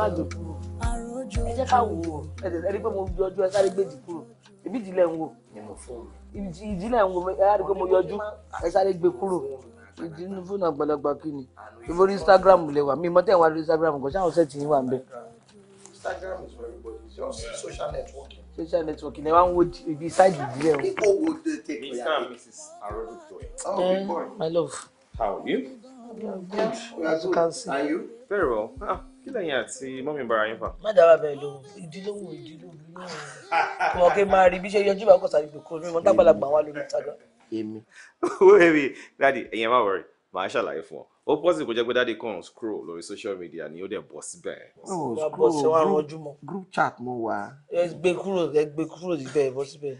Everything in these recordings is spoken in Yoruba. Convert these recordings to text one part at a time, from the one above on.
má gbé ẹ jẹ́ ká wò ó ẹ rí pé mo yọjú ẹ sáré gbé kúrò ibi ìdílé ń wò ìdílé ń wò ẹ rí pé mo yọjú ẹ sáré gbé kúrò ìdí inú fóònù kí ni ìfowórí Instagram lè wà mí mọ tẹ̀ wá lórí Instagram kò sáwọn ṣẹ́ẹ̀tì yín wà ń bẹ. social networking. ẹ wá ń wo ibi side ìdílé o. people would dey take care of you. my love. how are you. good. as you can see. are you. very well. Ah kí lẹ́yìn àti mọ́mí bara yín fà. má dábàá bẹ́ẹ̀ ló ìdílé wò ìdílé wò kò kí n máa rí bí ṣe yọjú ìbá kọsà ìgbè kúrò mímọ tágbàlagbà wà lórí ìtajà. èmi owó èmi dáàdi ẹ̀yin ẹ̀ má wọrí màá ṣàlàyé fún ọ ó pọ́sì kó jẹ́ pé dáàdi kan scroll lórí social media ni ó dẹ̀ bọ́ síbẹ̀. ó scroll group chat mo wà. ẹ gbé kúrò ẹ gbé kúrò síbẹ̀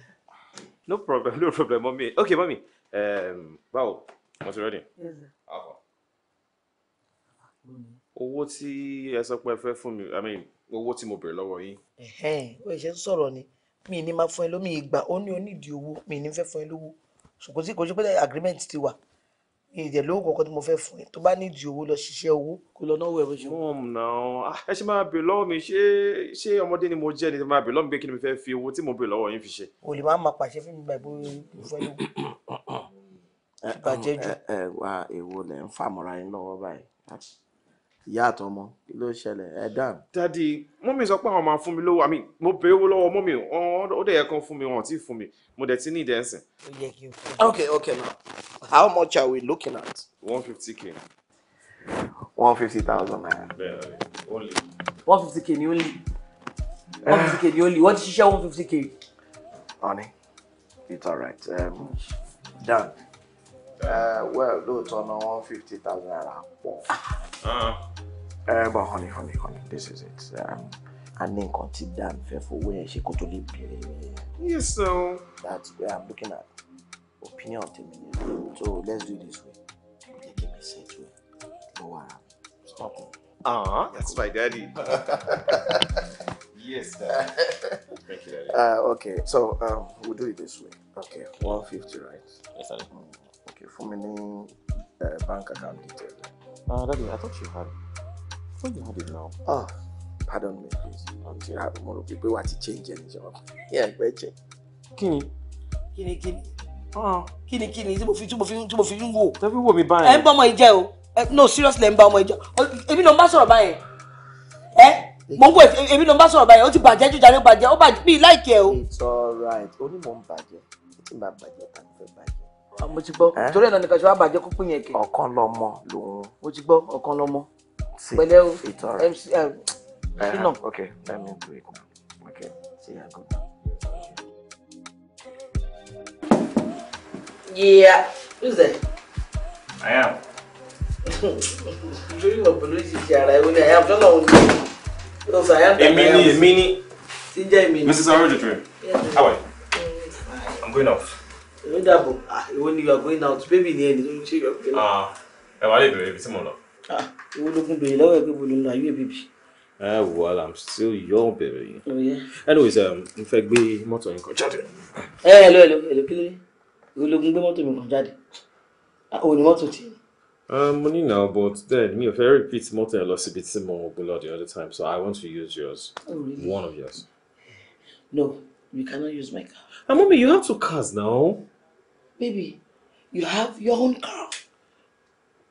no problem no problem mọ́mí ok mọ́mí um, báwo mo ti rẹ́dì owó tí ẹ sọ pé ẹ fẹ́ fún mi i mean owó tí mo bèrè lọ́wọ́ yín. ó ṣe ń sọ̀rọ̀ ni mi ní máa fún ẹ lómi ìgbà ó ní onídìí owó mi ní fẹ́ fún ẹ lówó ṣùgbọ́n tí kò ṣe pé agreement ti wà ìdẹ̀ lówó kankan tí mo fẹ́ fún ẹ tó bá nídìí owó lọ ṣiṣẹ́ owó kó lọ náwó ẹ bó ṣe. mọ́ọ̀mù náà ah, ẹ ṣe máa bèrè lọ́wọ́ mi ṣé ṣé ọmọdé ni mo jẹ́ ni máa bèrè lọ́wọ́ mi pé kí ni mo fẹ́ fi owó tí mo bèrè lọ́wọ́ yín fi ṣe. o lè má máa pàṣẹ fún mi báyìí bó fẹ́ lówó ìbàjẹ́ jù. ẹ ẹ wá èwo lẹ ń fàmọ́ra yín lọ́wọ́ báyìí ìyá àtọmọ kí ló ṣẹlẹ̀ ẹ dàn. dadi mọ́mí sọ pé àwọn máa fún mi lówó àmì mo bèrè owó lọ́wọ́ mọ́mí ó dẹ̀ yẹ kán fún mi wọn ò fún mi mo dẹ̀ ti ní ìdẹ́sìn. ó yẹ kí n fún mi. okay okay now how much are we looking at. one fifty k. one fifty thousand naira. only. one fifty k ni only. one fifty k ni only wọ́n ti ṣiṣẹ́ one fifty k. honey it's alright um, dan uh, well lóòótọ́ náà one fifty thousand naira pọ̀. Uh, but honey, honey, honey, this is it. Um, a ní nǹkan down, Dan fẹ́ fowó ẹ̀ ṣe kó tó Yes, so. That's where I'm looking at opinion tèmi ni. So let's do this way. Let me say ṣe ètò ẹ̀ lọ́wọ́ Stop it. Ah, that's my daddy. yes, dad. Thank you, daddy. Uh, okay, so um, we'll do it this way. Okay, one fifty, right? Yes, sir. Mm, okay, for mi ní uh, bank account details. Uh, Daddy, I thought you had. I thought you had it now. Ah, pardon me, please. Until I more. people want to change any job. Yeah, we're change. Kini. Kini, Kini. Ah, Kini, Kini. Tí mo fi, tí mo fi, tí mo fi ń wò. Tẹ́ fi wò mí báyìí. Ẹ No, seriously, ẹ ń bá ọmọ ìjẹ́. Èmi ló ń bá sọ̀rọ̀ báyìí. Ẹ mo ń wo èmi ló ń bá sọ̀rọ̀ báyìí ó ti bàjẹ́ jùjà ló bàjẹ́ ó bàjẹ́ bíi láìkẹ́ o. it's alright onímọ̀ ń bàjẹ́ tí màá bàjẹ́ tàbí fẹ́ Ah, mo ti gbọ́ eh? torí ẹ̀ náà nìkan ṣe wá bàjẹ́ kó yẹn kẹ. ọ̀kan lọmọ lòun. mo ti gbọ́ ọ̀kan lọmọ. pẹ̀lẹ́ o mc ṣínà. Eh, eh, okay let me do now okay see ya go. yeah who's there. i am. lórí ìwọ̀n pẹ̀lú ara ẹ̀ wọ́n ní i am tọ́lọ̀ òun ni o sọ i am tọ́lọ̀ èmi ni èmi ni. ti jẹ́ èmi ni. mrs arojo tree how are you. i'm going off ló dàbọ̀ ìwọ ah, ni you are going out baby ni ẹni tó ń ṣe yọ pé. Ah, ẹ wá lè bèrè ibi tí mo lọ. ìwọ ah, ló kún bèrè lọ́wọ́ ẹ pé bolo ń lọ ayé bèbí. Uh, well, I'm still young, baby. Oh, yeah. Anyways, um, n fẹ́ gbé mọ́tò yín kan jáde. Ẹ ẹ lọ ẹlò ẹlò kí ló dé? Ológun gbé mọ́tò mi kan jáde. Òun oh, ni mọ́tò ti. Um, mo ní now but then mi ò fẹ́ repeat mọ́tò yẹn lọ síbi tí mo gbé lọ the other time so I want to use yours. Oh, really? One of yours. No, you cannot use my car. Ah, mommy, you have two cars now baby you have your own car.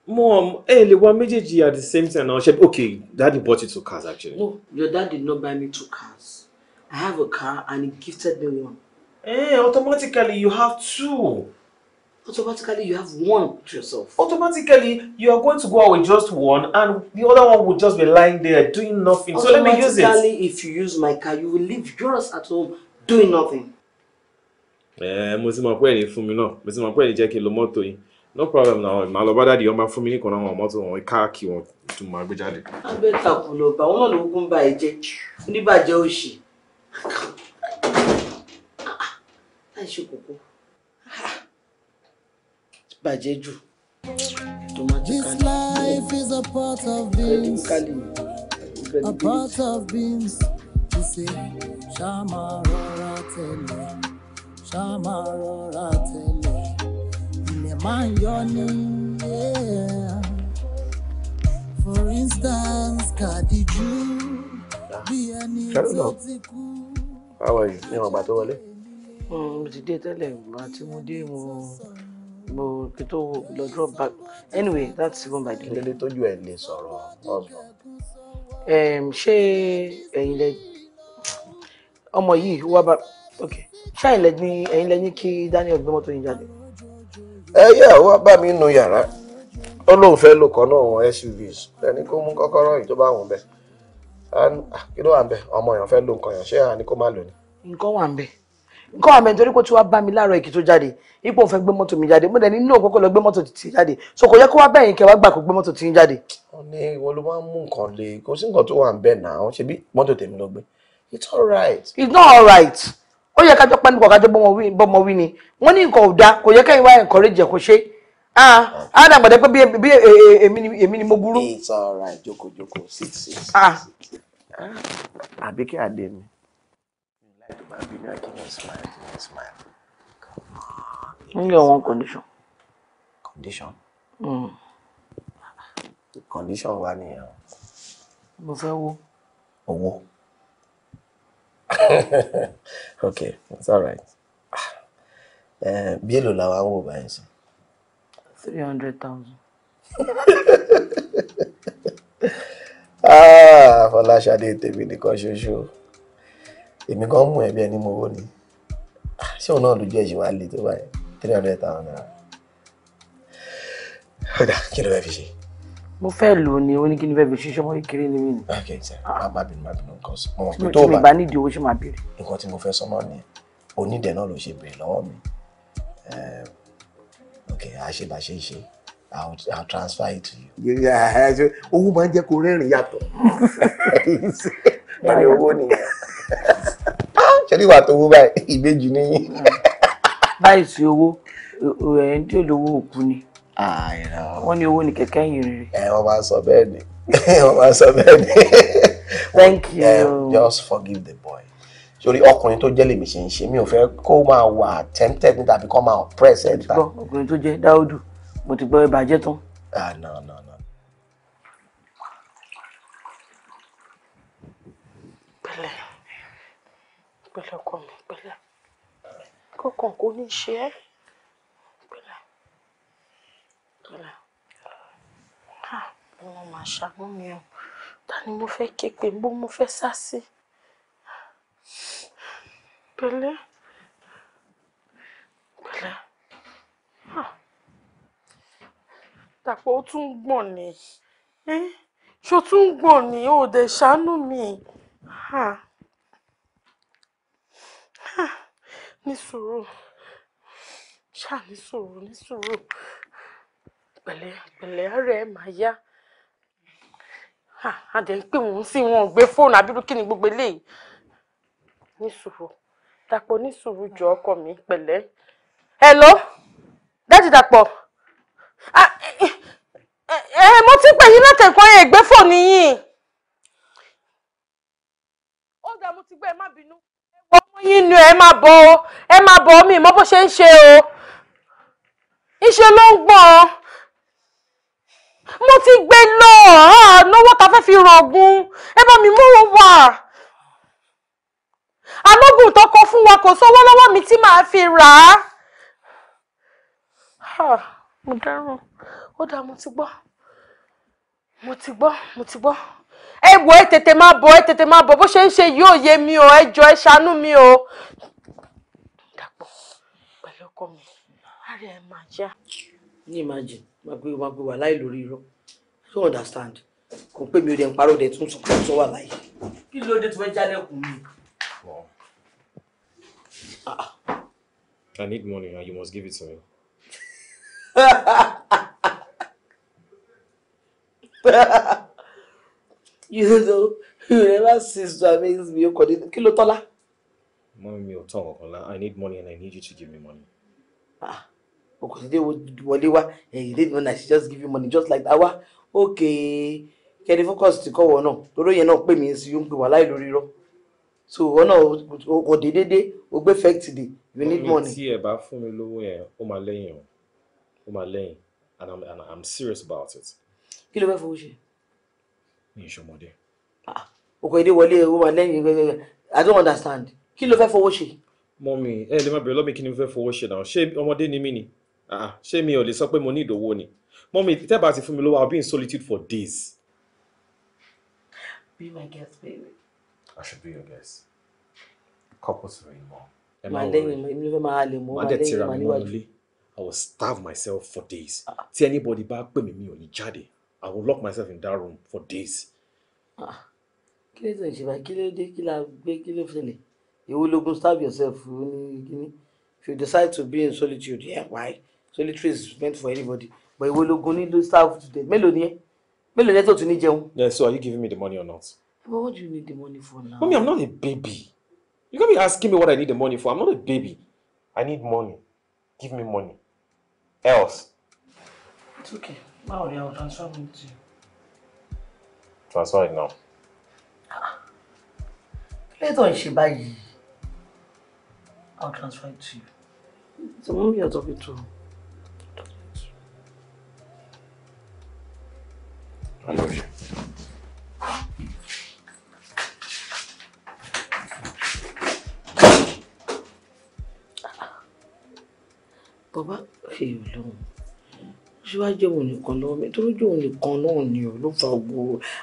mom ẹ lè wá méjèèjì at the same time now ṣe okay daddy bought you two cars actually. no your dad did not buy me two cars i have a car and he gifted me one. Eh, hey, automatically you have two. Automatically you have one to yourself. Automatically you are going to go out with just one and the other one will just be lying there doing nothing. So let me use it. Automatically if you use my car you will leave yours at home doing nothing. Eh, mo ti mọ̀ pé ẹ̀ fún mi náà mo ti mọ̀ pé ẹ̀ jẹ́ kí n lo mọ́tò yìí no problem na ọ̀rẹ́ lọ bá dáàdi ọmọ fún mi nìkan àwọn mọ́tò wọn káàkiri wọn tún máa gbé jáde. abẹ́ tàkùn lọ bá wọn náà ló gún bá ẹ jẹ oníbàjẹ́ òṣì láìṣe kókó bàjẹ́ jù This life is a part of beans a part of beans ṣe ṣá máa rọra tẹ̀lé ṣá máa rọra tẹ̀lé ilẹ̀ For instance, Kàdíjú bí ẹni tó ti kú. Báwo ni ní ọgbà tó wọlé? Mm, mo ti dé tẹ́lẹ̀ ìgbà tí mo dé mo mo kito lo drop back anyway that's even by the way. Kílódé tójú ẹ̀ lè sọ̀rọ̀ ọ̀sán. Ṣé ẹ̀yin lẹ ọmọ yìí wá bá ok ṣáà lẹ́ni ẹ̀yin lẹ́ni kí Daniel gbé mọ́tò yín jáde. ẹ yẹ wá bá mi nu yàrá ó lóun fẹ́ lò kọ́ náà wọn SUVs ẹni kó mú kọ́kọ́rọ́ yìí tó bá wù bẹ́ẹ̀ ah, kí ló wà ń bẹ ọmọ èèyàn fẹ́ lo nǹkan yàn ṣé àní kó má lò ní. nǹkan wà ń bẹ nǹkan wà ń bẹ nítorí kó tí wàá bá mi láàárọ̀ èkì tó jáde ipò òun fẹ́ gbé mọ́tò mi jáde mo dẹ̀ ní inú òkókó lọ gbé mọ́tò ti jáde so kò yẹ kó wá bẹ̀yìn kẹ́ wá gbà kó gbé mọ́tò ti jáde. wọ́n ní ìwọ ló máa ń mú nǹkan le kò sí nǹkan tó wà ń bẹ náà ṣebí mọ́tò tèmi ló gbé it's all right. it's not all right ó yẹ kájọ pẹ́ nípa kájọ bọ́mọ wí ni wọ́n ní nǹkan ò kò yẹ kẹ́yìn wá encourage kò ṣe ah adam gbàdẹ pé bí e, e, èmi ni mo burú. it's alright jókòó mi like my opinion condition. condition. Hmm. condition wa nìyẹn. mo fẹ́ wo. owó. Oh, okay it's all right eh, bí èlò làwa ń wò báyìí sí. three hundred thousand. Ah, Fọláṣadé tèmi nìkan ṣoṣo èmi kan mú ẹbí ẹni mowó ni ah, ṣé òun náà lójú ẹ̀ṣẹ̀ wá lè tó báyìí three hundred thousand naira. ọ̀dà kí ló fẹ́ fi ṣe mo fẹ́ lò ó ni ó ní kí ni fẹ́ fi ṣiṣẹ́ mọ́ kékeré ni mí ni. ok sir ah. má bínú má o bá mi bá nídìí owó ṣe máa béèrè. nǹkan tí mo fẹ́ sọ náà ni onídẹ̀ẹ́ náà ló ṣe eh, I'll, I'll transfer it to you. yeah máa ń jẹ́ kó rẹ́rìn yàtọ̀ lórí owó nìyẹn ṣẹ́ni ah, wà tó wó báyìí ìbejì níyìn. báyìí sí owó ẹ̀yìn tí ò lówó òkú ni. Ah, wọ́n ní owó ní kẹ̀kẹ́ yìí rere. ẹ eh, wọ́n máa sọ bẹ́ẹ̀ ni wọ́n máa sọ bẹ́ẹ̀ ni. thank you. Eh, just forgive the boy sórí ọkùnrin tó jẹ́ lèmi ṣe ń ṣe mi ò fẹ́ kó máa wà tempted níta àbí kó máa oppress ẹ̀ níta. ọkùnrin tó jẹ́ dáódù mo ti gbọ́ ìbàjẹ́ tán. ah no no no. pẹ̀lẹ́ pẹ̀lẹ́ ọkọ mi pẹ̀lẹ́ kọkàn kò ní ṣe é. Ah, ọmọ màá ṣàánú mi o ta ni mo fẹ́ ké pé bó mo fẹ́ sá sí pẹ̀lẹ́ pẹ̀lẹ́ ah. dàpọ̀ ó tún gbọ̀n ni ṣó tún gbọ̀n ni ó dẹ̀ ṣàánú mi ah. ní sùúrù ṣáà ní sùúrù ní sùúrù pẹ̀lẹ́ pẹ̀lẹ́ ààrẹ máa yá àdé ń pè wọ́n sí wọn gbé fóònù abirú kí ni gbogbo eléyìí ní sùúrù dàpọ̀ ní jọ ọkọ mi pẹ̀lẹ́ hello dájú dàpọ̀ ẹ mo ti pè yín látẹ̀kọ́ yẹn ìgbé fóònù yín ó dà mo ti gbé ẹ má bínú ọmọ yín nu ẹ má bọ̀ ẹ má bọ̀ mi mọ́ bó ṣe ń ṣe o iṣẹ́ ló ń gbọ́n mo ti gbé lọ ah, lọ́wọ́ ta fẹ́ fi rọ̀gùn ẹ bá mi mówó wá alógùn tó kọ fún wa kò sówó lọ́wọ́ mi tí màá fi rà á ah, mo dáràn ó dáa mo ti gbọ́ mo ti gbọ́ mo ti gbọ́ ẹ wò ẹ tètè máa bọ̀ ẹ tètè máa bọ̀ bó ṣe ń ṣe yóò mi o ẹ jọ̀ọ́ ẹ ṣàánú mi o dàpọ̀ pẹ̀lú ọkọ mi á rí ẹ ní imagine máa gbé wa láì lórí irọ́ i don't understand kò pé mi ò dẹ̀ ń parọ́ dẹ̀ tún sọ pé sọ wà láyé. kí ló dé tí wọ́n jálẹ̀kùn mi. Ah. I need money and you must give it to me. you know, you never cease to amaze me. Kí ló tọ́lá? Mọ́mí mi ò tán ọ̀kan lá. I need money and I need you to give me money. Ah òkùnṣídé wọlé wá ẹ̀yìn lẹ́yìn náà she just give you money just like that wá ok kẹ́ni focus ti kọ́ wọ̀ náà lóró yẹn náà pè mí sí yóò ń pè wá láì lórí so wọn náà o dé dédé o gbé fact dé you need money. tí ẹ bá fún mi lówó yẹn ó máa lẹ́yìn o ó and i'm and i'm serious about it. kí ló fẹ́ fowó ṣe. mi ì ṣọmọdé. òkò ah, èdè wọlé ó máa lẹ́yìn i don't understand kí ló fẹ́ fowó Mommy, mọ́mí ẹ lè má bẹ̀rẹ̀ lọ́mí kí ni mo fẹ́ fowó ṣe náà ṣé ọmọdé ni mí ni. Ah ṣé mi ò lè sọ pé mo ní ìdòwò ni mọ́mí tẹ́bà ti fún mi lówó I'll be in solitude for days. Be my guest, baby. I should be your guest. Couples are in more. Màá lẹ́yìn mi ló fẹ́ máa lè mọ́, màá lẹ́yìn màá níwájú. I will starve myself for days. Tí anybody bá pè mí mi ò ní jáde, I will lock myself in that room for days. Ah, kí ló ń ṣe báyìí? Kí ló dé? Kí la gbé? Kí ló fẹ́lẹ̀? Ìwé ológun starve yourself ní kíní. If you decide to be in solitude, yeah, why? solitary is meant for anybody but ìwé ológun nílò serve today mélòó ni ẹ mélòó ni ẹ tó tún ní jẹun. yeah so are you giving me the money or not. but what do you need the money for now. mummy i'm not a baby you can't be asking me what i need the money for i'm not a baby i need money give me money else. it's okay now i will transfer money to you. transfer it now. later on ṣe báyìí i will transfer it to you. so mommy, yàtọ̀ fi tù ú. I love you. Bàbá èyí lóhùn. Ṣíwájú òun nìkan lọ́wọ́ mi torí ojú òun nìkan náà ni ò ló fa ògbó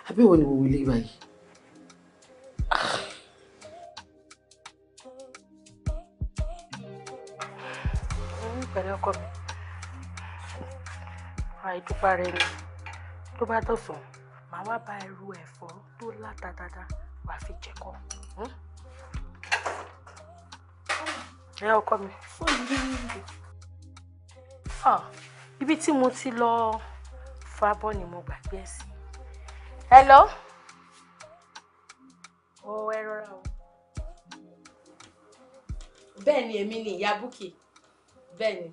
àbí òun ni gbogbo ilé báyìí. Pẹ̀lú ọkọ mi, àìdúpá rẹ ni tó bá dọ̀sán màá wá bá ẹ ru ẹ̀fọ́ tó láta dáadáa wàá fi jẹ̀kọ. Hmm? ẹ ọkọ mi. Ah, ibi tí mo ti lọ fábọ́ ni mo gbàgbé ẹ sí. hello. ọ ẹ rọra o. bẹ́ẹ̀ ni èmi ni ìyá Búkì bẹ́ẹ̀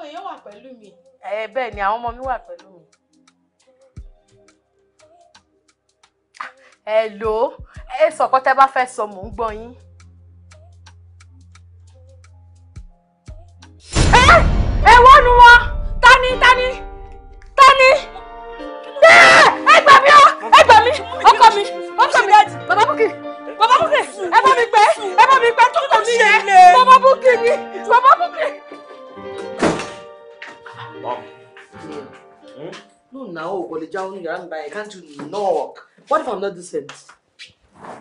àwọn èèyàn wà pẹ̀lú mi. ẹ bẹ́ẹ̀ ni àwọn ọmọ mi wà pẹ̀lú mi. ẹ lò ó ẹ sọkọ tẹ bá fẹ́ sọ mò ń gbọ́ yín. ẹ wọ́n wọn. stand by. Can't you knock? What if I'm not decent?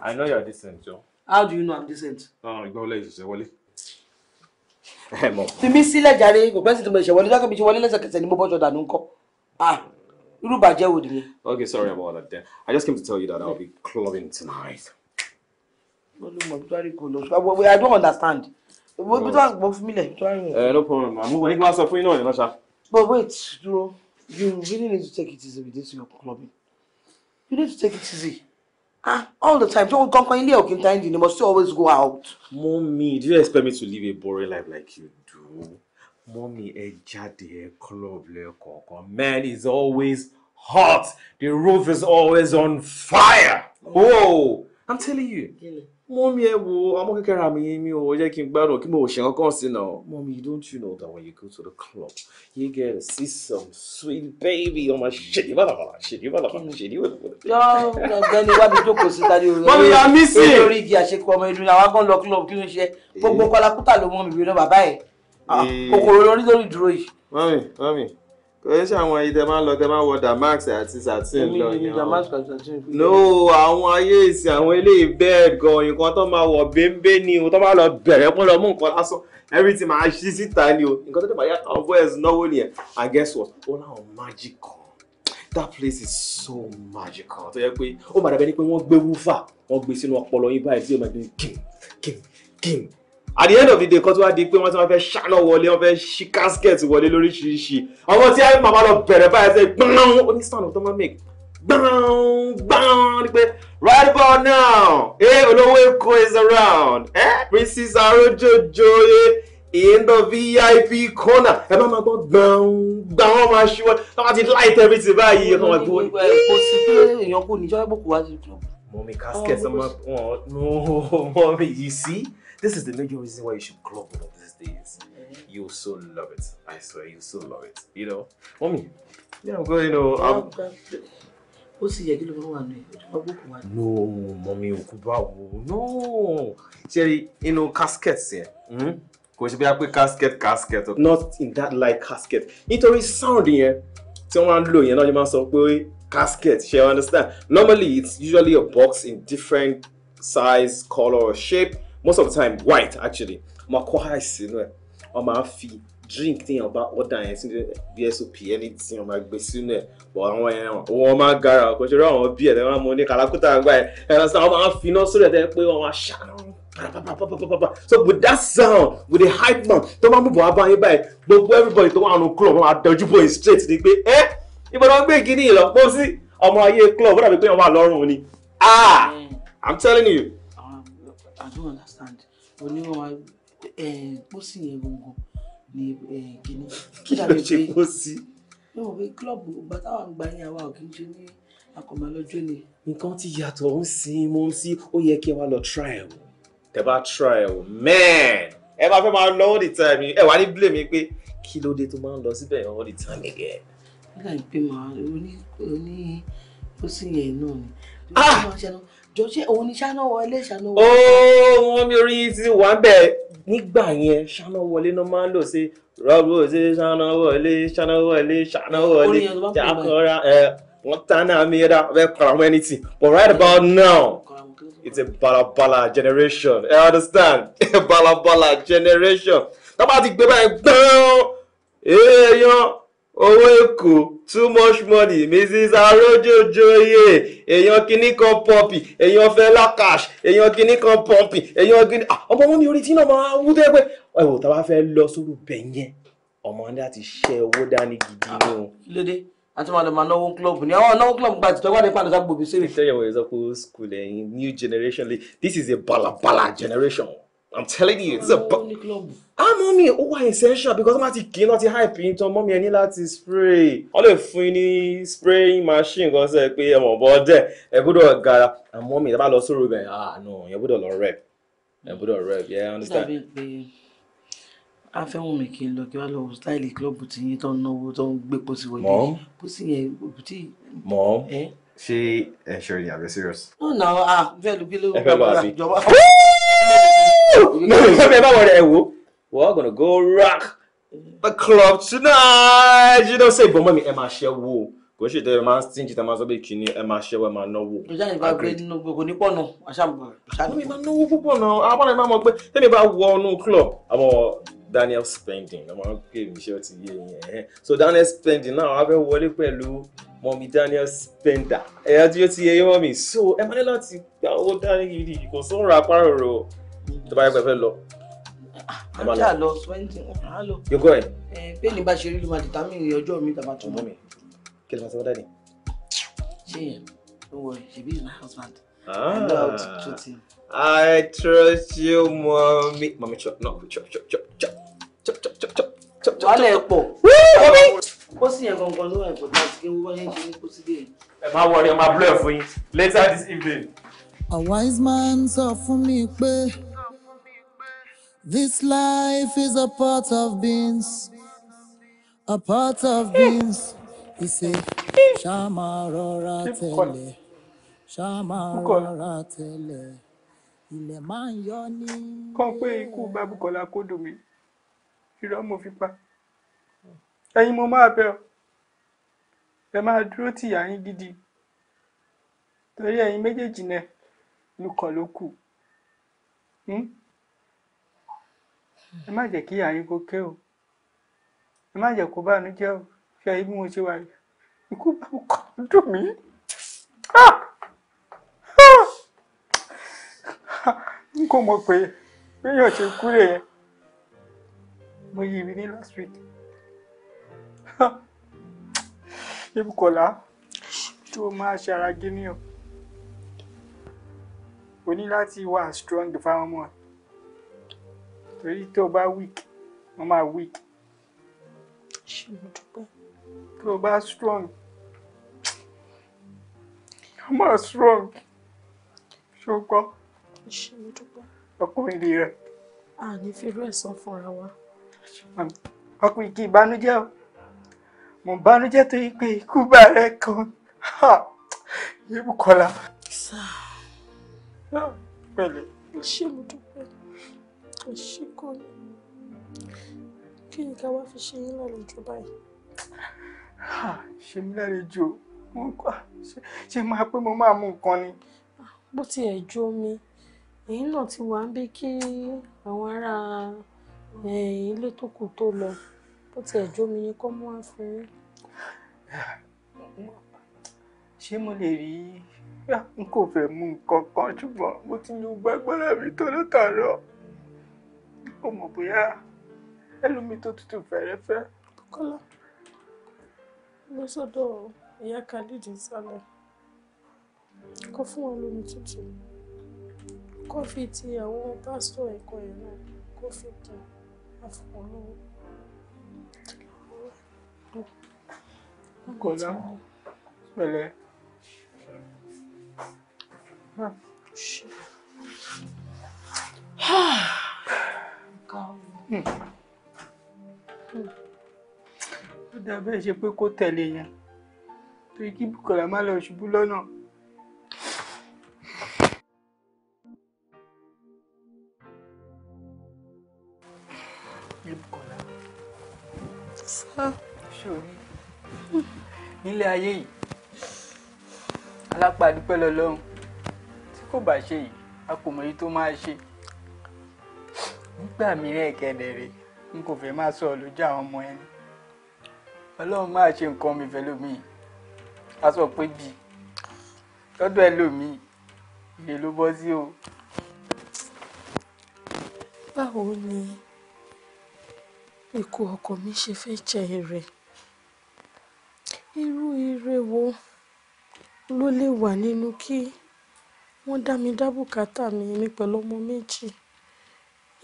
I know you're decent, Joe. How do you know I'm decent? No, no, ìgbọ́n lẹ́yìn ìṣẹ̀ṣẹ̀ wọlé. To mọ̀. Fi mí sílẹ̀ jàre, to pẹ́ sí tí mo ṣe wọlé, lọ́kàn mi ṣe wọlé lẹ́sẹ̀kẹsẹ̀ ni mo bọ́jọ dànù ńkọ́. Ah, irú bàjẹ́ wo nìyẹn? Okay, sorry about that then. I just came to tell you that I'll be clubbing tonight. Olùmọ̀ Bíjọ́rí kò lọ, I don't understand. Bí tó wà no problem, àmúwẹ̀ ní kí wọ́n sọ fún yín But wait, dúró you really need to take it easy with this your clubbing. You need to take it easy. Ah, all the time. Don't come in there, okay, time. You must always go out. Mommy, do you expect me to live a boring life like you do? Mommy, ẹ jáde, ẹ club lẹ́ẹ̀kọ̀ọ̀kan. Man is always hot. The roof is always on fire. Oh, I'm telling you. Really? Mommy, ẹ wò, ọmọ kékeré mi mi ò jẹ́ kí n gbádùn kí mo ṣe kankan sí náà. Mommy, don't you know that when you go to the club, you get to see some sweet baby ọmọ ṣèdí bàlàbàlà ṣèdí bàlàbàlà ṣèdí bàlàbàlà. Yọ ọ̀gbẹ́ni wá mi jókòó sí tàbí orí Mommy, I'm missing. Orí igi àṣekọ ọmọ ìlú làwọn kan lọ club kí ló ṣe gbogbo eh. kọlákútà ló mọ mi rí lọ bàbá ẹ̀. Ah, eh. Kòkòrò lórí lórí dúró yìí. Mami, mami kò ń ṣàwọn ayé tẹ máa ń lọ tẹ máa ń wọ damax àti satin lọ yẹn o no àwọn ayé ìsìn àwọn eléyìí bẹ́ẹ̀ gan nǹkan tó máa wọ bẹ́ńbẹ́ ni o tó máa lọ bẹ̀rẹ̀ kó lọ mú nǹkan lásán everything máa ṣí síta ni o nǹkan tó dé bàyá àwọn boys náwó nìyẹn and guess what ó láwọn magic that place is so magical tó yẹ pé ó máa ni pé wọ́n gbé wúfà wọ́n gbé sínú ọpọlọ yín báyìí tí ó máa dún kín kín kín at the end of the day kan tí wàá di pé wọ́n ti wọ́n fẹ́ ṣáná wọlé wọ́n fẹ́ ṣí casket wọlé lóríṣiríṣi àwọn tí ayé màmá lọ bẹ̀rẹ̀ báyìí ṣe gbọ́n onísàn tó máa make gbọ́n gbọ́n ni pé right about now eh olówó èkó is around eh princess arojojoye eh, in the vip corner ẹ bá máa gbọ́ gbọ́n gbọ́n máa ṣíwọ́ táwọn ti light everything báyìí ẹ̀kan wọ́n gbọ́ èèyàn kò níjọ́ ẹ̀gbọ́n kò wá sí. mọ̀mí casket ọmọ wọn no mọ̀mí yìí sí. This is the major reason why you should club one of these days. Mm-hmm. You'll so love it. I swear, you'll so love it. You know, mommy. Yeah, I'm going. You know, I'm. ó sì yẹ kí ló wà nù ìjọba gbogbo wa. no mọ̀mí òkú bá wo no ṣe rí inú casket yẹn hmm? kò ṣe bí a casket casket. not in that light casket It always sounding. tí wọ́n máa ń lò yẹn náà ni máa casket ṣe you understand normally it's usually a box in different size color, or shape most of the time white actually máa kọ́ ice sínú ẹ̀ wọ́n máa fi drink téèyàn bá order yẹn sínú vsop anything wọ́n máa gbé sínú ẹ̀ bọ̀ àwọn ẹ̀ wọ́n máa ń gara ọkọ̀ ṣe rí àwọn bí ẹ̀ tẹ́ wọ́n mú ní kàlákùtà gbà ẹ̀ ẹ̀ lọ́sàn án wọ́n máa ń finá sórí ẹ̀ tẹ́ pé wọ́n máa ṣàánú so with that sound with the hype man tó máa mú bọ̀ wá báyìí báyìí gbogbo everybody tó wà nù club wọn máa dojú bọ̀ yìí straight ni pé ẹ ìbọ̀dọ̀ gbé kíní ìlọ́pọ̀ sí ọmọ ayé club ó dàbí pé wọ́n wà lọ́rùn ni ah mm. i'm telling you I don't understand òní wọn máa pósí yẹn gbọngàn ní kíní kí ló ṣe pósí. yóò wọ pé kílọ̀bù ìgbà táwọn àgbà yẹn àwa ò kí n ṣe ní akọ̀mọ́lọ́jọ́ ni. nǹkan ti yàtọ̀ ń sin mo ń sí ó yẹ kí ẹ wá lọ trial tẹ bá trial man ẹ máa fẹ́ máa lọ all the time ẹ wà ní blame mi pé kí ló dé tó máa ń lọ síbẹ̀ all the time again. nígbà ìpè màá oní oní pósí yẹn náà ni. ah jọ ṣé òun ni ṣáná wọlé ṣáná wọlé. ó wọn mi orí yín ti wà bẹ́ẹ̀ nígbà yẹn ṣáná wọlé náà máa ń lò sí rọ́bù ṣe ṣáná wọlé ṣáná wọlé ṣáná wọlé jákọ́ra ẹ̀ wọ́n tánà mi rà ọ̀bẹ kọ́ra wọn ẹni tì but right about now it's a balabala generation I understand balabala generation tó bá ti gbé báyìí gbọ́n èèyàn owó èkó too much money mrs arójòjòyè èèyàn kìíní kan pọ́ǹpì èèyàn fẹ́lá cash èèyàn kìíní kan pọ́ǹpì èèyàn kìíní ah, ọmọ wọn ni orí tí náà máa wú tó yẹ pé ẹwọ tá a bá fẹ́ lọ sórí bẹ̀yẹn ọmọ ní láti ṣe owó dání gidi ni o. lédè àti màá lọ máa náwó club ni àwọn náwó club gba àtijọ́ wà ní pàdé sápò bí sẹ́yìn. ìtẹ́yẹ̀wò ìsọpọ̀ school eh, new generation this is a balabala generation. I'm telling you, it's a bu- Ah, mommy, ó wà essential because wọ́n ti kí lọ́ọ́ ti hype yín tán, mommy ẹ ní láti spray. Wọ́n lè fún yín ní spraying machine kan sẹ́ pé ẹmọ̀ bọ́ dẹ̀, ẹ gbọ́dọ̀ gara. And mommy, ẹ bá lọ sórí ibẹ̀, ah no, ẹ gbọ́dọ̀ lọ rep. Ẹ gbọ́dọ̀ rep, yeah, I understand. Sábẹ́ pé afẹ́wọ̀n mi kì í lọ kí wọ́n lọ style club tí yín tó ń náwó tó ń gbé pósí wọlé. Mọ̀ kó sì yẹn òbítí. Mọ̀ ṣé ẹ ṣe ìyàgbẹ́ serious? Ó nà ah, bẹ́ẹ̀ ló gbé lórí ìjọba we're gonna go rock the club tonight you don't say but mommy ẹ máa ṣe wo kò ṣe tẹ ẹ máa ń stingy tẹ máa sọ pé kìíní ẹ máa ṣe ẹ don't náwó. ìjà ìgbà pé nínú gbogbo ní pọ̀nà àṣàbọ̀. àbí máa náwó púpọ̀ náà abọ́nà máa mọ̀ pé tẹ́mi bá wọ inú club àwọn Daniel Spending ọmọ pé mi ṣe ti yé yẹn ẹ̀ so Daniel Spending náà wàá fẹ́ wọlé pẹ̀lú mọ̀mí Daniel Spender ẹ̀yà tí ó ti yẹ yẹ́ mọ̀mí so ẹ máa ní láti gba owó dání gidi kò I don't rẹ̀ o tó bá yẹ pé fẹ́ lọ. ajá lọ swentin ọ̀hán lọ. yóò kọ́ ẹ̀. pé ní bá ṣe rí ló máa determine ọjọ́ mi tàbá tó mọ́ mi. kí ló máa sọ dáàdì. ṣé yẹn don't worry she my husband. Ah. I know how to treat him. I trust you, mommy. Mommy, chop, no, chop, chop, chop, chop, chop, chop, chop, chop chop. ẹ pọ̀ kó sì yẹn gangan ló wà ìpọ̀tà àti kí n wọ́n yẹn ṣe ní kó sí dé. ẹ má wọrí ẹ má blú ẹ fún yín later this evening. a wise man sọ fún mi pé. This life is a pot of beans, a pot of beans. He said, Shamarora tele, Shamarora tele. Ilẹ̀ máa ń yọ ní. Kọ́ pé ikú Bábùkọ́lá kó dùn mí, irọ́ mo fi pa. Ẹ̀yin mo máa bẹ̀ ọ́, ẹ máa dúró tìyà yín gidi. Torí ẹ̀yin méjèèjì náà lukàn ló kù. Hmm? ẹ má jẹ́ kí ààyè kó kẹ́ o ẹ má jẹ́ kó bánu jẹ́ o fi ààyè bí mo ṣe wà ikú bá mi kọ́ dùn mí. n kò mọ̀ pé béèyàn ṣe kú yẹn mo yí ibi ní last week ibi kò lá tí o máa ṣe ara gíníyàn o ní láti wà strong fáwọn ọmọ rẹ torí tó bá weak wọ́n máa weak. ṣé mo dúpẹ́. tó bá strong wọ́n máa strong ṣùgbọ́n ṣé mo dúpẹ́. ọkùnrin lè rẹ̀. a ní fírú ẹ̀san fúnra wa. ọkùnrin kì í bànújẹ́ o mo bànújẹ́ tó yí pé ikú bá rẹ̀ kan yébùkọ́lá. sáà pẹ̀lẹ́. ṣé mo dúpẹ́ fi ṣí kọ́ ni kí ni ká wá fi ṣe yín lálejò báyìí. ṣe mí lálejò ṣe máa pé mo máa mú nǹkan ni. Ah, bó tiẹ̀ jó mi èyí náà ti wà ń bí kí àwọn ará ilé tó kù tó lọ bó tiẹ̀ jó mi ni kọ́ mú wá fún yín. ṣé mo lè rí n kò fẹ́ mú nǹkan kan ṣùgbọ́n mo ti lu gbàgbọ́ra mi tó lọ́tàrọ́ o mọ̀ bóyá ẹlòmíì tó tutù fẹ́rẹ́fẹ́ kọ́lá lọ sọ́dọ̀ ìyá khalid sálẹ̀ kọ́ fún wọn lómi tútù kọ́ fi ti àwọn pásítọ̀ ẹ̀kọ́ yẹn náà kọ́ fi kún àfọwọ́n lọ́wọ́. kọ́lá pẹ̀lẹ́. Ah kan hmm. ó dàbẹ́ ṣe pé kó tẹ̀lé yẹn torí kí Bùkọ́lá má lọ ṣubú lọ́nà. Bùkọ́lá ṣòrí nílé ayé yìí alápàdúpẹ́ lọ́lọ́run tí kò bá ṣe yìí a kò mọ èyí tó máa ṣe nígbà mìíràn ìkẹdẹ̀ rẹ̀ n kò fẹ́ máa sọ lójú àwọn ọmọ ẹni ọlọ́run máa ṣe nǹkan mi fẹ́ lómi a sọ pé bíi lọ́dọ̀ ẹ lómi ìrè ló bọ́ sí o. báwo ni ikú ọkọ mi ṣe fẹ́ jẹ èrè irú ire wo ló lè wà nínú kí wọ́n dá mi dá bùkátà mi èmi pẹ̀lú ọmọ méjì.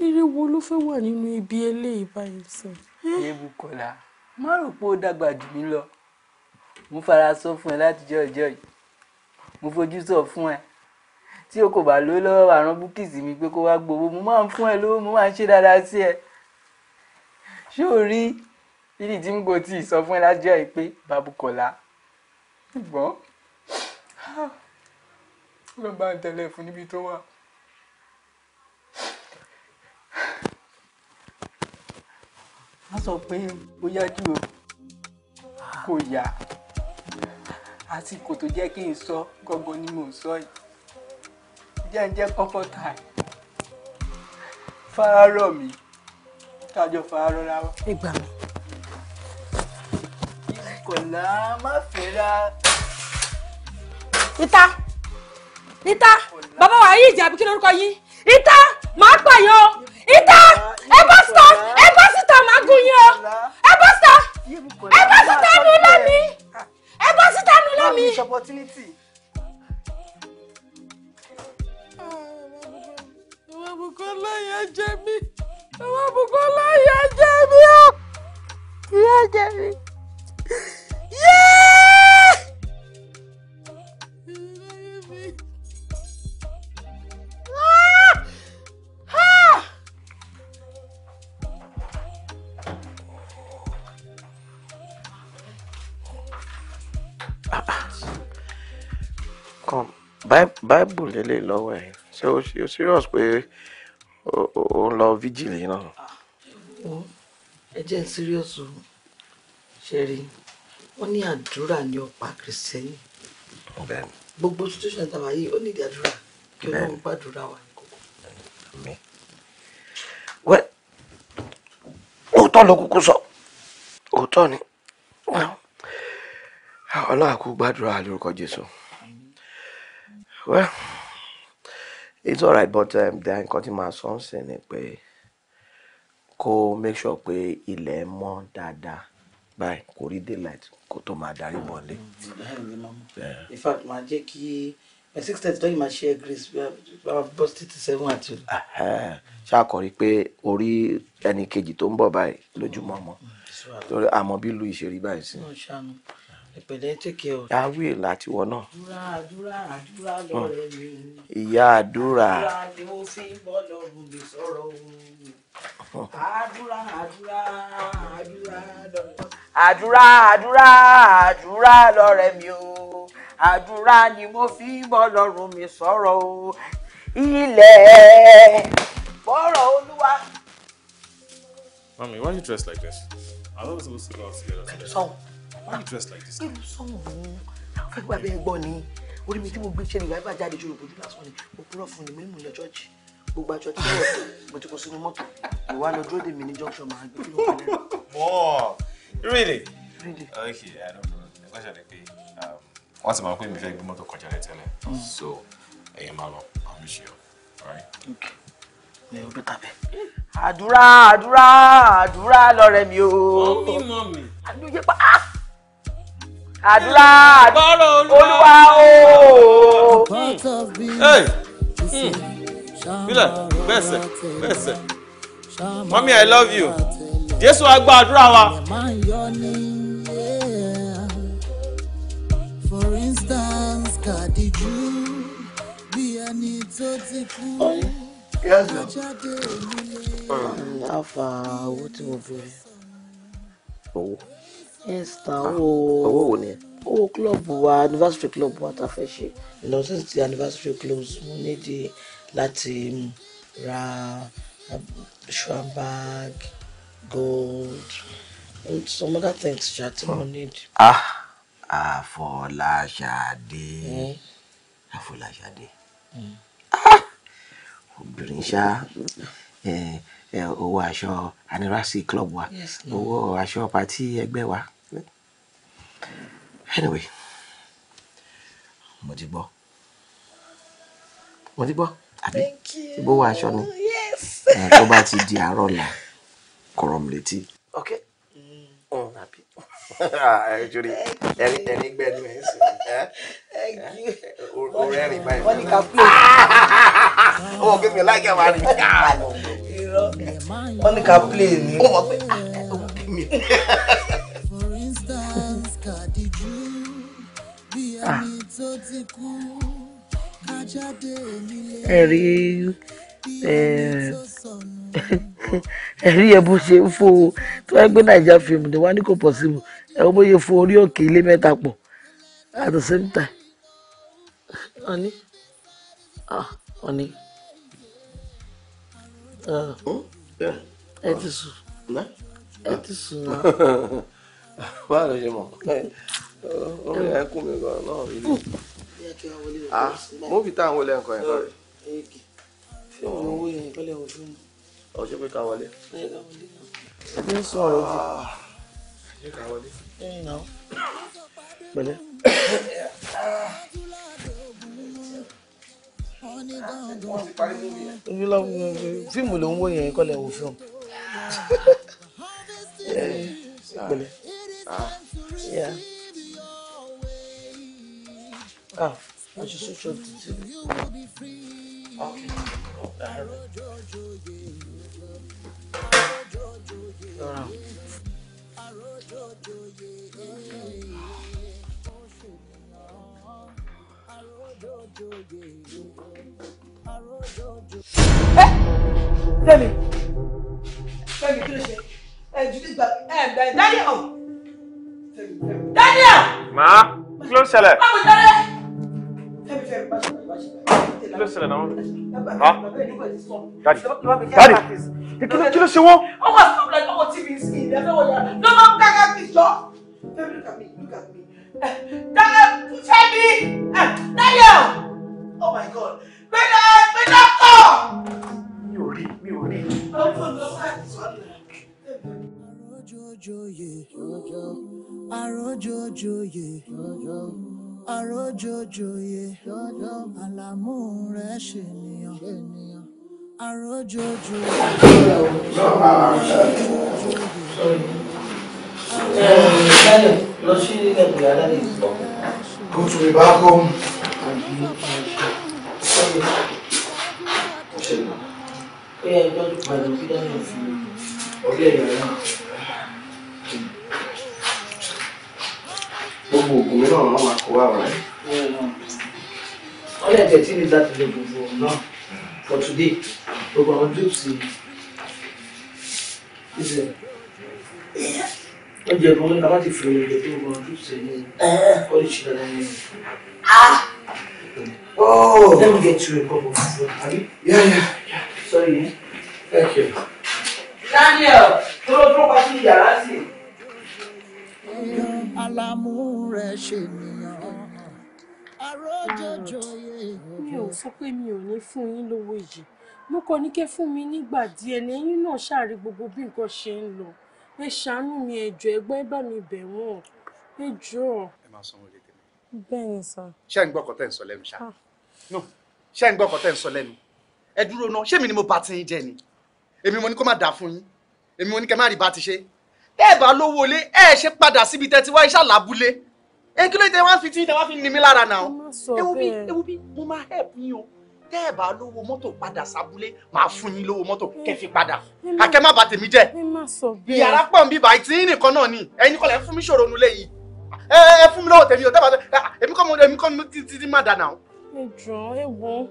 Eré wo ló fẹ́ wà nínú ibi eléyìí báyìí sọ? Ebu kọ̀la, má rò pé ó dàgbà jù mí lọ. Mo fara sọ fún ẹ láti ọjọ́ yìí. Mo fojú sọ fún ẹ. Tí o kò bá lówó lọ́wọ́ wà búkìsì mi pé kó wá gbowó, mo máa ń fún ẹ lówó, mo máa ń ṣe dáadáa sí ẹ. Ṣé o rí ìdí tí n kò tíì sọ fún ẹ láti jọ́ yìí pé Babukọ̀la? Ṣùgbọ́n, ó ah, bá ń tẹ̀lé fún níbi tó wà. a sọ pé bóyá jù o kò yá àsìkò tó jẹ́ kí n sọ gọ́gọ́ ni mò ń sọ yìí jẹ́ ń jẹ́ kọ́kọ́tà fararọ̀ mi kájọ fararọ̀ ra wa. ìgbà mi. ìkọ̀lá má fẹ́ ra. níta níta bàbá wa yìí ìjà àbí kí lórúkọ yín níta màá pààyàn ìta ẹ bọ́ síta ẹ bọ́ síta máa gùn yín o ẹ bọ́ síta ẹ bọ́ síta nu ilé mi ah! ẹ bọ́ síta nu ilé mi. àwọn àbùkọ́ láyà jẹ mí àwọn àbùkọ́ láyà jẹ mí o ìyá jẹ mí. báìbù lélẹ̀ lọ́wọ́ ẹ̀ ṣé o serious pé o ń lọ vigil náà. ẹ jẹ́ ń serious o ṣe rí wọ́n ní àdúrà ní ọ̀pá kìrìsìtẹ́nì gbogbo situation tàwa yìí ó nídìí àdúrà kí Ọlọ́run gbàdúrà wa. wẹ́ òótọ́ ló kúkú sọ òótọ́ ni Ọlọ́run àkú gbàdúrà lórúkọ Jésù well it's alright but um, the nǹkan tí màá sọ ń sìn ni pé kó make sure pé ilẹ̀ mọ́ dáadáa báyìí kò rí daylight kó tó máa darí bọ̀lé. in fact màá jẹ́ kí My thirty is yìí máa ṣe grace bọ́ sí ti seven àti o. ṣàkọrí pé orí ẹnì kejì tó ń bọ̀ báyìí lójúmọ́ mọ́ mm, àmọ́ bí lu ìṣèrí báyìí sí ìpẹ̀lẹ́ tèkè ọ. awíìlà tiwọ náà. àdúrà àdúrà àdúrà lọ̀rẹ́ hmm. mi. ìyá àdúrà. àdúrà ni mo fi ń bọ́ lọ́rùn mi sọ̀rọ̀ o. àdúrà àdúrà àdúrà lọ̀rẹ́. àdúrà àdúrà àdúrà lọ̀rẹ́ mi o. àdúrà ni mo fi ń bọ́ lọ́rùn mi sọ̀rọ̀ o. ilẹ̀ bọ́rọ̀ olúwa. Mami, why are you dressed like this? I thought we were supposed to go out together. Why you dressed like this? Irú sọ̀rọ̀ òun, àwọn fẹ́ gbàgbé ẹgbọ́n ni. Orí mi tí mo gbé ṣe nìgbà ìgbà jáde jòrò bójú lásán ni. Mo purọ́ fún ni mi mú lọ ṣọ́ọ̀ṣì. Gbogbo àjọ tí mo mo ti kó sínú mọ́tò. Mo wá lọ dúró dè mí ní junction máa gbé kílò kan lẹ́nu. really? Really? Okay, I don't know. Ẹgbẹ́ ṣàlẹ̀ pé um, wọ́n ti máa pé mi fẹ́ gbé mọ́tò kọjá rẹ̀ tẹ́lẹ̀. Hmm. So, hey, máa lọ, I'll miss you, alright? Okay. Adura, adura, adura, àdúrà àdúrà àdúrà lọ̀rẹ́ mi o. mọ́mí mọ́mí. àdúyẹ àdúrà olúwa ooo. bílẹ̀ bẹ́sẹ̀ bẹ́sẹ̀ mọ́mí i love you jésù á gba àdúrà wa. For instance, Kàdíjú bí ẹni tó ti kú. oh, ma'am. Alfa, owó tí mo fi owó. Esther ah, owó owó wo ni ẹ. owó kílọ̀bù wa anniversary club wa ta fẹ́ ṣe ìlọsí ti anniversary close mo nídi láti mm, ra um, shoe bag gold and some other things ṣá tí mo need. ah Àfọláṣadé Àfọláṣadé hmm? hmm. ah obìnrin ṣá eh, eh, owó aṣọ anniversary club wa owó aṣọ pàtí ẹgbẹ́ wa anyway mo ti gbọ́ mo ti gbọ́ àbí tí bó wá aṣọ ni tó bá ti di àárọ̀ la kọ̀rọ̀ mi létí. ok mm, mm. àbí ẹ̀rí ẹ̀rí gbẹ́nu ẹ̀ sì orí ẹ̀rí báyìí. wọ́n ní ká pé. ó wọ́n kékeré láìka wà ní. Ah. wọ́n ní ká pé ní. ó wọ́n pé mi. kàdíjú bí ah. ẹni tó ti kú kájáde ẹ̀rí ẹ̀rí ẹ̀ ṣe ń fò tó wáá gbé nàìjíríà fíìmù ni wọ́n á ní kò possible ẹ̀ ó bóyá fò orí òkè ilé mẹ́ta pọ̀ at the same time. Honey. Ah, honey. Ah. Uh. Mm? Yeah. It is. báwo ló ṣe mọ̀ orí ẹ̀ ń kún mi gan náà ilé ah múbi tá à ń wọlé nǹkan ẹ̀kọ́ rẹ̀. ṣé òun owó yẹn ìpínlẹ̀ ọ̀ṣun ni. ọ̀ṣun o ká wọlé. ní sọ̀rọ̀ jù. ṣé ká wọlé. ẹ̀yìn náà yeah. Ah, I just switched off the TV. Okay. Alright. Hey, Fẹ́mi me. kí me. ṣe? Ẹ jù nígbà ẹ gbà ẹ dárí ọ̀. Daniel. Ma, Màá kí ló ṣẹlẹ̀? Má mo jáde. Kí ló ṣẹlẹ̀ náà? Ha? Dadi, Dadi, kí ló ṣe wọ́n? Ọwọ́ stop like ọwọ́ TV is in ẹ̀fẹ́ wọ̀ yàrá. Ló máa ń kára kí look at me, look at me. Eh, Daniel, Fẹ́mi, eh, Daniel. Oh my God, gbẹ́dá gbẹ́dá kọ̀. Mi ò rí, mi ò rí. Ọ̀pọ̀ lọ́wọ́ àti sọ́dọ̀ àròjòyè àròjòjòyè àròjòjòyè àlàmú rẹ ṣènìyàn àròjòjòyè àròjòjòyè. Go to the back home and be Ọ̀gá ẹ̀yà náà. gbogbo ògùn mi náà wọ́n máa kó wá ọ̀rọ̀ ẹ̀. ẹ̀jẹ̀ tí mi láti lo gbogbo ọ̀rọ̀ náà for today gbogbo àwọn drips ìṣẹ̀ oúnjẹ kan ní kábàtì fún mi lè gbogbo àwọn drips ní oríṣi dáadáa ní ah! oh! oh. Let me get you a cup of water. Yeah, yeah, yeah. Sorry. Eh? Thank you. Daniel, tó ló dúró pa sí yàrá alámú rẹ̀ ṣènìyàn àròjọjọyè. mi ò sọ pé mi ò ní fún yín lówó yìí mo kàn ní kẹ́ fún mi nígbà díẹ̀ lẹ́yìn náà ṣàrí gbogbo bí nǹkan ṣe ń lọ ẹ ṣàánú mi ẹjọ ẹgbẹ bá mi bẹ̀ wọ́n ẹjọ. ẹ máa sanwó lè tẹ̀lé. bẹ́ẹ̀ ni sọ. ṣé ń gbọ́ ọkọ̀ tẹ́ ń sọ lẹ́nu ṣá ah. no ṣé ń gbọ́ ọkọ̀ tẹ́ ń sọ lẹ́nu ẹ dúró náà ṣé mi ni mo bá ti ń jẹ ni èmi mo ní kó má dà fún yín èmi mo ní kẹ́ má rí bá ti ṣe bẹ́ẹ̀ bá lówó ilé ẹ ṣe padà síbi tẹ́ ti wá iṣẹ́ àlábúlé ẹ kí ló dé wá fi tí wá fi ní mi lára náà ewu bí ewu bí mo máa help yín o tẹ́ ẹ bá lówó mọ́tò padà sábúlé màá fún yín lówó mọ́tò kẹfì padà kàkẹ́ má bà tèmi jẹ́ ìyàrá pọ̀ ń bí bàá tí yín nìkan náà ni ẹ̀yin kọ́lẹ̀ fún mi ṣòro nulẹ̀ yìí ẹ ẹ fún mi lọ́wọ́ tèmi o tẹ́ bá tẹ́ èmi kọ́ mo èmi kọ́ mo ti ti má dà náà. ẹ jọ̀ọ́ ẹ wọ́n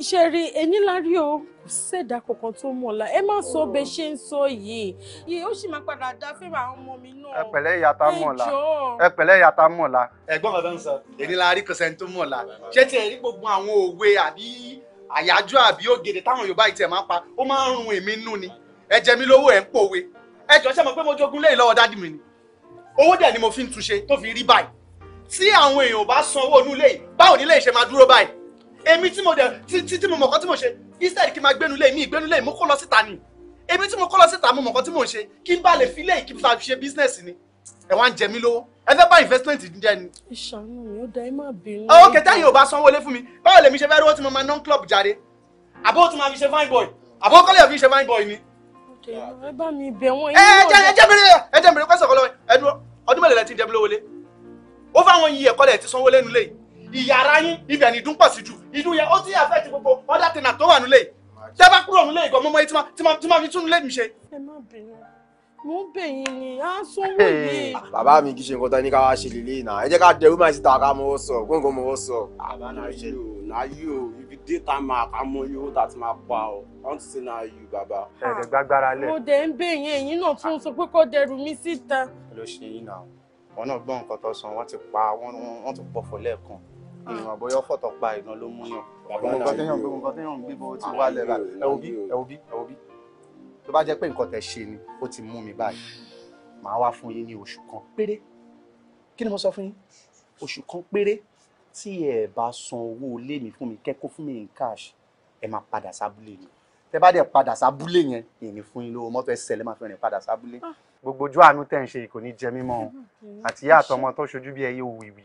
ṣe rí ẹni lárí o kò sẹ́dá kankan tó mọ̀ la ẹ má sọ bẹ ṣe ń sọ yìí yìí ó sì máa padà dá fẹ́ràn àwọn ọmọ mi náà. ẹ pẹ̀lẹ́ ìyá tá mọ̀ la ẹ pẹ̀lẹ́ ìyá tá mọ̀ la. ẹ̀gbọ́n bàbá ń sọ ẹni lárí kò sẹ́ni tó mọ̀ la ṣé tiẹ̀ rí gbogbo àwọn òwe àbí àyájọ́ àbí ògèdè táwọn Yorùbá yìí tiẹ̀ máa ń pa ó máa ń run èmi nú ni ẹ jẹ mí lówó ẹ ń pòwe ẹ jọ ṣe mọ̀ pé mo jogún lẹ́yìn lọ́wọ́ dádì mi ni owó dẹ̀ ni mo fi ń túnṣe tó fi rí báyìí tí àwọn èèyàn bá èmi tí mo dẹ̀ tí tí mo mọ̀kọ́ tí mo ṣe instead kí n máa gbénulé mi ìgbénulé mi kó lọ síta ni èmi tí mo kó lọ síta mo mọ̀kọ́ tí mo ṣe kí n bá lè fi lé ìkí fi ṣe business ni ẹ wá ń jẹ mí lówó ẹ fẹ́ bá investment jẹ ni. ìṣàánú mi ó da ẹ má bínú. Oh, ok tẹ́yìn ò bá sanwó lé fún mi báwo lèmi ṣe fẹ́ rówó tí mo máa non club jáde àbó tí mo máa fi ṣe fine boy àbó kọ́lé ò fi ṣe fine boy ni. ẹ bá mi bẹ̀ wọ́n. Eh, ẹ jẹ́ ẹ jẹ́ mi ẹ jẹ́ mi pẹ́sẹ̀ kọ́lọ́ ọdún mélòó lẹ ti ń jẹ mi lówó lé ó fáwọn yìí ẹ̀kọ́ lẹ̀ ti sanwó ìyàrá yín ibẹ̀ ni ìdún pọ̀ sí jù ìdún yẹn ó ti affect gbogbo ọ̀dà tẹ̀nà tó wà nílé tẹ́ bá kúrò nílé ìgò ọmọọmọ yìí tí máa fi tún nílé mi ṣe. ẹ má bínú mo ń bẹ̀ yín ni á sọ́wọ́ mi. bàbá mi kì í ṣe nǹkan tán ní ká wá ṣe lélẹ́yìn náà ẹ jẹ́ ká dẹrú máa ṣe ta ká mọ́ sọ gbọ̀ngàn mọ́ sọ. bàbá náà yìí o náà yìí o ibi dé ta máa ká mọ yòó tá a ti máa pa ọ wọn ti ṣe náà yìí bàbá. Ah, ẹ̀rẹ̀ gbàgbára lẹ̀. mo dẹ̀ ń bẹ̀ yín ẹ̀yin náà tún sọ pé kó dẹrù mi síta. ló ṣe yín náà wọn náà gbọ́ nǹkan tó sọ wọ́n ti pa wọ́n ti pọ̀ fọ́ lẹ́ẹ̀kan èèyàn ah. àbọ̀yọ́ fọ̀tọ̀ pa iná ló mú yàn ọmọ nǹkan téèyàn gbé nǹkan téèyàn gbé bó ti wá lẹ́ra ẹ̀wọ̀n bí ẹ̀wọ̀n bí ẹ̀wọ̀n bí tó bá jẹ́ pé nǹkan tẹ̀ ṣe ni ó ti mú mi báyìí màá wá fún yín ní oṣù kan péré kí ni mo sọ fún yín oṣù kan péré tí ẹ bá san owó ilé mi fún mi kẹ́kọ̀ọ́ fún mi in cash ẹ máa padà sábúlé mi tẹ bá dẹ̀ padà sábúlé yẹn ìní fún yín lówó mọ́tò ẹsẹ̀ lẹ́ẹ̀ máa fẹ́ràn padà sábúlé ah. gbogbo ojú àánú tẹ̀ ń ṣe kò ní jẹ mímọ́ o mm-hmm. ìyá àtọmọ tó ṣojú bí ẹyẹ òwìwí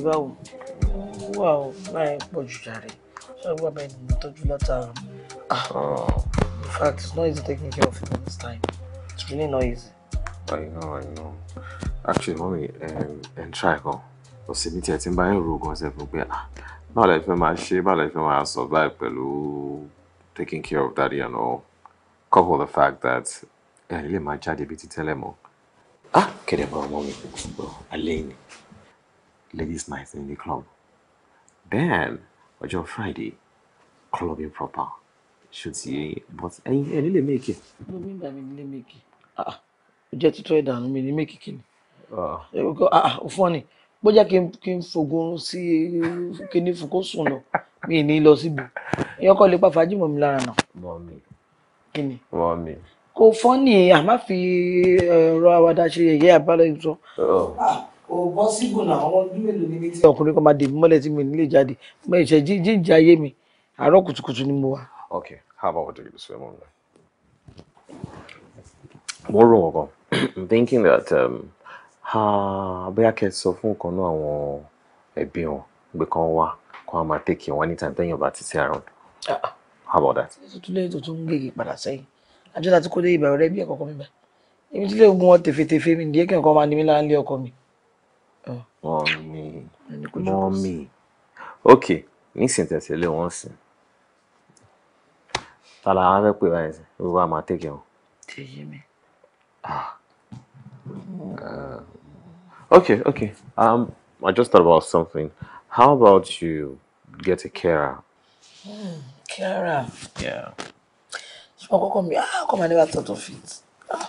bíi báwo wà ó láì pọ̀ jù jàre ṣáàgbà bẹ́ẹ̀ ni mo tọ́jú látara in fact it's not easy taking care of it all this time it's really not easy. I know, I know. Actually, mommy, ẹ um, ń um, try gan. Ọ̀sẹ̀ mi tiẹ̀ ti ń bá yín ro gan ṣe fún pé ah, báwo la fẹ́ máa ṣe báwo la fẹ́ máa survive pẹ̀lú taking care of daddy and all couple the fact that ẹ eh, lè máa jáde bíi ti tẹ́lẹ̀ mọ́. Ah, kẹ̀dẹ̀ bá ọmọ mi gbọ́ alẹ́ yìí ni ladies' night in the club. Then, ọjọ́ Friday, clubbing proper. Ṣó ti yé yín? But ẹyin ẹ nílé méèkì. Mo ní ìgbà mi nílé méèkì. Ah, ó jẹ́ títọ́ ìdààmú mi ní méèkì kìíní. Ah. Ah, ó fọ́ ni, bó jẹ́ kí n fògùn sí kíní fún kó sùn lọ, mi ní lọ síbi. Ìyẹn kọ́ lè pa fàájì mọ́ mi lára náà. Mọ́ mi. Kí ni? Mọ́ mi kò fọ́ ní àmá fi ẹ̀rọ eh, àwàdà ṣe yẹ̀yẹ́ àbálẹ̀ ìtọ́ ò bọ́ sígùn náà àwọn ọdún mélòó ni mi ti. ọkùnrin kan máa dèbí mọ́lẹ̀ tí mi nílé jáde mo ṣe jíjẹ ayé mi àárọ̀ kùtùkùtù ni mo wà. ok how about we take this way mo rò mo rò ọkàn i'm thinking that um, bóyá kẹ́ ẹ sọ fún ọkàn náà àwọn ẹbí wọn gbé kan wá kó a máa tẹ̀kì wọn anytime tẹ́yìn ọba títí àrùn how about that. tuntun lè tuntun ń gègé padà sẹ́yìn àjọ àti kó dé ìbẹ̀rù rẹ bí ẹ̀kọ́ kan mi bẹ̀ èmi tí lè gun ọ tẹ̀fẹ̀tẹ̀fẹ̀ mi nìyẹn kí nǹkan máa ní mi láńlé ọkọ mi. Mọ́mì, mọ́mì. Okay, nísìnyí tẹ̀tẹ̀ lé wọ́n sìn. Ta la wá fẹ́ pè báyìí sí? Bí wàá máa tẹ̀kẹ̀ wọn. Tèyí mi. Ah. Ah. Okay, okay. Um, I just thought about something. How about you get a carer? Hmm, carer? Yeah. Ṣé kọ́kọ́ mi? Ah, come I never thought of it. Ah,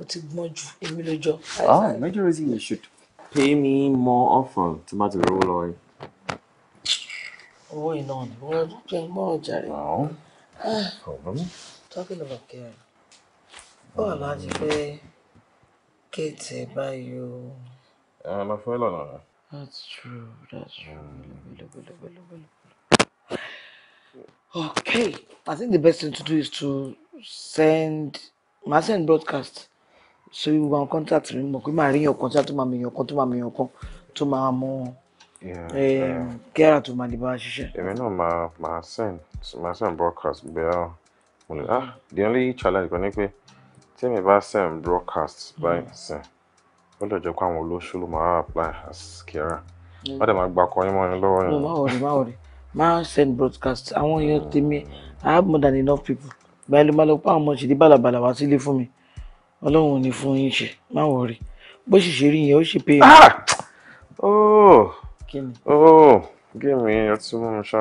o ti gbọ́n ju èmi lójọ́. Ah, majority you should pay me more often tí n bá to rówó lọ́wọ́ yín. Owó iná ni wọ́n jẹ́ ń No problem. Talking about Karen, báwo la ti fẹ́ kéètì báyìí o? Ẹ̀rọ la fẹ́ lọ́nà rẹ̀. That's true, that's true. Hmm. Okay, I think the best thing to do is to send, ma send broadcast. so gbogbo àwọn contact mi mọ̀ pé màá rí yàn kan tí a tó máa mi yàn kan tó máa mi yàn kan tó máa mọ kẹ́ra eh, tó máa lè bá a ṣiṣẹ́. èmi náà máa broadcast bẹ́ẹ̀ uh, mo ah the only challenge kan ni pé tí mi bá broadcast báyìí mm. sìn ó lè jẹ́ pé àwọn olóṣù ló máa apply as kẹ́ra mm. wọ́n dẹ̀ máa gba ọkọ yín mọ́ ni lọ́wọ́ yẹn. máa wọ̀rì máa wọ̀rì máa send broadcast àwọn èèyàn tèmi I have more than enough people gbàyẹn ló máa lọ pé àwọn ọmọ ṣèdí bàlàbàlà wá sílé fún ọlọ́run ò ní fún yín ṣe má wọrí bó sì ṣe rí yẹn ó sì pé. kíni. géèmù yẹn ọtí mú mi ṣá.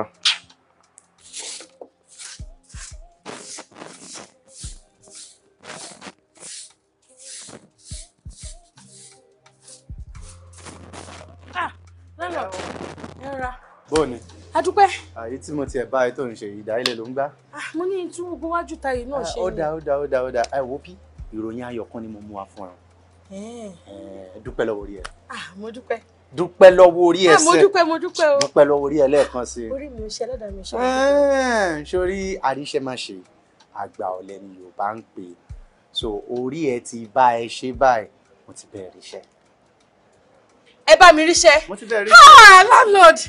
bóòni. adúpẹ́. àyè tí mo tiẹ̀ bá ẹ tó ń ṣe ìdá ilé ló ń gbá. Ah, mo ní ìtumọ̀ gbówájú tayé náà ah, ṣe. ó dáa ó dáa ó dáa ó dáa ẹ wo pí ìròyìn ayọ̀ kan ni mo mú wa fún ọ. dúpẹ́ lọ́wọ́ orí ẹ. mo dúpẹ́. dúpẹ́ lọ́wọ́ orí ẹ sẹ́. mo dúpẹ́ mo dúpẹ́ o. dúpẹ́ lọ́wọ́ orí ẹ lẹ́ẹ̀kan sí. orí mi ò ṣe ẹlẹ́dàá mi ṣe. sórí àríṣe máa ṣe àgbà ọ̀lẹ Yorùbá ń pè so orí ẹ ti bá ẹ ṣe báyìí mo ti bẹ̀rẹ̀ iṣẹ́ ẹ bá mi ríṣẹ́. mo ti bẹ̀rẹ̀ ríṣẹ́. ah landlord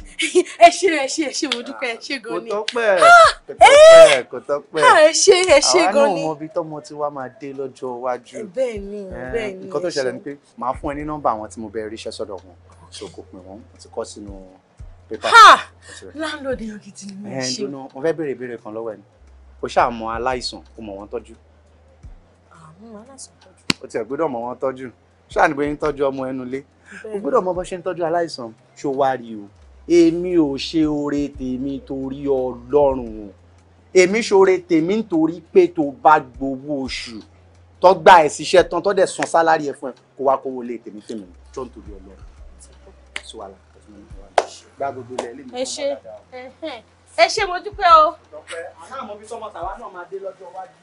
ẹ ṣe ẹ ṣe ẹ ṣe mo dúpẹ́ ẹ ṣe gan ni. kò tọ́pẹ́ ah, kò tọ́pẹ́ eh. kò tọ́pẹ́. Ah, ẹ ṣe ẹ ṣe gan ni. àwa náà mọ ibi tọ́mọ tí wàá máa dé lọ́jọ́ iwájú. bẹ́ẹ̀ ni eh, bẹ́ẹ̀ ni. nǹkan tó ṣẹlẹ̀ ni pé màá fún ẹ ní nọ́mbà àwọn tí mo bẹ̀rẹ̀ ríṣẹ́ sọ́dọ̀ wọn so kò pin wọn mo ti kọ sínú pépà. landlord yan gidi ni mo eh, ṣe. mo fẹ́ béèrè ìbéèrè kan lọ́wọ́ o ṣáà mọ aláìsàn o mọ̀ wọ́n tọ́jú. àwọn ah, aláìsàn tọ́jú. o tiẹ̀ gbọ́dọ̀ mọ̀ wọ́n tọ́jú ṣáà ní bóyá o gbọ́dọ̀ mọ bó ṣe ń tọ́jú aláìsàn ṣó wá rí o èmi ò ṣe oore tèmi torí ọlọ́run o èmi ṣoore tèmi nítorí pé tó bá gbowó oṣù tó gba ẹ̀ síṣẹ́ tán tó dẹ̀ san sálárì ẹ̀ fún ẹ kó wá kówó lé tèmi fèmí tó ń torí ọlọ́run mi. ẹ ṣe ẹ ṣe mo dúpẹ́ o. àná àmọ́ bí sọ́mọ́tàwa náà máa dé lọ́jọ́ iwájú.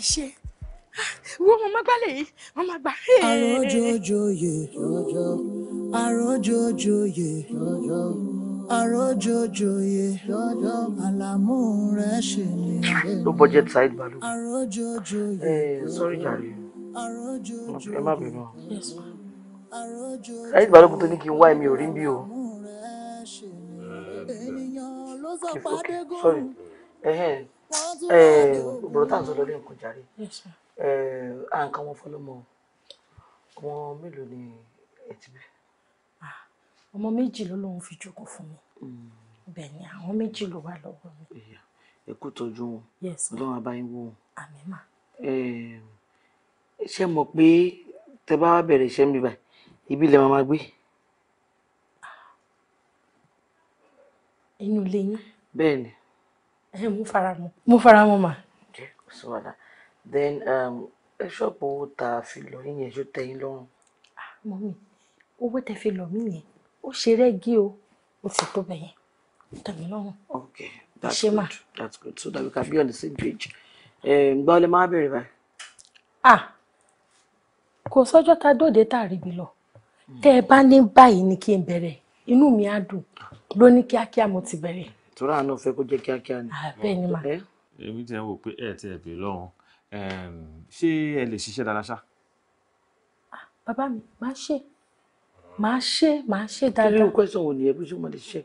iṣẹ́ ah, wọ́n mọ̀ máa gbálẹ̀ yìí wọ́n máa gbà. àròjòjòyè jòjò àròjòjòyè jòjò àròjòjòyè jòjò àlàmú rẹ ṣe ni. ló bọjẹ tide balu. àròjòjòyè ẹ sọrí jàre ẹ má bínú. tide balógun tó ní kí n wá èmi ò rí bí o. sorry ẹ̀hìn ẹ̀ẹ́dọ̀rọ̀ eh, tá à ń sọ lórí nǹkan jàre à ń kọ́ wọn fọlọ́mọ ọmọ mélòó ni ẹ ti bí. ọmọ méjì ló lóun fi jókòó fún mi hmm. bẹ́ẹ̀ ni àwọn méjì ló wà lọ́wọ́ mi. ẹ kú tọ́jú wọn ọlọ́run abáyín wò wọn. àmín mà. ṣé mọ̀ pé tẹ bá bẹ̀rẹ̀ iṣẹ́ mi báyìí ibi ilẹ̀ máa gbé. inú ilé yín. bẹ́ẹ̀ ni. mo fara mọ́ mo fara mọ́ mà. jẹ́ kò sí wàhálà then um, ẹ ṣọ́ọ̀bù owó tá a fi lọ yín yẹn ṣó tẹ́ yín lọ́rùn. Ah, mọ́mí owó tẹ fi lọ mí yẹn ó ṣe rẹ́gí o ó ti tó bẹ̀yẹn tẹ̀mí lọ́rùn. okay that's good that's good so that we can be on the same page. ǹgbà ọ lè máa bẹ̀rẹ̀ báyìí. ah kò sọ́jọ́ tá a dóde tá a rí ibi lọ tẹ́ ẹ bá ní báyìí ni kí n bẹ̀rẹ̀ inú mi á dùn ló ní kíákíá mo ti bẹ̀rẹ̀. ìtura náà fẹ́ kó jẹ́ kíákíá ni. Ah, bẹ́ẹ̀ ni màá. Eh? èmi ti ń wò pé ẹ̀ tí ẹ̀ bè lọ́rùn ṣé ẹ lè ṣiṣẹ́ dáadáa ṣá. bàbá mi máa ṣe máa ṣe máa ṣe dáadáa. irú kwẹ́sàn wo nìyẹn bí ṣé mo lè ṣe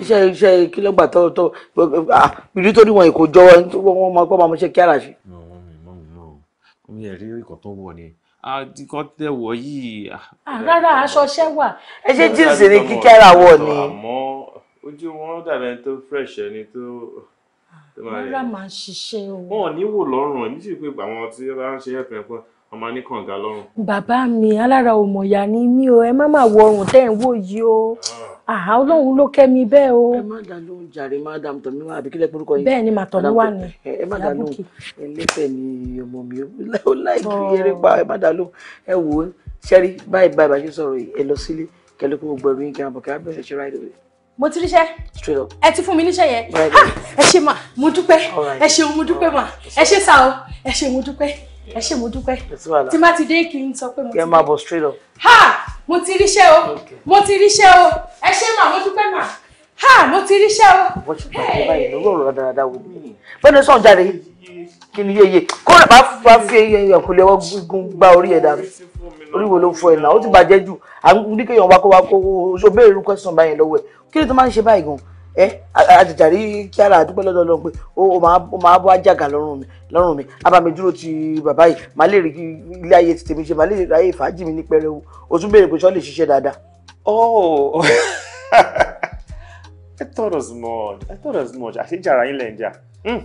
iṣẹ́ iṣẹ́ kí ló gbà tọ́ tọ́ nítorí wọn kò jọ wọn máa gbọ́ máa ṣe kí ara ṣe. mi ò rí ìkọ̀ tó wọ̀ ni àdìkọ́ tẹ̀ wọ̀ yìí. rárá aṣọ ṣẹ́ wà. ẹ ṣe jíǹsì ni kíkẹ́ ara wọ̀ ni. àmọ́ ojú wọn dàbẹ̀ tó fresh ẹni tó rárá máa ń ṣiṣẹ́ o. wọn ò ní wò lọ́rùn èmi sì pé àwọn tí wọn bá ń ṣe ẹ̀fẹ̀ ẹ̀kọ́ wọn máa ní kànga lọ́rùn. bàbá mi alára òmòyà ni mí o ẹ má máa wọ ọrùn tẹ́ ẹ̀ wò yìí o ah. àhá ọlọ́run ló kẹ́ mi bẹ́ẹ̀ o. ẹ má dá lóhùn jàre má dá Tọ́míwá àbí kílẹ̀ orúkọ yín. bẹ́ẹ̀ ni màá Tọ́míwá ni ẹ má dá lóhùn ẹlẹ́fẹ̀ ni ọmọ mi ó láìkí eré pa ẹ má dá lóhùn ẹ wò ó ṣẹ́rí báyìí báyìí bá ṣe sọ̀rọ̀ ẹ lọ sílé kẹlẹ́kùn gbẹ̀rù yín mo ti ríṣẹ́ ẹ ti fún mi níṣẹ́ yẹn ẹ ṣé mà mo dúpẹ́ ẹ ṣeun mo dúpẹ́ mà ẹ ṣé sá o ẹ ṣé mo dúpẹ́ ẹ ṣé mo dúpẹ́ tí má ti dé kí n sọ pé mo ti rí máa bọ̀ straight up ha mo ti ríṣẹ́ o mo ti ríṣẹ́ o ẹ ṣé mà mo dúpẹ́ mà ha mo ti ríṣẹ́ o. bọ́sùn báyìí lọ́wọ́ ọ̀rọ̀ dáadáa wò mí bẹ́ẹ̀ ni sọ̀n jáde kí ni yeye kó lè bá fi eyín ẹ̀kú lẹ́wọ́ gígùn gba orí ẹ̀ dànù orí wo ló fọ ẹ̀ náà ó ti bàjẹ́ jù ní kéèyàn wá kó wá kó oṣù béèrè irú question báyẹn lọ́wọ́ ẹ̀ kí ni tó máa ń ṣe báyìí gan ẹ àjàjàrí kí ara àdúgbò lọ́dọ̀ lọ́n pé ó máa bọ́ àjàgà lọ́rùn mi lọ́rùn mi abàmì dúró ti bàbá yìí màá lè rí ilé ayé ti tèmi ṣe màá lè rí ayé ìfàájì mi ní pẹrẹwu o tún béèrè pé ṣọ́ lè ṣiṣẹ́ dáadáa. oh I thought as much I thought as much àṣejàrá yín lẹ́ ń jà hmm.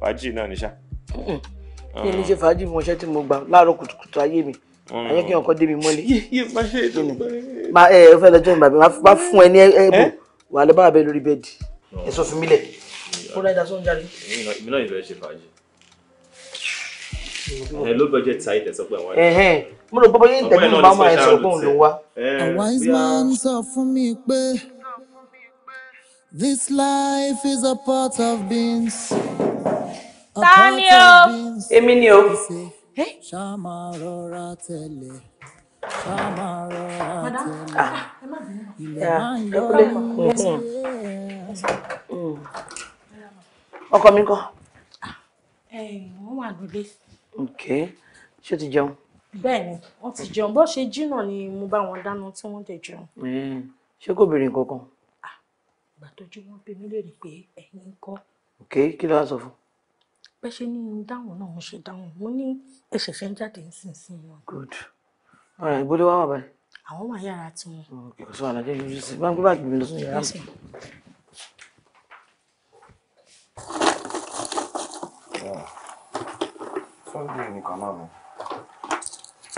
fàájì náà ní ṣá kí ni ṣe fàájì mọ iṣẹ́ tí mo gbà láàárọ̀ kùtùkùtù ayé mi mm. àyẹ kí ọkọ dé mi mọ́lé. yíyí ẹ ẹ fẹ́ lọ́jọ́ ìgbà mi má fún ẹ ní ẹ̀bùn wà lọ́ bá wà lórí bẹ́ẹ̀dì mm. ẹ sọ fún mi lẹ̀. ó rẹ́ dasọ́ ń jáde. èmi náà ìfẹ́ ṣe fàájì. ẹ ló bẹjẹ ta ìtẹ sọ pé àwọn. mo rò bọ́bọ́ yín tẹ̀lé mi máa máa ẹ ló wá. àwọn isman sọ fún mi pé this life is a pot of beans. Daniel, ni o èmi ni o. madam ah, ẹ bẹ́ẹ̀ni wọ́n ti jẹun bó ṣe jí ni mo bá wọn dáná tí wọ́n tẹ jẹun. Mm. ṣé kò béèrè nǹkan kan. Ah, ìgbà tó jí wọn bí mi lè rí pé ẹ̀yin kọ́. ok kí ló wá sọ fún bẹ́ ṣe ní dáhùn náà ń ṣe dáhùn mo ní ẹ ṣẹ̀ṣẹ̀ ń jáde nísinsìnyí. good ọ̀rọ̀ ìbólú wá wà báyìí. àwọn wà yàrá tí wọn. ok ọ̀sán àlàjẹ́ yóò ṣe máa ń gbé báàgì mi lọ sún yàrá mi. sunday nìkan náà ni.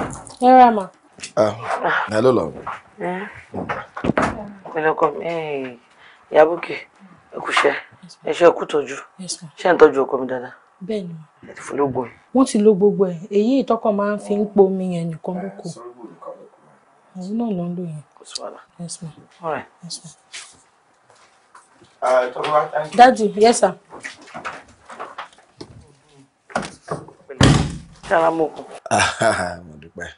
Ah, ẹ rà mà. ẹ ló lọ. ẹ lọkọ mi ìyá bókè ẹ kú iṣẹ́ ẹ ṣe ẹ kú tọ́jú ṣe ń tọ́jú ọkọ mi dáadáa bẹ́ẹ̀ ni. ẹ ti fún lóògùn yìí. wọ́n ti lo gbogbo ẹ̀ èyí ìtọ́kọ máa ń fi ń po omi yẹn nìkan ló kù. òun náà ló ń lò yẹn. kò sí yes ma. all right. yes ma. Uh, right, daddy yes sir. sára mú kù. Ah, mo dúpẹ́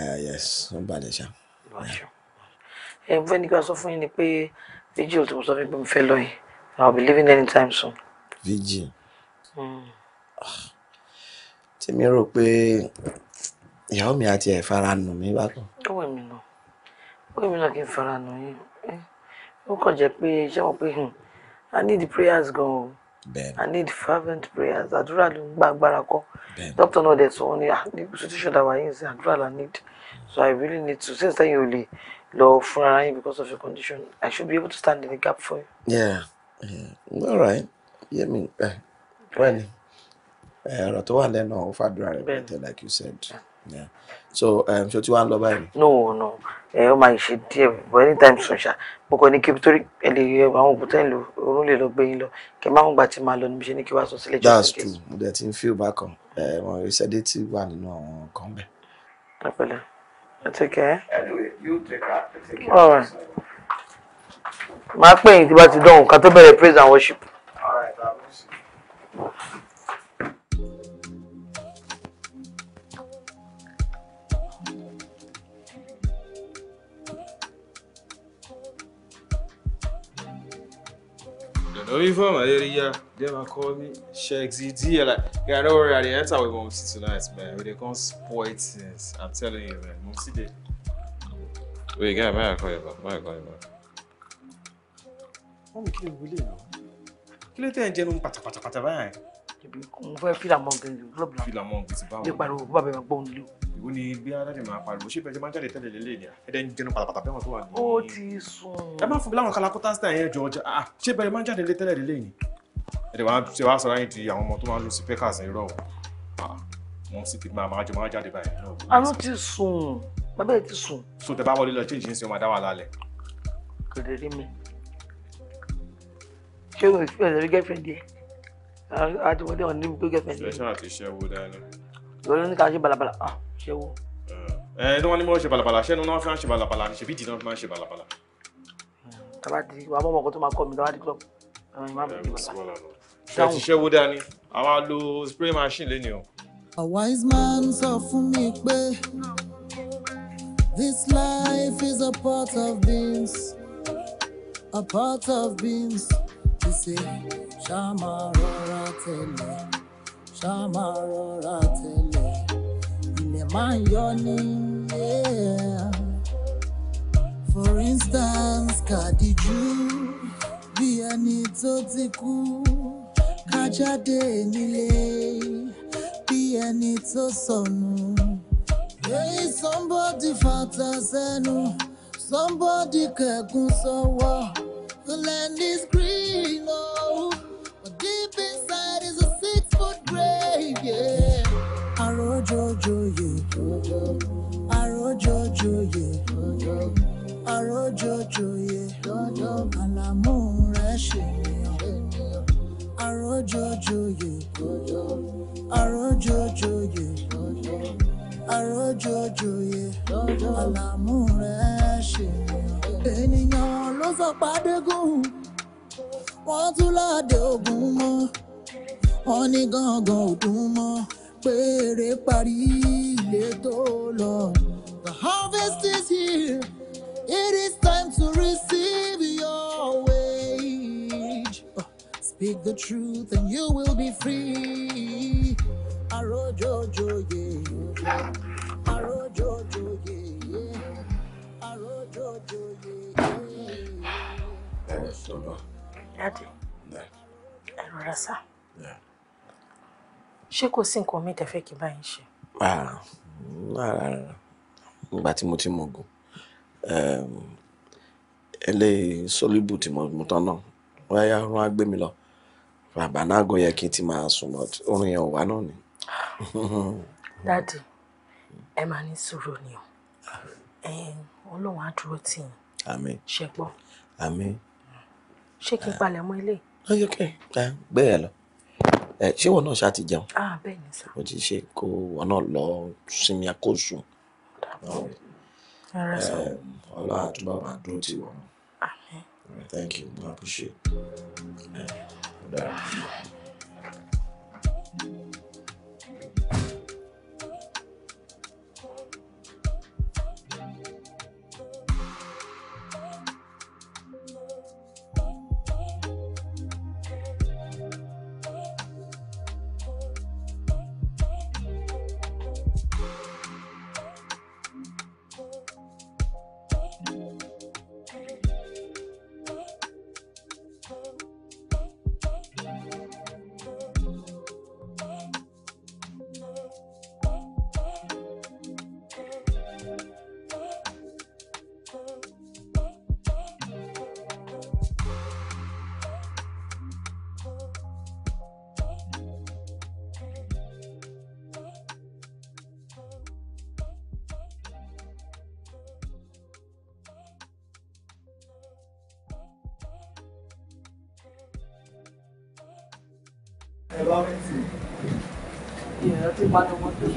eh, yes ó balẹ̀ ṣá. ẹ n eh, fẹ́ ní kí wàá sọ fún yín ni pé vigil tó mo sọ fún mi pé mo fẹ́ lọ yìí I will be leaving anytime soon. vigil tí mi rò pé ìyàwó mi àti ẹ̀ fara nù mí bákan. ó wẹ̀ mí lọ ó wẹ̀ mí lọ kí n fara nù yín eh, ó kàn jẹ́ pé ṣé wọ́n pé hmm, I need prayers gan o I need fervent prayers àdúrà ló ń gba agbára kọ́ dókítà náà dẹ̀ sọ wọ́n ní institution ah, that we are in ṣe àdúrà la need so I really need to since then you lè lọ fún ara yín because of your condition I should be able to stand in the gap for you. yeah, yeah. all right. Yeah, I mean, uh, bẹ́ẹ̀ni eh, ọ̀rọ̀ tó wà lẹ́nu ó fàdúrà rẹ̀ bẹ́ẹ̀ like you said yeah. so um, ṣé o ti wá ń lọ báyìí. no no ẹ eh, ọ máa ṣe díẹ̀ bọ anytime soon ṣá mo kàn ní kí torí ẹ lè yẹ àwọn òkúta ìlú oorun lè lọ gbé yín lọ kí ẹ má ń gbà tí màá lọ níbi ṣe ní kí wàá sọ sílẹ̀ jù. that's true mo dẹ̀ ti ń feel back on eh, wọn rí sẹ́dẹ̀ tí wà nínú àwọn kan bẹ́ẹ̀. àpẹẹrẹ ẹ ti kẹ ẹ. máa pè yín tí bá ti dán òǹkà tó bẹ̀rẹ̀ praise and worship. Only for my area, they might call me Sheikh ZD. Like, yeah, don't worry, I didn't enter with Momsi tonight, man. We they can't spoil things. I'm telling you, man. Momsi did. Wait, guy, may I call you back? May I call you back? I'm killing will you ló tẹ̀ ń jẹnu pátápátápátá báyìí. mo fẹ́ fílà mọ́ nǹkan yìí lọ́bìnrin náà fílà mọ́ nǹkan ti báwo. bí pariwo bàbá mi gbọ́ nílé o. ìwọ ni bí aláde máa pariwo ṣé bẹ́ẹ̀ jẹ́ máa jáde tẹ́lẹ̀ lélẹ̀ ni ẹ̀dẹ̀ ń jẹnu pátápátá bẹ́ẹ̀ wọ́n tó wà ní. ó ti sùn. ẹ má fún mi láwọn kalakuta stein yẹn jọ ọjà ah, ṣé bẹ́ẹ̀ máa jáde tẹ́lẹ̀ lélẹ̀ ni. ẹ̀dẹ̀ wàá ṣe wá sọ̀rọ̀ yín di àwọn ọmọ tó máa ń lo sí pẹ́kàs irọ́ ah, wọn sì kìí máa jọ máa jáde báyìí. àánú ti sùn bàbá ẹ ti sùn. so tẹ bá wọlé lọ change yín sí ọmọ adáwà lálẹ́. kò lè rí mi ṣé o experience ẹ̀rí girlfriend yẹ àti wọ́n tẹ́ wọ́n níbi pé girlfriend yẹ. ṣe àti ṣẹ́wó dání. lórí ní ká ṣe balabala ah ṣẹ́wó. ẹ ẹ tí ní mọ́ ṣe balabala ṣé ní wọ́n fi ṣe balabala ní ṣèbí ìdílé fi máa ṣe balabala. tàbá ti wà mọ́ ọkọ̀ tó máa kọ́ mi tàbá ti club ṣe eh, ti ṣẹ́wó dání àwa lo spray machine lé ní o. a wise man sọ fún mi pé this life is a part of beans a part of beans ṣe ṣá máa tele, tẹ̀lé ṣá máa rọra tẹ̀lé ilẹ̀ máa For instance, Kadiju, bi ẹni tó ti kú ká jáde nílé bí ẹni tó sọnù. Hey, somebody fata sẹ́nu, somebody kẹ̀kún sọ́wọ́. So The land is green, oh, but deep inside is a six foot grave, yeah. Arojojo, yeah. Arojojo, yeah. Arojojo, yeah. Alamu Rashi, yeah. Arojojo, yeah. jojo yeah. àròjòjòyè àlàmú rẹ̀ ṣe ènìyàn sọ pàdé gòhùn tún láàdé ògùn mọ́ wọ́n ní gángan ògùn mọ́ péré parí ilé tó lọ. The harvest is here. It is time to receive your wage. Uh, speak the truth and you will be free. Arojojo ye. Arojojo ye. Arojojo ye. Daddy, ẹ rọra sá. Ṣé kò sí nǹkan mi tẹ́fẹ́ kí báyìí ṣe? Ah, rárá rárá, nígbà tí mo ti mọ̀gùn, eléyìí ehm, sólíbù tí mo tán náà, wọ́n yá rún agbé mi lọ. Bàbá náà gò yẹ kí n ti máa sùn lọ, orin yẹn ò Daddy, ẹ máa ní sùúrù ni o. Ọlọ́run á dúró tì yín. Àmín. Ṣé ṣé kí n palẹ̀ mọ́ ilé. ọyọ kẹ ẹ gbé ẹ lọ ẹ ṣé wọn náà ṣá ti jẹun. ah bẹ́ẹ̀ ni sá. o ti ṣe kó wọn náà lọ sinmi akóso. ọlọ́run àtúbọ̀ máa dúró tì wọ́n. thank you i appreciate. Uh,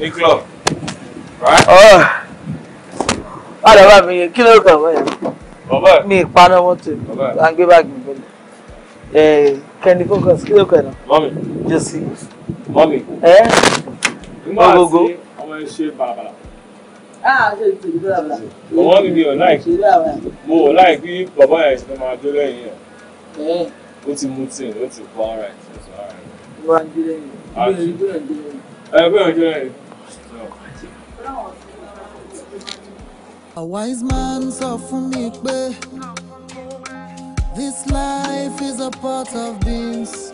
A club. Right? Oh. Bàdà bá mi yẹ kí ló kàn wọ́n yẹn. Mi ìpaná mọ́tò. Bàbá À ń gbé báàgì mi bẹ̀rẹ̀. Kẹ́ni focus kí ló kàn náà. Mọ́mì. Jẹ́sí. Mọ́mì. Ẹ́. Ogogo. Ọmọ ẹ ṣe bàlàbàlà. Ah, ṣe ti ìlú bàbà. Ọmọ mi mi ò láì. Mo ò láì bí bàbá yẹn ṣe máa dé lẹ́yìn ẹ̀. Ó ti mú tíì, ó ti pọ̀ ara ẹ̀. Ó ti ara ẹ̀. ń dé lẹ́yìn. Ẹgbẹ́ ìjọ rẹ̀. A wise man sọ fún mi pé this life is a pot of beans,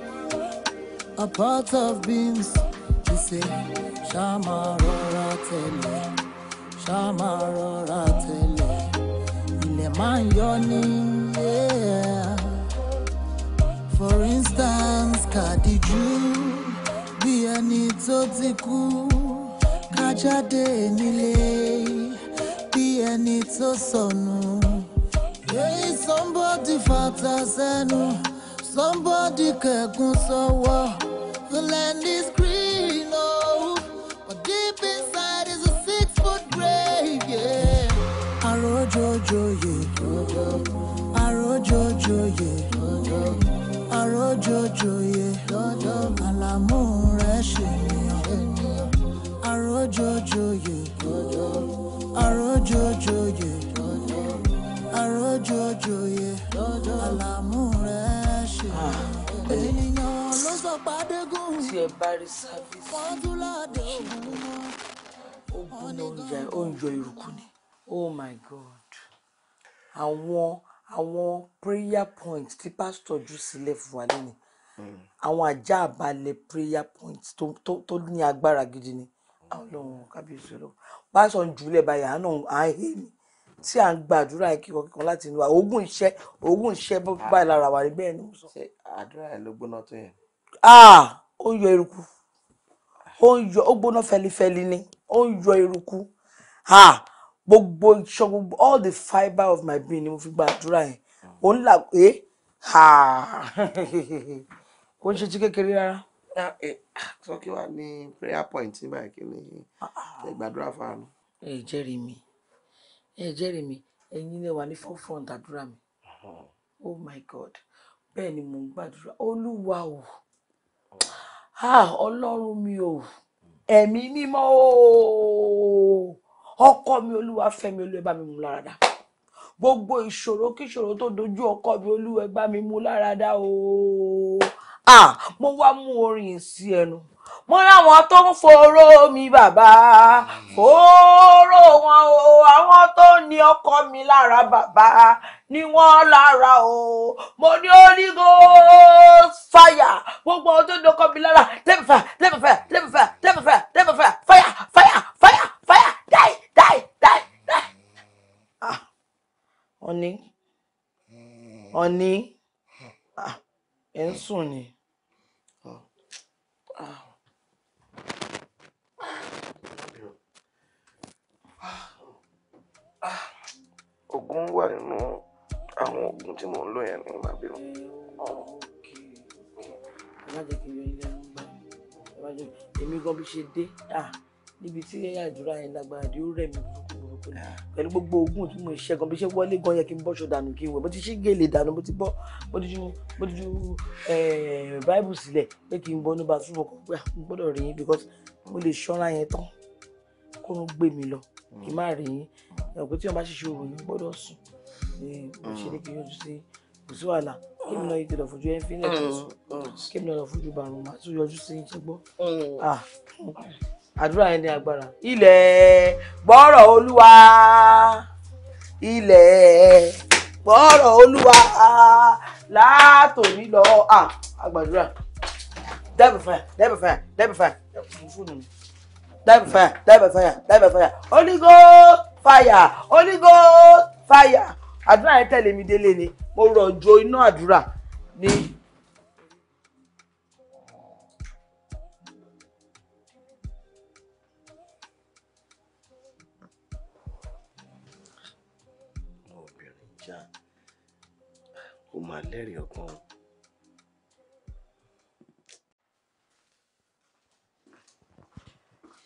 a pot of beans. He say, ṣá máa rọra tẹ̀lé, ṣá tẹ̀lé, ilẹ̀ máa ń yọ ní. For instance, Kàdíjú bí ẹni tó ti kú ká nílé tó sọnù. Hey, somebody fata sẹ́nu, somebody kẹ̀kún sọ́wọ́. ẹ bá rí sáfíìsì ogun oúnjẹ oúnjẹ ìrùkù ni oh my god àwọn àwọn prayer points. tí pásítọ̀ jù sílẹ̀ fún wa lẹ́nu àwọn ajá àbálẹ̀ prayer points. tó ní agbára gidi ni àwọn ọlọ́run kábíyèsí ọlọ́run pásítọ̀ ń jùlẹ̀ báyìí àánú àáhé mi tí à ń gbàdúrà yẹn kíkọ kíkan láti inú wa ogún iṣẹ́ ogún iṣẹ́ báyìí lára wa rí bẹ́ẹ̀ ni mo sọ. ṣé àdúrà ẹ ló gbóná tó yẹn. Ah! ó ń yọ eruku ó ń yọ ó gbóná fẹlifẹli ni ó ń yọ eruku ha gbogbo iṣan gbogbo all the fibre of my being ni mo fi gbàdúrà yẹn ó ń là pé ha kò ń ṣe tí kékeré rárá. Ah, sọ kí wàá ní prayer point nígbà kí ni ìgbàdúrà fáànù. ẹ jẹ́rìí mi ẹ jẹ́rìí mi ẹ̀yin ni wà ní forefront àdúrà mi oh my god bẹ́ẹ̀ ni mò ń gbàdúrà olúwa o. Oh Ah, ọlọ́run mi ò ẹ̀mí mímọ́ ooo ọkọ mi olúwa fẹ́mi olúwa bá mi mú láradá gbogbo ìṣòro kíṣòro tó dojú ọkọ mi olúwa bá mi mú láradá ooo ah mo wá mú orin sí ẹnu mo ráwọn tó ń foró mi bàbá foró wọn o àwọn tó ní ọkọ mi lára bàbá ni wọn lára o mo ní Holy Ghost fire gbogbo ohun tó ní ọkọ mi lára tẹ́fẹ̀fẹ̀ tẹ́fẹ̀fẹ̀ tẹ́fẹ̀fẹ̀ tẹ́fẹ̀fẹ̀ tẹ́fẹ̀fẹ̀ fire fire fire fire die die die die. ọ̀ní ọ̀ní ẹ̀ ń sùn ni. Oh. Ah, oògùn wà nínú àwọn oògùn tí mò ń lò yẹn ní màbínú. ẹ má jẹ́ kí n yọ ilé ẹ̀rọ gbà ẹ èmi gan bí ṣe dé ah, níbi tí àdúrà yẹn lágbára dé ó rẹ̀ mí pẹ̀lú gbogbo oògùn tí mo ṣe gan bí ṣe wọlé gan yẹ kí n bọ́ṣọ dànù kí n wẹ̀ mo ti ṣí gèlè dànù mo ti bọ́ mo ti ju mo ti ju báìbù sílẹ̀ pé kí n bọ́ ní bàtú ah, mo kọ́ pé gbọ́dọ̀ rí yín because mo lè ṣọ́ra yẹn tán kó ń gbé mi lọ kí n má rí yín ẹ̀kú tí wọ́n bá ṣiṣẹ́ òru yìí gbọ́dọ̀ sùn mo ṣe ní kí n yọjú sí kò sí wàhálà kí mi náà yìí tẹ̀lọ̀ fojú ẹ̀ fílẹ̀ tó mm, sùn mm. kí mi lọ fojú bàrùn máa tún yọjú sí ṣe gbọ́ mm. ah, àdúrà yẹn ní agbára ilẹ̀ gbọ́rọ̀ olúwa ilẹ̀ gbọ́rọ̀ olúwa látòmí lọ àgbàdúrà ah, dábì fire dábì fire dábì fire dábì fire dábì fire dábì fire Holy Ghost fire Holy Ghost fire àdúrà yẹn tẹ̀lé mi délé ni mo rọ̀jò iná àdúrà ní. ó máa lẹ́rìí ọkàn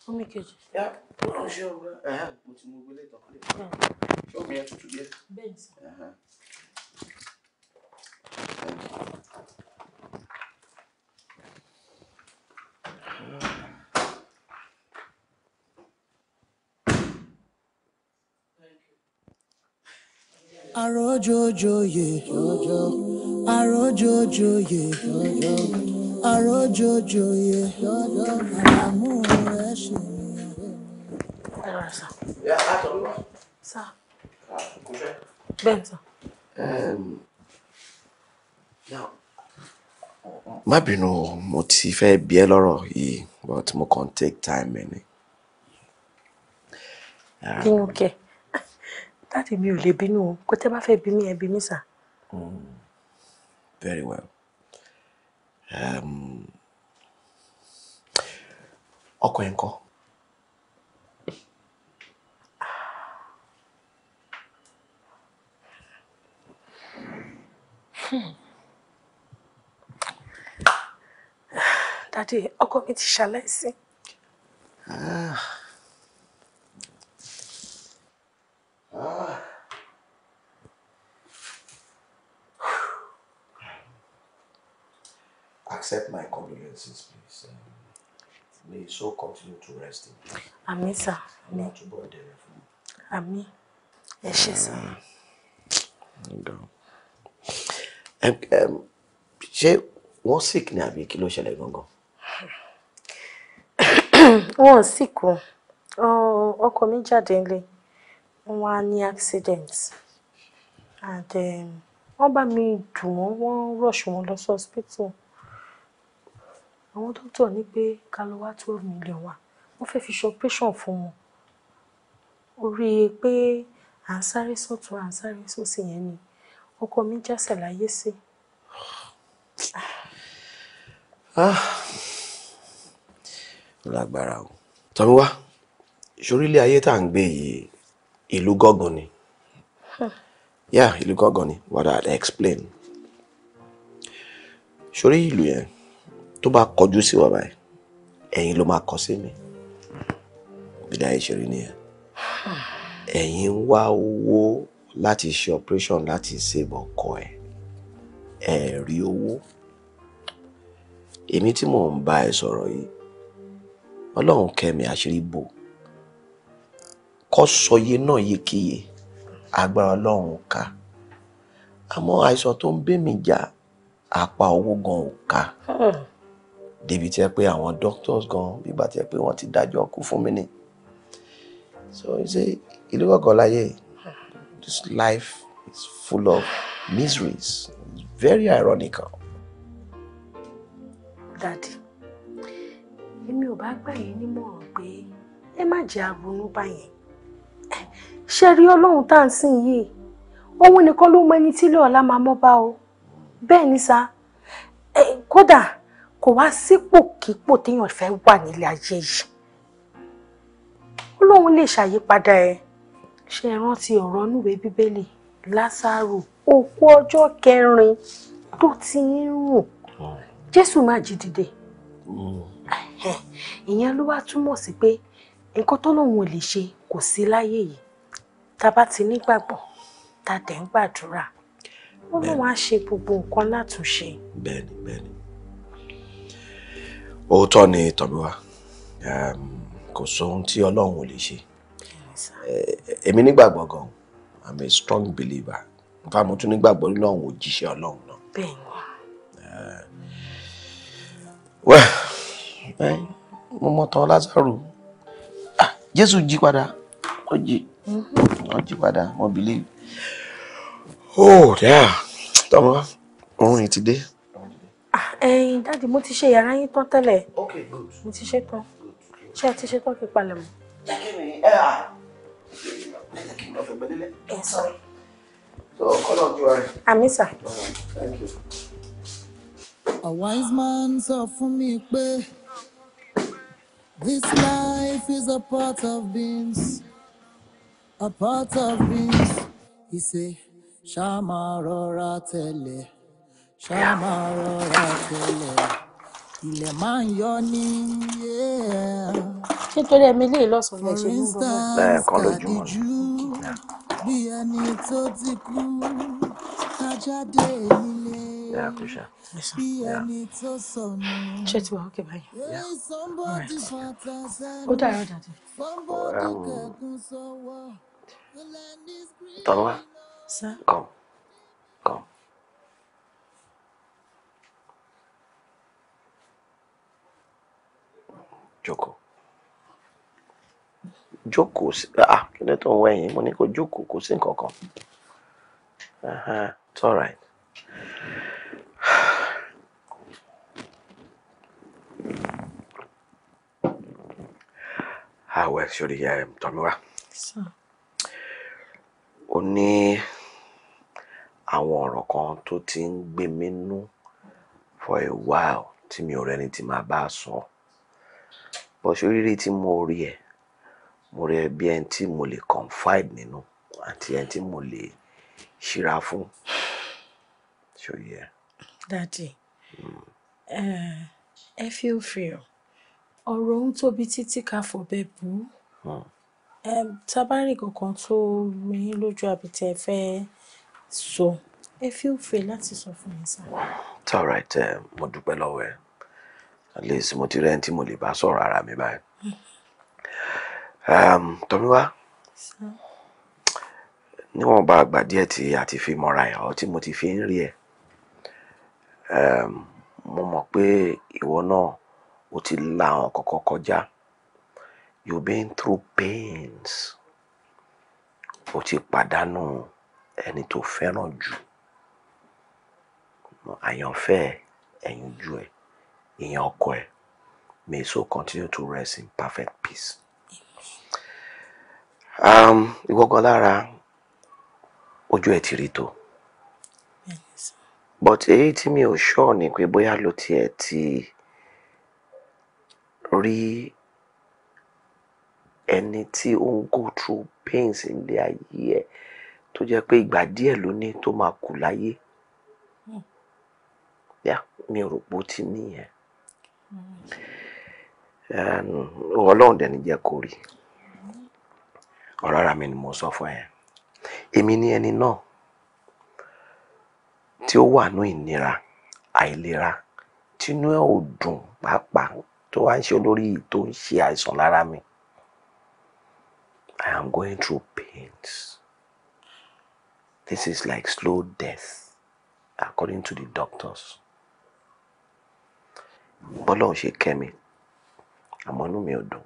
fún mi kejì. yá o jojo, arojojoye àròjòjòyè lọ́dọ̀ màmú rẹ̀ ṣì ní. ẹ rà sá. ẹ látọ̀ ló wà. sá. bẹ́ẹ̀ sá. má bínú mo ti fẹ́ bi ẹ́ lọ́rọ̀ yìí but mo kàn take time ẹ̀ ni. Ah. kí n kẹ́ dáàdi mi ò lè bínú o kó tẹ́ bá fẹ́ bí mi ẹ bí mi sá. Mm. very well ọkọ ẹ̀ ńkọ́? Dádì, ọkọ mi ti ṣaláìsí. Ah. Ah. accept my condolences, please. Um, may you so continue to rest in peace. Àmín sà. Amen. Not to bother you. Àmín. Ẹ ṣé sà. Ṣé wọ́n sick Now àbí kilo ló ṣẹlẹ̀ go. Wọ́n sick oh, oh, mi jáde nílé. Wọ́n á ní accident. And wọ́n bá mi dùn wọ́n, wọ́n rush wọn lọ sí hospital àwọn dókítà ní pé ká lọ wá twelve million wa wọ́n fẹ́ fi ṣe operation fún wọn orí pé à ń sáré sọ́tún à ń sáré sósì yẹn ni ọkọ mi jásẹ̀ láyé sí. Ah, lágbára o tọ́mi wá sórílẹ̀ ayé tá à ń gbé yìí ìlú gọ́gàn ni hmm. yeah ìlú gọ́gàn ni what i explain sórí ìlú yẹn tó bá kọjú sí wa báyìí ẹ̀yin ló máa kọ sí mi bí dáyé ṣe rí nìyẹn ẹ̀yin wá owó láti ṣe operation láti save ọkọ ẹ̀ ẹ̀ rí owó èmi tí mò ń bá ẹ sọ̀rọ̀ yìí ọlọ́run kẹ́mi àṣírí bò kọ́ sọyé náà yékéyé agbára ọlọ́run ká àmọ́ àìsàn tó ń bẹ́ mi jà apá owó gan ò ká. Hmm débi tí ẹ pé àwọn doctors gan bígbà tí ẹ pé wọ́n ti dájọ́ kú fún mi ni so he say ìlú kọ̀ọ̀kan láyé this life is full of miseries it's very ironical. dadi èmi ò bá gbà yín nímọ̀ràn pé ẹ má jẹ́ àrònú báyẹn ṣe rí ọlọ́run tá à ń sìn yìí òun nìkan ló mọ ẹni tí ilé ọ̀la máa mọ́ bá o bẹ́ẹ̀ ni sá kódà kò wá sípò kípò téèyàn fẹ́ wà nílé ayé yìí ó lóun lè ṣàyípadà ẹ ṣe rántí ọ̀rọ̀ núwèé bíbélì lásàrò òkú ọjọ́ kẹrin tó ti ń rùn jésù máa jí dìde mm. ìyẹn ló wá túmọ̀ sí pé nǹkan tó lóun ò lè ṣe kò sí láyé yìí tá a bá ti nígbàgbọ́ tá a dẹ̀ ń gbàdúrà ó lóun á ṣe gbogbo nǹkan látúnṣe. bẹ́ẹ̀ni bẹ́ẹ̀ni òótọ́ ni tọ̀bíwá ehm, kò sóhun tí ọlọ́run ò lè ṣe eh, èmi nígbàgbọ́ gan i'm a strong believer nfa mo tún nígbàgbọ́ nínú àwọn òjíṣẹ́ ọlọ́run náà. bẹ́ẹ̀ni. Eh, wẹ́ẹ̀ eh, mo mọ tán lázaro ah, jésù jí padà mm-hmm. ó jí padà mo believe. oh yeah tọmọ orin ti Ah, ẹyin dáàdi mo ti ṣe yàrá yín tán tẹ́lẹ̀ mo ti ṣe tán ṣé ẹ ti ṣe tán kí palẹ̀ mọ́. ẹ sọ. àmì sà. A wise man sọ for me, pé this life is a part of beans, a part of beans. He say, ṣá máa ṣá máa rọra tẹ̀lẹ̀ ilẹ̀ máa ń yọ ní yé ẹ̀. ṣé torí ẹ̀mí lè lọ́sàn-án lè ṣe ní bọ́lá. bẹ́ẹ̀ kan lójúmọ́ ni. bí ẹni tó ti kú ajáde nílé bí ẹni tó sọnù. ṣé ti wà ókè báyìí. ó dára dàdí. Um, tọ́wọ́ come. Joko, Joko. ah kí ló tó ń mo ni ko Joko kó sí nǹkan uh-huh, it's all right. àwẹ̀ sórí tọ́míwá ó ní àwọn ọ̀rọ̀ kan tó ti ń gbé mi nú for a while tí mi ò rẹ́ni tí màá bá a sọ. So bọ̀ ṣoríire tí mo rí ẹ mo rí ẹ bí ẹni tí mo lè confide nínú àti ẹni tí mo lè ṣíra fún ṣòye hmm. ẹ. dadi ẹ fi ó fi hàn ọ̀rọ̀ ń tóbi títí ká fọ̀bẹ bù ú hmm. tábàárì kankan tó rí lójú àbítẹ fẹ́ sọ ẹ fi ó láti sọ fún mi sáà. it's all right eh, mo dúpẹ́ lọ́wọ́ ẹ at least mo ti rẹ́ni tí mo lè bá sọ̀rọ̀ ara mi báyìí. Ehm, Tọ́míwá níwọ̀n bá àgbà díẹ̀ tí a ti fi mọ́ra ẹ̀ ọ́ tí mo ti fi ń rí ẹ̀ ehm, mo mọ̀ pé ìwọ náà o ti la àwọn kọ̀ọ̀kan kọjá you been through pains o ti pàdánù ẹni tó fẹ́ràn jù àyànfẹ́ ẹ̀yìn ojú ẹ̀ In your ẹ may so continue to rest in perfect peace. Um, ìwọ gan lára ojú ẹ ti rí tó but èyí tí mi ò sure ni pé bóyá lo tiẹ̀ ti rí ẹni tí ó go through pains in ayé year. tó jẹ́ pé ìgbà díẹ̀ ló ní tó máa kù láyé. Hmm. Yeah, mi ò rò pé ó ti ọlọ́run dẹ̀ ní jẹ́ kó rí ọ̀rọ̀ ara mi ni mo sọ fún ẹ èmi ni ẹni náà tí ó wà ní ìnira àìlera tínú ẹ ò dùn pàápàá tó wá ń ṣe olórí tó ń ṣe àìsàn lára mi I am going through pains this is like slow death according to the doctors bọ́lọ́run ṣe kẹ́ mi àmọ́ inú mi ò dùn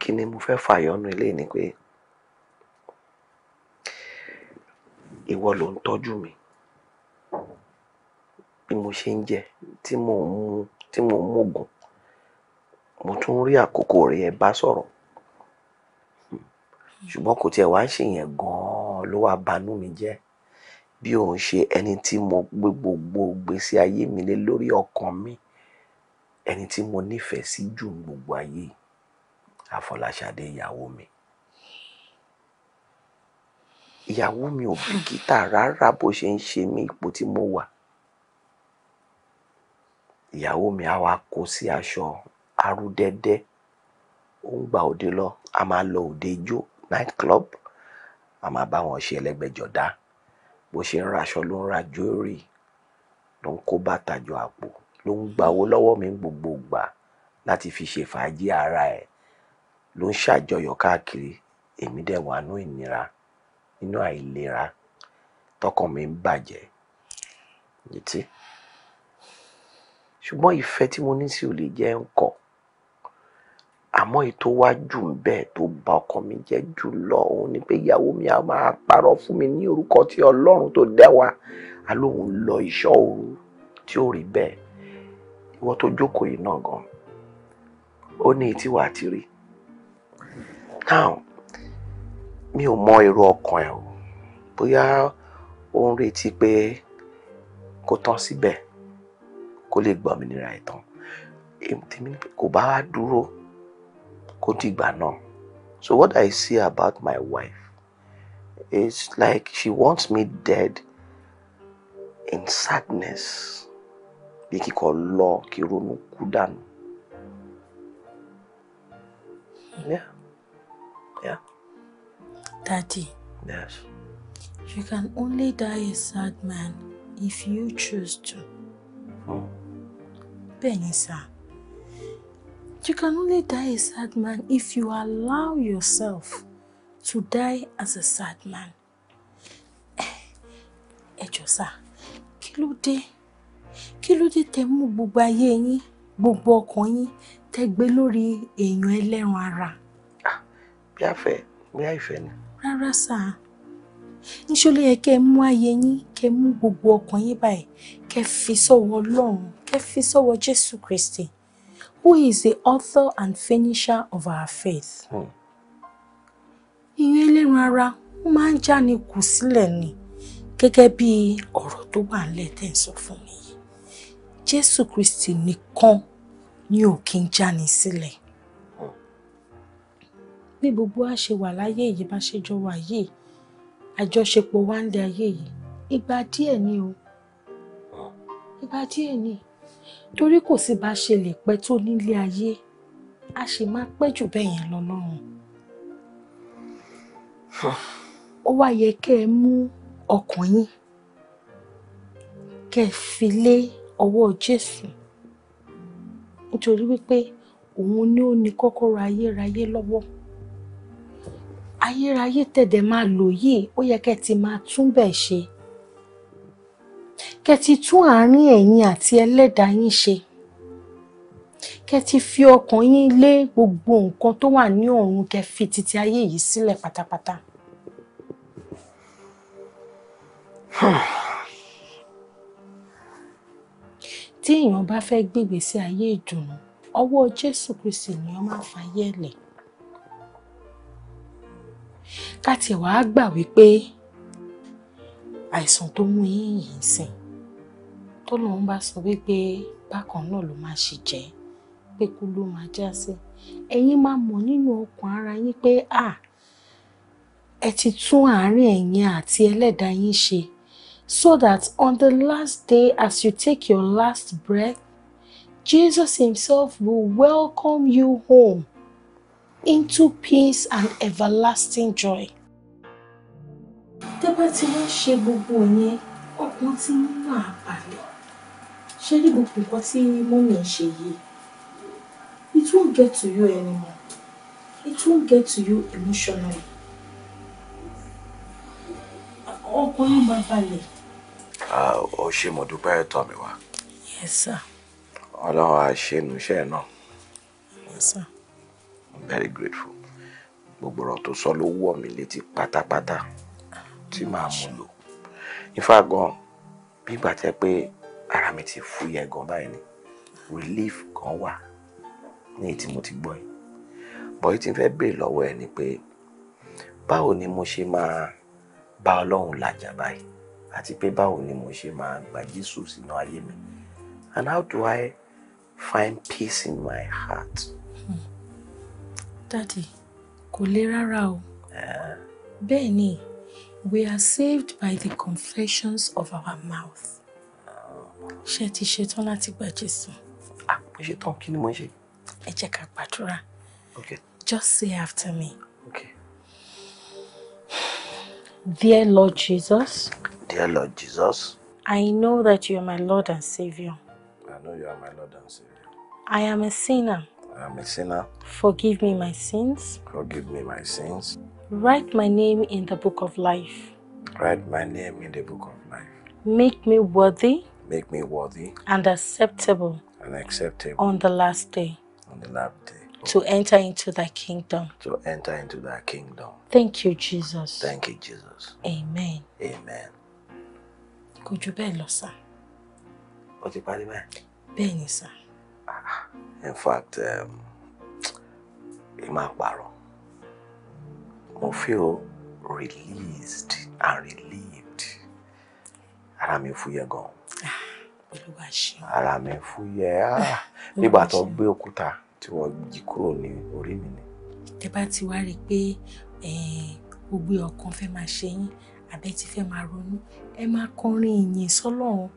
kí ni mo fẹ́ fàyọ́nú ilé ni pé ìwọ ló ń tọ́jú mi bí mo ṣe ń jẹ tí mò ń mu tí mò ń mògùn mo tún rí àkókò rẹ ẹ bá sọ̀rọ̀ ṣùgbọ́n kò tiẹ̀ wá ṣèyẹn gan-an ló wá banú mi jẹ́ bí òun ṣe ẹni tí mo gbé gbogbo ìgbésí ayé mi lé lórí ọkàn mi ẹni tí mo nífẹ̀ẹ́ sí jù gbogbo ayé Àfọláṣadé ìyàwó mi ìyàwó mi ò bìkítà rárá bó ṣe ń ṣe mí ipò tí mo wà ìyàwó mi á wá sí aṣọ arúdẹ́dẹ́ ó ń gba òde lọ a máa lọ òde ijó night club a máa bá wọn ṣe ẹlẹ́gbẹ́jọdá bó ṣe ń raṣọ ló ń ra jewelry ló ń kó bàtà jọ àpò ló ń gbàwó lọ́wọ́ mi gbogbo gbà láti fi ṣe fàájì ara ẹ̀ ló ń ṣàjọyọ̀ káàkiri èmi dẹ̀ wà nú ìnira nínú àìlera tọkàn mi ń bàjẹ́ létí ṣùgbọ́n tí mo ní sí ò lè jẹ́ ń kọ̀ àmọ́ èyí tó wá jù ń bẹ́ẹ̀ tó ba ọkàn mi jẹ́ jù lọ òun ni pé ìyàwó mi á máa parọ́ fún mi ní orúkọ tí ọlọ́run tó dá wa á lóun lọ ìṣọ́ òru tí ó rí bẹ́ẹ̀ ìwọ tó jókòó yìí náà gan ó ní etí wà á ti rí now mi ò mọ èrò ọkàn ẹ o bóyá ó ń retí pé kó tán síbẹ̀ kó lè gbọ́ mi nira ẹ̀ tán èmi kò bá wá dúró kó dìgbà náà so what I see about my wife is like she wants me dead in sadness bí kíkọ lọ kí ronú kú dànù. Yeah. Yeah. Daddy. Yes. You can only die a sad man if you choose to. Hmm. Bẹ́ẹ̀ ni You can only die a sad man if you allow yourself to die as a sad man. Ejosa, eh, jọ̀ọ́ sá, kí ló dé? Kí ló dé tẹ mú gbogbo ayé yín, gbogbo ọkàn yín tẹ gbé lórí èèyàn ẹlẹ́ran ara? Ah, bí a fẹ́, bí a ni. Rárá sá, níṣó ló yẹ kẹ́ ẹ mú ayé yín, kẹ́ ẹ mú gbogbo ọkàn yín báyìí, kẹ́ fi sọ́wọ́ Ọlọ́run, kẹ́ fi sọ́wọ́ Jésù Kristì who is the author and finisher of our faith. Hmm. ìyẹn ẹlẹ́ran ara máa ń jáni kù sílẹ̀ ni gẹ́gẹ́ bí ọ̀rọ̀ tó wà nílẹ̀ tẹ̀ ń sọ fún mi yìí Jésù Kristi nìkan ni ò kí ń jáni sílẹ̀ hmm. bí gbogbo wa ṣe wà láyé yìí bá ṣe jọ wà yìí àjọṣepọ̀ wa ń lé ayé yìí ìgbà díẹ̀ ni o hmm. ìgbà díẹ̀ ni torí kò sí bá ṣe lè pẹ́ tó nílé ayé a sì máa pẹ́ jù bẹ́ẹ̀ yẹn lọ lọ́run ó wá yẹ kẹ́ ẹ mú ọkàn yín kẹ́ ẹ fi lé ọwọ́ Jésù nítorí wípé òun ni ó ní kọ́kọ́rọ́ ayérayé lọ́wọ́ ayérayé tẹ̀dẹ̀ máa lò yìí ó yẹ kẹ́ ẹ ti máa túbẹ̀ ṣe kẹ́ ti tún àárín ẹ̀yin àti ẹlẹ́dàá yín ṣe kẹ́ ti fi ọkàn yín lé gbogbo nǹkan tó wà ní ọ̀run kẹ́ fi títí ayé yìí sílẹ̀ pátápátá. tí èèyàn bá fẹ́ gbègbè ayé ìdùnnú ọwọ́ Jésù Kristi ni wọ́n máa fa yẹ̀lẹ̀ ká tiẹ̀ wàá gbà wípé àìsàn tó mú yín yìí sìn tó lòun bá sọ wípé bákan náà ló máa ṣe jẹ́ pé kú ló máa já sí ẹ̀yin máa mọ̀ nínú ọkàn ara yín pé à ẹ ti tún àárín ẹ̀yin àti ẹlẹ́dàá yín ṣe so that on the last day as you take your last breath Jesus himself will welcome you home into peace and everlasting joy. tẹ́ bá ti wá ṣe gbogbo yẹn ọkàn tí ń wà balẹ̀ ṣé rí gbogbo nǹkan tí mọ́mí ń ṣe yìí it won't get to you anymore it won't get to you emotionally ọkàn yóò máa balẹ̀. ó ṣe mo dúpẹ́ ẹ̀tọ́ mi wá. yes sir. ọlọ́run àṣẹnu iṣẹ́ náà. yes sir. I'm very grateful gbogbo ọ̀rọ̀ tó sọ ló wọ̀ mí létí pátápátá tí màá mú lò. ifá gan bí ìgbà tẹ́ pé ara mi ti fúyẹ́ gan báyìí ni relief kan wà ní èyí tí mo ti gbọ́ yìí bọ̀yì tí n fẹ́ béèrè lọ́wọ́ ẹ ni pé báwo ni mo ṣe máa bá ọlọ́run làjà báyìí àti pé báwo ni mo ṣe máa gba Jésù sínú ayé mi and how do I find peace in my heart. dadi kò le rárá o eh. bẹ́ẹ̀ we are saved by the confessions of our mouth ṣé ti ṣetán láti gba Jésù. ah mo ṣetán kí ni mo ń ṣe. ẹ jẹ́ ká gbàdúrà. okay. just say after me. okay. Dear Lord Jesus. Dear Lord Jesus. I know that you are my Lord and Savior. I know you are my Lord and Savior. I am a sinner. I am a sinner. Forgive me my sins. Forgive me my sins. Write my name in the book of life. Write my name in the book of life. Make me worthy. Make me worthy and acceptable and acceptable on the last day. On the last day. To enter into thy kingdom. To enter into thy kingdom. Thank you, Jesus. Thank you, Jesus. Amen. Amen. Kò jù bẹ́ẹ̀ lọ sá. Ó ti parí báyìí? Bẹ́ẹ̀ ni sá. Ah, in fact, um, ẹ máa parọ́. Mo feel released and relieved. Ara mi fúyẹ́ gan-an ara mi fúyẹ́ ah, ah, nígbà tó gbé òkúta tí wọ́n jí kúrò ní orí mi ni. tẹ bá ti wá rí i pé eh, gbogbo ọkàn fẹ́ máa ṣe yín àbẹ́ ti fẹ́ máa ronú ẹ máa kọrin ìyìn sọ́lọ́run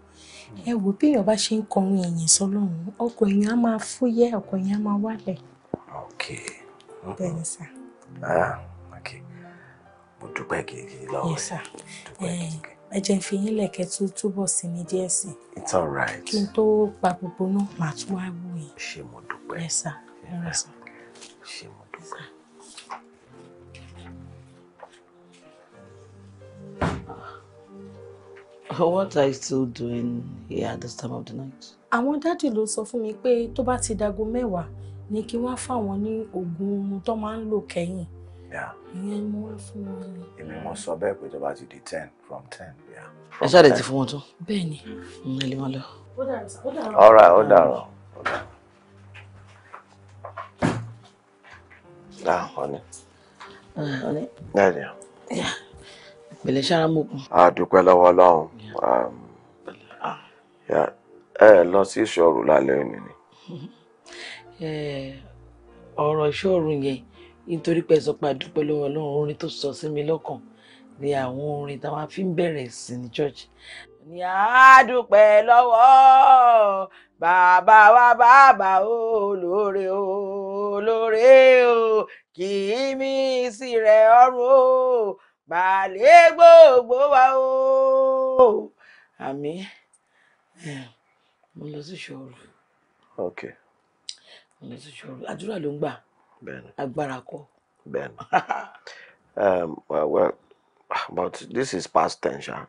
ẹ wò bí èèyàn bá ṣe ń kọrin ìyìn sọ́lọ́run ọkàn èèyàn á máa fúyẹ́ ọkàn èèyàn á máa wálẹ̀. ok bẹ́ẹ̀ni sà. Ah, ok mo dúpẹ́ gidigidi lọ́wọ́ rẹ̀ dúpẹ́ gidigidi. Eh, ẹ jẹ́ fi yín lẹ̀kẹ́ tó túbọ̀ sí mi díẹ̀ sí. it's all right. kí n tó pa gbogbo náà màá tún wá wò yín. ṣé mo dúpẹ́. yes sir. yes sir. What are you still doing here at this time of the night? Àwọn dádì ló sọ fún mi pé tó bá ti dago mẹ́wàá ni kí wọ́n fáwọn ní oògùn tó máa ń lò kẹ́yìn ìyẹn mo wá fún wọn ni. èmi mo sọ bẹ́ẹ̀ pé tó bá ti di ten from ten. ẹ ṣáàdẹ̀ ti fún wọn tán. bẹ́ẹ̀ ni mm-hmm. ẹ lè wọn lọ. ó dàrọ. ọ̀rá ó dàrọ. Ah, honey. Ah, honey. There you are. Yeah pẹ̀lẹ́ sára mọkùn. a dúpẹ́ lọ́wọ́ Ọlọ́run um, ah. ẹ lọ sí ìṣòro lálẹ́ òní ni. Mm-hmm. Eh, ọ̀rọ̀ ìṣòro yẹn nítorí pé sọ pé àdúpẹ́ lọ́wọ́ ọlọ́run orin tó sọ sí mi lọ́kàn ni àwọn orin táwa fi ń bẹ̀rẹ̀ sí ní church. ní àdúpẹ́ lọ́wọ́ bàbá wa bàbá o lóore o lóore o kì í mi sí rẹ̀ ọ̀run o bàálẹ̀ gbogbo wa o. àmì mo lọ sí ṣòro. ok. mo lọ sí ṣòro àdúrà ló ń gbà agbára kọ. bẹ́ẹ̀ni um, well, well, but this is past tense. Huh?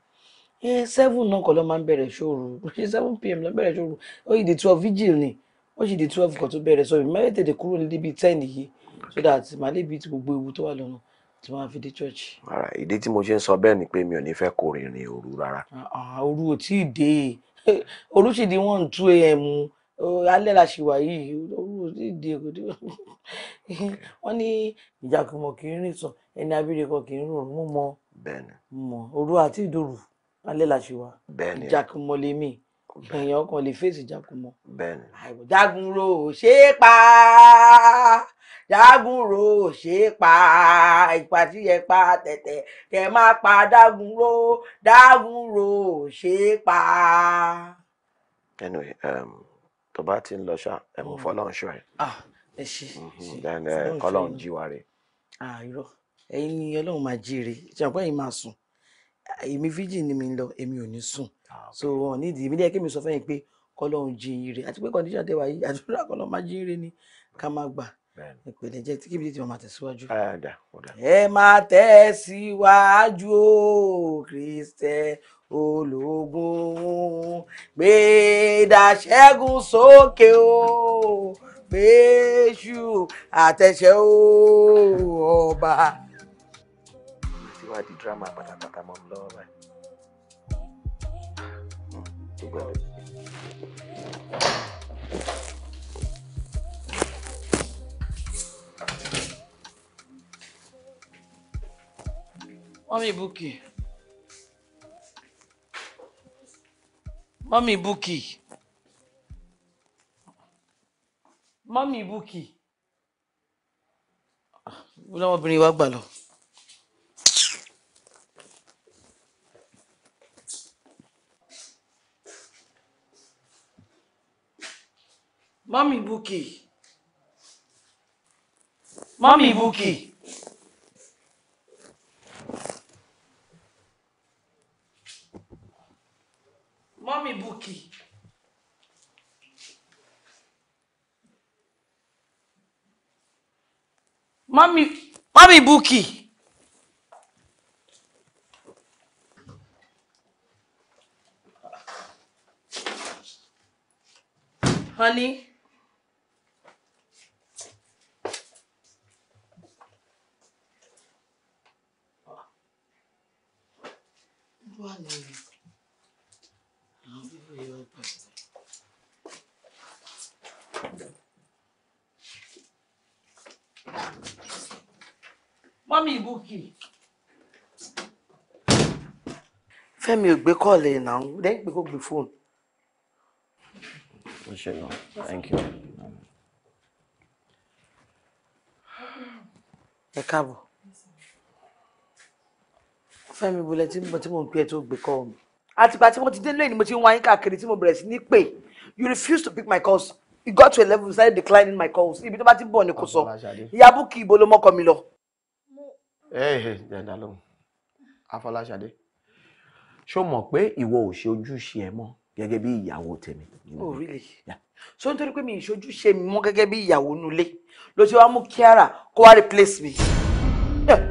ẹ seven náà kọ́ ló máa ń bẹ̀rẹ̀ ṣòro ṣe seven pm ló bẹ̀rẹ̀ ṣòro ó yìí di twelve vigil ni ó sì di twelve kan tó bẹ̀rẹ̀ sọ̀rọ̀ mẹ́rin tètè kúrò níbi ten yìí so that màá lè bí ti gbogbo ewu tó wà lọ́nà tí wọ́n á fi dé church. ara ìdí tí mo ṣe ń sọ bẹ́ẹ̀ ni pé mi ò ní fẹ́ kó rìnrìn òru rárá. Ah, ah, òru ò tí ì dé òru sì di one two am alẹ́ la ṣì wà yìí orúkọ sí ìdí èkó tí wọ́n ní ìjàkùmọ̀ kì í rìn sàn ẹni abíre kì í rùn mú mọ òru àti ìdòrù alẹ́ la ṣì wà ìjàkùmọ̀ lèmi èèyàn kan lè fèsì ìjàkùmọ̀ jágunro ṣe pa jágunro ṣe pa ìpa tí pa tẹ̀tẹ̀ kẹ má pa dágunro dágunro ṣe pa. anyway um, tó bá ti ń lọ ṣá ẹ̀wọ̀n mm. fọlọ́run ṣọ́ ẹ̀. ẹ ah, ṣe mhm, eh, kọlọ́run jí wa rè. Ah, irọ́ ẹ̀yin ni ọlọ́run máa jíire ṣàǹpẹ́ yìí máa sùn èmi fíjì ni mi ń lọ èmi ò ní sùn ah, so wọn nídìí èmi dẹ́ kí mi sọ fẹ́yìn pé kọlọ́run jí ire àti pé kọ́ndíṣàn tẹ́wà yìí àdúrà kọlọ́run máa jí ire ni ká máa gbà ìpìlẹ̀ jẹ́ tí kíbi tí wọ́n máa tẹ̀síwájú. ẹ máa tẹ̀síwájú o kristẹ ológun gbéda ṣẹ́gun sókè o gbéṣù àtẹ̀ṣẹ́ o ọba. ti wá di dírámà pátápátá mọ́ mi lọ́wọ́ báyìí. Mami Buki. mọ́mì búkì mọ́mì búkì ọmọbìnrin wa gbà lọ. mọ́mì búkì mọ́mì búkì. mọ́mì Buki. mọ́mì mọ́mì Buki. honey. Wà mọ́mí ìbùkì. fẹ́mi ò gbé kọ́ọ̀lù ìnà òun lẹ́yìn pé kò gbé fóònù. ó ṣe lọ thank you. ẹ káàbọ̀ fẹ́mi bolẹ̀ tí mo ti mò ń pè ẹ́ tó gbé kọ́ọ̀ mi àtìgbà tí mo ti dé lóyìn ni mo ti ń wáyé káàkiri tí mo bẹ̀rẹ̀ sí ní pè you refuse to pick my calls you got to a level you started declining my calls ibi tó bá ti bọ̀ ni kò sọ ìyá búkì ìbò ló mọ́kọ mi lọ ẹ̀ẹ́ dẹ̀dà lóhùn afọláṣadé ṣó mọ̀ pé ìwọ ò ṣe ojúṣe ẹ mọ́ gẹ́gẹ́ bí ìyàwó tèmi. oh really so nítorí pé mi ì ṣojúṣe mi mọ́ gẹ́gẹ́ bí ìyàwó nulẹ̀ ló ti wá mú Chiara kó wá replace mi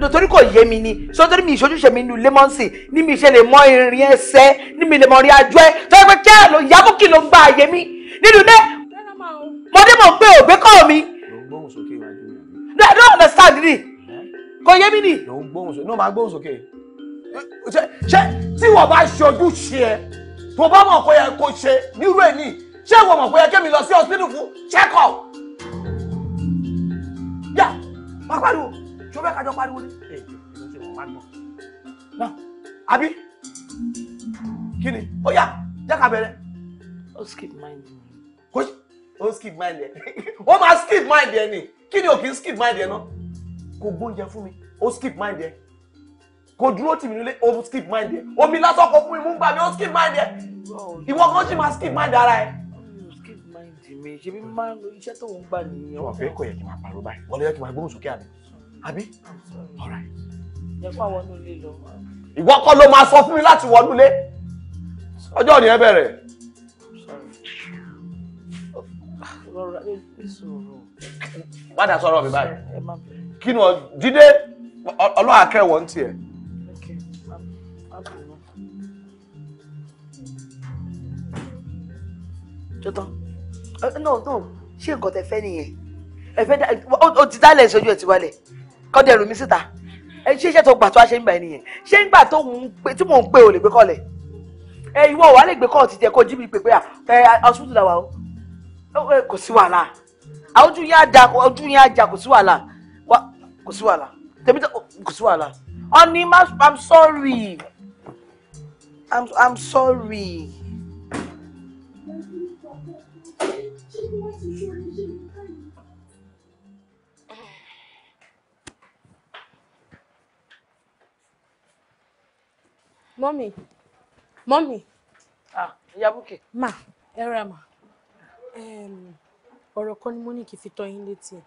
nítorí kò yé mi ni sọtọ́rí mi ìṣojúṣe mi nu lẹ́mọ́nsì ní mi ṣe lè mọ irin ẹsẹ̀ ní mi lè mọ rí ajọ́ ẹ tọ́jú pé kí àlọ́ ìyàbọ̀ kí ló ń gba àyè mi nínú ilé mọdé mọ̀ pé òbí kọ́ mi. ló ń gbóhùn sókè iwájú mi. I don't understand ni kò yé mi ni. ló ń gbóhùn sókè náà máa gbóhùn sókè ṣé tí wọ́n bá ṣojú ṣe ẹ tó bá mọ̀ pé ẹ kò ṣe nírú ẹ̀ ní ṣé wọ́n mọ̀ pé ẹ kémi lọ sí hospital fún check up. yá má pariwo ṣó bẹ́ẹ̀ kájọ pariwo ni. ẹ ẹ ṣe wọn má gbọ́. náà àbí kí ni ó yá jẹ́ bẹ̀rẹ̀. ó skip mind mi. ó skip mind ẹ ó máa skip mind ẹ ni kí ni ò kì í skip mind ẹ náà kò gbóúnjẹ fún mi ó skip mind yẹ kò dúró tì mí nílé ó skip mind yẹ omi lásán kò fún mi mú gbà mí ó skip mind yẹ ìwọ kan ṣì máa skip mind ara ẹ. skip mind mi ṣe bí máa ń lo iṣẹ́ tó ń gbà nìyẹn. ìwà fẹ́ kọ̀ yẹ kí n máa pariwo báyìí wọlé yẹ kí n máa gbóhùn sókè àbí àbí ọ̀rẹ́. yẹ kó àwọn nílé lọ. ìwọ kọ́ ló máa sọ fún mi láti wọnú ilé ọjọ́ ni ẹ bẹ̀rẹ̀. padà sọ̀rọ̀ mi báyìí kí ni dídé ọlọ́wà kẹwọ́ ń tiẹ̀. jọtán no no ṣé nǹkan tẹ fẹ́ nìyẹn ẹ fẹ́ ó ti dálẹ̀ ìṣojú ẹ̀ ti wálẹ̀ kọ́dẹ̀ ẹ̀rù mi síta ẹ ṣe iṣẹ́ tó gbà tó a ṣe ń gbà ẹ nìyẹn ṣé ń gbà tó ń pè tí mò ń pè ò lè gbé kọ́lẹ̀ ẹ ìwọ wà lè gbé kọ́ọ̀tì jẹ kó jí mi pè pé à hospital làwà o kò sí wàhálà àwọn ojú yẹn á da ojú yẹn á ja kò sí wàhálà kò sí wàhálà tèmi tó oh, kò sí wàhálà honey ma i'm sorry i'm i'm sorry. mọ́mì mọ́mì. ah ìyá bùkẹ́. ma ẹ ra ma ọ̀rọ̀ kan ni mo ní kí n fi tọ́ yín létí ẹ̀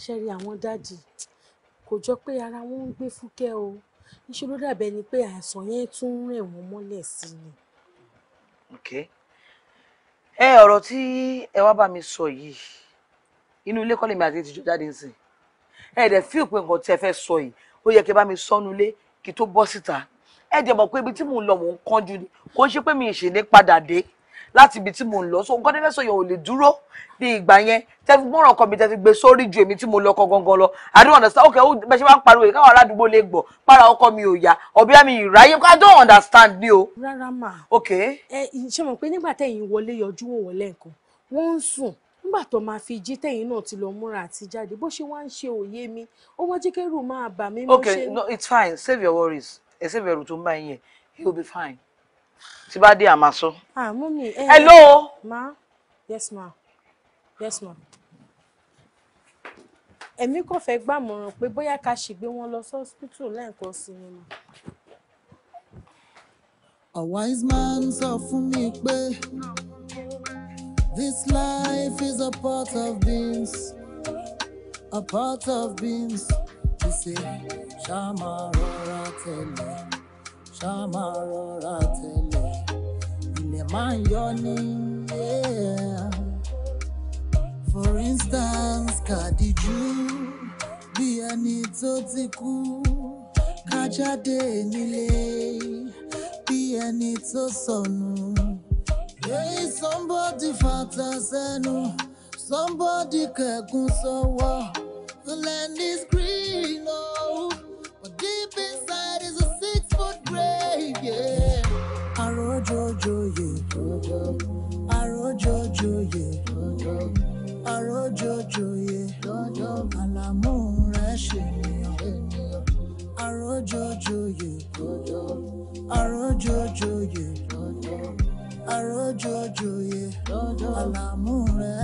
ṣe rí àwọn dáàdì kò jọ pé ara wọn ń gbé fúkẹ́ o níṣẹ́ ló dàbẹ̀ ni pé àìsàn yẹn tún ń rẹ̀ wọ́n mọ́lẹ̀ sí i ni. okay ẹ ọ̀rọ̀ tí ẹ wá bá mi sọ yìí inú ilé kọ́lé mi àti ìtìjú jáde ń sìn ẹ dẹ̀ fí òpin nǹkan tí ẹ fẹ́ sọ yìí ó yẹ kí ẹ bá mi sọ́nu ilé kí tó bọ́ síta ẹ dẹ̀ mọ̀ pé ibi tí mò ń lọ mò ń kánjú ni kò ń ṣe pé mi ì ṣe ní padà dé láti ibi tí mo ń lọ so nǹkan tẹ́fẹ́ sọ yẹn ò lè dúró di ìgbà yẹn tẹ́fi gbọ́ràn kan mi tẹ́fi gbé sórí ju èmi tí mo lọ kọ gangan lọ I don't understand okay ó bẹ́ẹ̀ ṣe máa ń pariwo yìí káwọn aládùúgbò lè gbọ́ para ọkọ mi ò yá ọ̀bí àmì ìráyè I don't understand ni o. rárá mà ok. ẹ ṣe mọ̀ pé nígbà tẹ̀yìn wọlé yọjú wò wọlé nǹkan wọ́n ń sùn nígbà tó máa fi jí tẹ̀yìn náà ti lọ múra àti jáde bó ṣe wá ń ṣe òye mi ó wá jẹ́ kẹ́rù máa bà mí. ok no it's fine save your worries ẹ save ẹrù tó ń yẹn he will be fine tí bá dé àmà sọ. ah mummy ẹ ẹ lọ. ma yes ma yes ma. èmi kò fẹ́ gbàmọ̀ràn pé bóyá ká ṣègbè wọn lọ sí lẹ́ẹ̀kan sí ni a wise man sọ fún mi pé this life is a part of beans a part of beans he say ṣá rọra tẹ̀lé ṣá rọra tẹ̀lé. máa ń yọ ní. For instance, Kàdíjú bí ẹni tó ti kú ká jáde nílé bí ẹni tó sọnù. Hey, somebody fata sẹ́nu, somebody kẹ̀kún sọ́wọ́. The land is green, oh, but deep inside is a six-foot grave, yeah. yeah. àròjòjòyè àlàmú rẹ ṣènìyàn àròjòjòyè àròjòjòyè àròjòjòyè àlàmú rẹ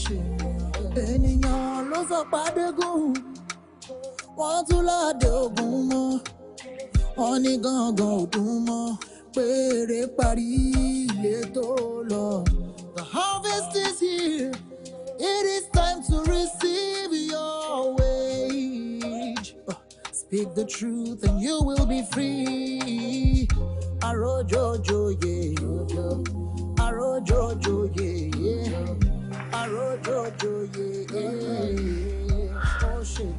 ṣènìyàn. ènìyàn ló sọ pàdégùn wọ́n tún láde ogun mọ́ wọ́n ní gangan òdùn mọ́ péré parí ilé tó lọ. The harvest is here. It is time to receive your wage. Speak the truth and you will be free. Arojojo, yeah. Arojojo, yeah. Arojojo, yeah. Oh, shit.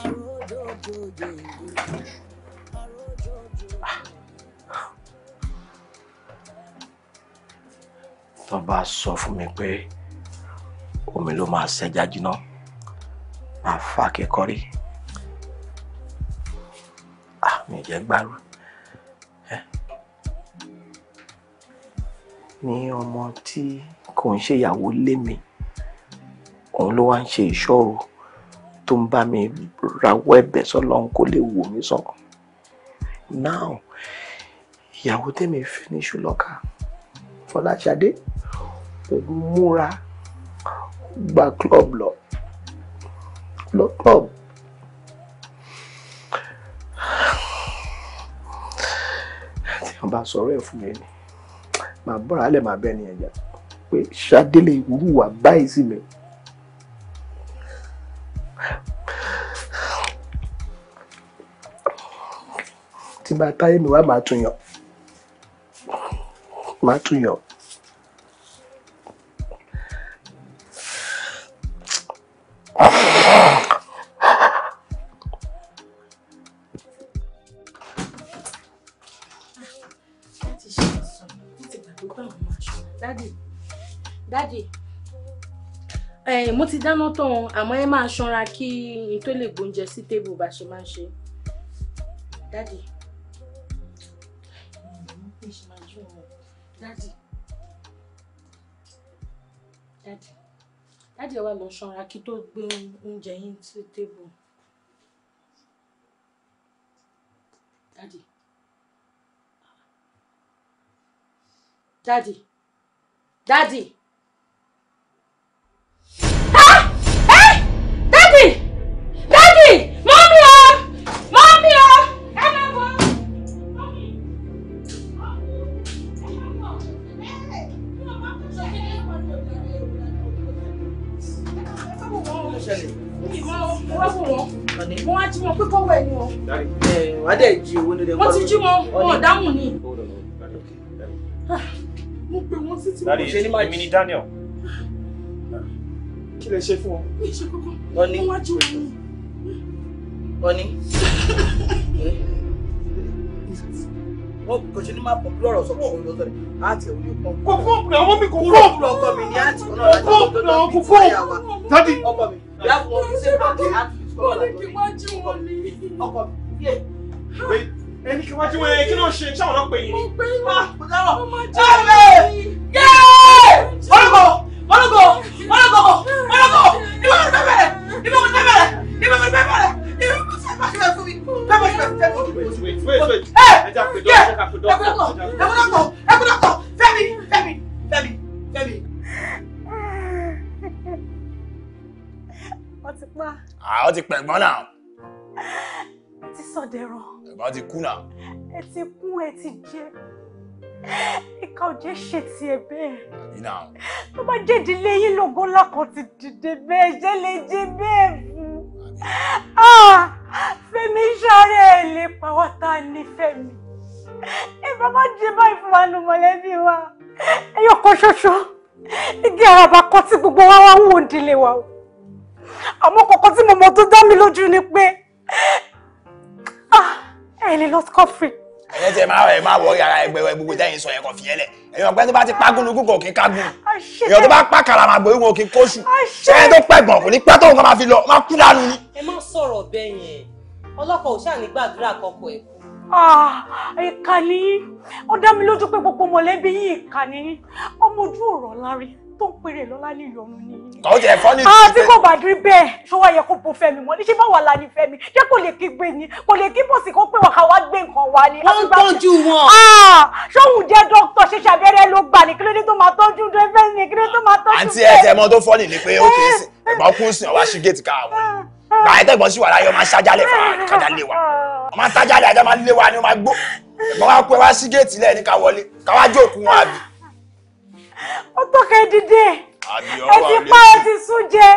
Arojojo, yeah. Arojojo, yeah. tó bá sọ fún mi pé omi ló máa ṣẹja jiná máa fa kíkọrí àmì ah, ìjẹ́ gbárù ní ọmọ tí kò ń ṣèyàwó lé mi òun ló wá ń ṣe ìṣòro tó ń bá mi rawọ́ ẹ̀bẹ̀ sọ́lọ́run kó lè wò mí sàn now ìyàwó tèmi finiṣu lọ́ka Fọláṣadé òun múra gba club lọ lọ club. tí wọ́n bá sọ̀rọ̀ ẹ̀ fún mi ni màá bọ́ra alẹ́ màá bẹ́ẹ̀ ni ẹ̀jẹ̀ pé ṣadélé ìwúrú wà báyìí sí mi. tí bá táyé mi wá màá tún yàn màá tún yàn. dáná tán àmọ́ ẹ máa ṣanra kí n tó lè gbóúnjẹ sí tébù bá ṣe máa ń ṣe dádì dádì ẹ wá lọ ṣanra kí tó gbé oúnjẹ yín sí tébù dádì dádì dádì. Oh! Oh! Oh! Dárí èmi ni Daniel. Kí lẹ ṣe fún ọ? Mi ṣe kókó. Wọ́n ní. Wọ́n wá jù mí ọ̀ní. kò ṣe ní máa pọ̀ lọ́rọ̀ sọ fún òun lọ́sọ̀rọ̀ láti òun yóò pọ̀. kò fóònù náà wọ́n mi kò fóònù. kúrò ọkọ mi ní àti ọ̀nà ọ̀la tó tó tó tó tó yà wá. dadi ọkọ mi yà fún ọdún sí pàdé àti ìṣòro ọkọ mi. ẹni kí wọ́n jí wọn ẹ kí ló ń ṣe ṣáwọn náà pè yín. mo pè é wá. mo dáwọ̀ ẹ bẹ́ẹ̀. wait wait ẹ jà pé dọ́kítọ̀ ẹ jà pé dọ́kítọ̀ ẹ jà pé dọ́kítọ̀ ẹ jà pé dọ́kítọ̀ Fẹ́mi Fẹ́mi Fẹ́mi Fẹ́mi. wọ́n ti pa. àwọn ti pẹ̀gbọ́n náà. ẹ ti sọ dẹ̀rọ̀. ẹ̀gbọ́n ti kú náà. ẹ ti kún ẹ ti jẹ ìka òjẹ́ ṣe ti ẹ bẹ́ẹ̀. iná. tó Ah, Fẹ́mi sáré ilé pàwọ́tà ní Fẹ́mi. Ìbá má jẹ báyìí fún wa nù mọ̀lẹ́bí wa. Ẹyọ kan ṣoṣo. Igi àràbà kan tí gbogbo wa wá ń wò ìdílé wa o. Àmọ́ kọ̀ọ̀kan tí mo to tó dá mi lójú ni pé ah, ẹ lè lọ scot free ẹ̀yẹ́ tí ẹ máa ẹ máa wọ yàrá ẹgbẹ́ gbogbo tẹ́yìn sọ yẹn kàn fi ẹ tó bá ti pa gúnugún kò kí kágun èèyàn tó bá pa kàràmàgbò ìwọ̀n kì í kóṣù ṣẹ́yìn tó pẹ̀gbọ̀n kò ní pẹ́ nǹkan máa fi lọ máa kú dànù ni. ẹ má sọ̀rọ̀ bẹ́ẹ̀ yẹn ọlọ́kọ̀ ò ṣáà gbàdúrà kọkọ ẹ̀ ah, ìkànnì ó dá mi lójú pé gbogbo mọ̀lẹ́bí yìí ìkànnì ọmọ ojú ọ̀rọ̀ lárí tó ń pèrè lọ́lá ní ìyọnu ni. ọjà ẹ̀fọ́ ni. ah tí kò bá rí bẹ́ẹ̀ ṣó wá yẹ kó bo fẹ́mi mọ́ níṣẹ́ bá wà lá ní fẹ́mi jẹ́ kò lè kí gbé ni kò lè kí bọ̀sì kó pé wàhálà wá gbé nǹkan wá ni. wọ́n ń tọ́jú wọn. ah ṣóhun jẹ́ dókítà ṣẹṣẹ abẹ́rẹ́ ló gbà ní kílódé tó máa tọ́jú dẹ́fẹ́ ni kílódé tó máa tọ́jú fẹ́. àǹtí ẹ̀sẹ̀ mọ́ tó fọ́ nìyí pé ó kì í sìn ẹ̀gbọ́n kún sìn ọ̀wá sí géètì káàmù báyìí tẹ̀gbọ́n sì wà láyé ọmọ aṣájálẹ̀ fún àkàjálẹ̀ wa ọmọ aṣájálẹ̀ ajá máa lé wa ni ó máa gbó ẹ̀gbọ́n wa kú ẹ wá sí géètì lẹ́ẹ̀ ní ká wọlé ká wá jókòó wọn àbí ó tọ́kẹ́ dídé ẹ ti pa ẹ ti sún jẹ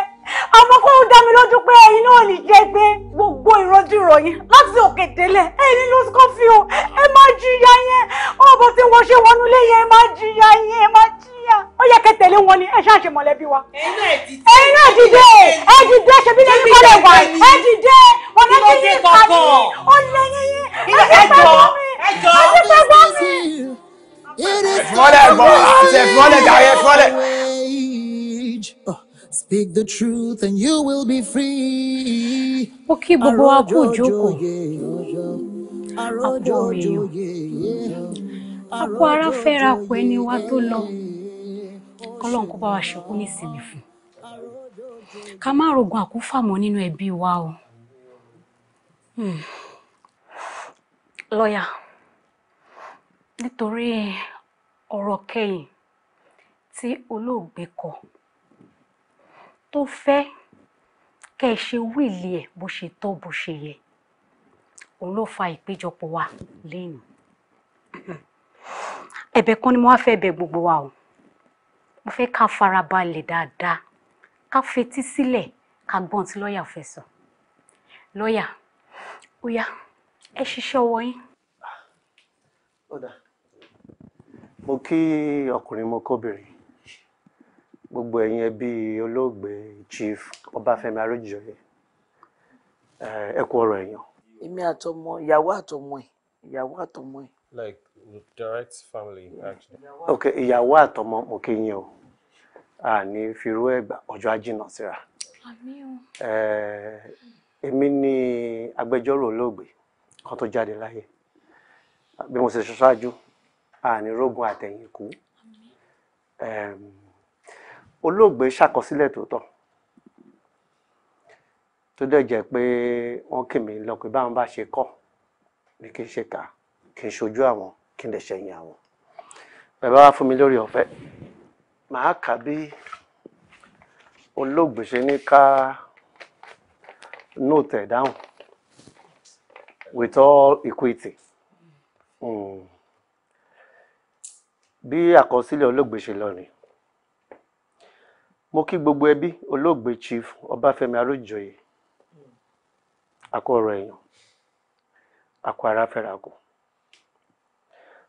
àmọ́ kó dá mi lójú pé ẹ̀yin náà ní jẹ́ gbé gbogbo ìrọ́dìrọ̀ yín láti òkè délẹ̀ ẹ̀yin ló kọ́ fi o ẹ má jìyà yẹn ọ̀bọ̀ tí wọ́n ṣe wọnú lé yẹn ẹ má jìyà yẹn ẹ má jìyà ó yẹ kẹ́ tẹ̀lé wọn ni ẹ ṣáà ṣe mọ̀lẹ́bí wa. ẹ̀yin náà dìde ẹ dìde ṣebí lẹ́yìn kọ́lẹ̀ wà ẹ dìde ọ̀nà tí yín pàdé ọ̀nà yín ẹ ti pẹ́ mi ẹ ti pẹ́ mi. Fúnmọ́lẹ̀ ẹ̀gbọ́n àti ẹ̀fúnmọ́lẹ̀ jàre ẹ̀fúnmọ́lẹ̀. Oh, speak the truth and you will be free. Ó kí gbogbo wa kú ìjókòó. Àpò rèéyàn. Àpò ara fẹ́ra kọ ẹni wa tó lọ. Kọ́lọ́n kó bá wa ṣekú nísìnyí fún. Ká má rògùn àkúfàmọ́ nínú ẹbí wa o. Hmm. Lọ́yà. Hmm nítorí ọ̀rọ̀ kẹyìn tí olóògbé kọ tó fẹ́ kẹ́ ẹ ṣe wíìlì ẹ̀ bó ṣe tọ́ bó ṣe yẹ òun ló fa ìpéjọpọ̀ wa lẹ́yìn ẹ̀bẹ̀ kan ni mo wá fẹ́ bẹ̀ gbogbo wa o mo fẹ́ ká farabalẹ̀ dáadáa ká fetí sílẹ̀ ká gbọ́n tí lọ́ọ̀yà fẹ́ sọ lọ́ọ̀yà ó yá ẹ ṣiṣẹ́ ọwọ́ yín. Ah, ó dáa mo kí ọkùnrin mo kóbìnrin gbogbo ẹ̀yin ẹbí olóògbé chief ọbáfẹ́mi arójìjọyẹ eh, ẹ kú ọ̀rọ̀ ẹ̀yàn. èmi àtọmọ ìyàwó àtọmọ ẹ ìyàwó àtọmọ ẹ. like direct family actually. ok ìyàwó àtọmọ mo kí yín o a ní firú ẹgbà ọjọ́ ajínà síra. àmín o. Eh, èmi ni agbẹjọ́rò olóògbé kan tó jáde láyé bí mo ṣe ṣe ṣáájú ànírógun àtẹ̀yìnkù olóògbé ṣàkọsílẹ̀ tòótọ́ tó dẹ̀ jẹ́ pé wọ́n kì mí lọ pé báwọn bá ṣe kọ́ ni kí n ṣe kà kí n ṣojú àwọn kí n lè ṣẹ̀yìn àwọn bàbá wa fún mi lórí ọ̀fẹ́ màá kà bí olóògbé ṣe ní ká note ẹ̀ down with all equity. Mm bí àkọsílẹ̀ olóògbé ṣe lọ rìn mo kí gbogbo ẹbí olóògbé chief ọbáfẹ́mi arójòyè àkọọ̀rọ̀ èèyàn àkọ ara fẹ́ra kù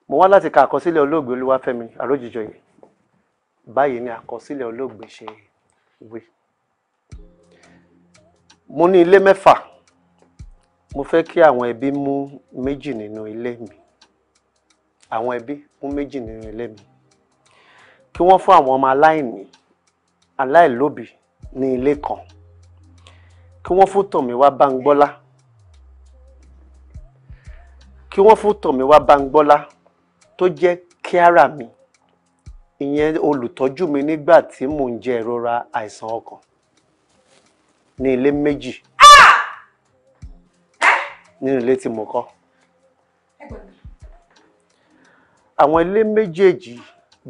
mo wá láti ka àkọsílẹ̀ olóògbé olúwafẹ́mi arójòyè báyìí ni àkọsílẹ̀ olóògbé ṣe wí mo ní ilé mẹ́fà mo fẹ́ kí àwọn ẹbí mú méjì nínú ilé mi àwọn ẹbí mú méjì nínú ilé mi kí wọ́n fún àwọn ọmọ aláìní aláìlóbi ní ilé kan kí wọ́n fún tọ̀míwá báńgbọ́lá kí wọ́n fún tọ̀míwá báńgbọ́lá tó jẹ́ kíára mi ìyẹn olùtọ́jú mi nígbà tí mò ń jẹ ìrora àìsàn ọkàn ní ilé méjì ah! nínú ilé tí mo kọ́. ẹ gbọ́dọ̀ àwọn ilé méjèèjì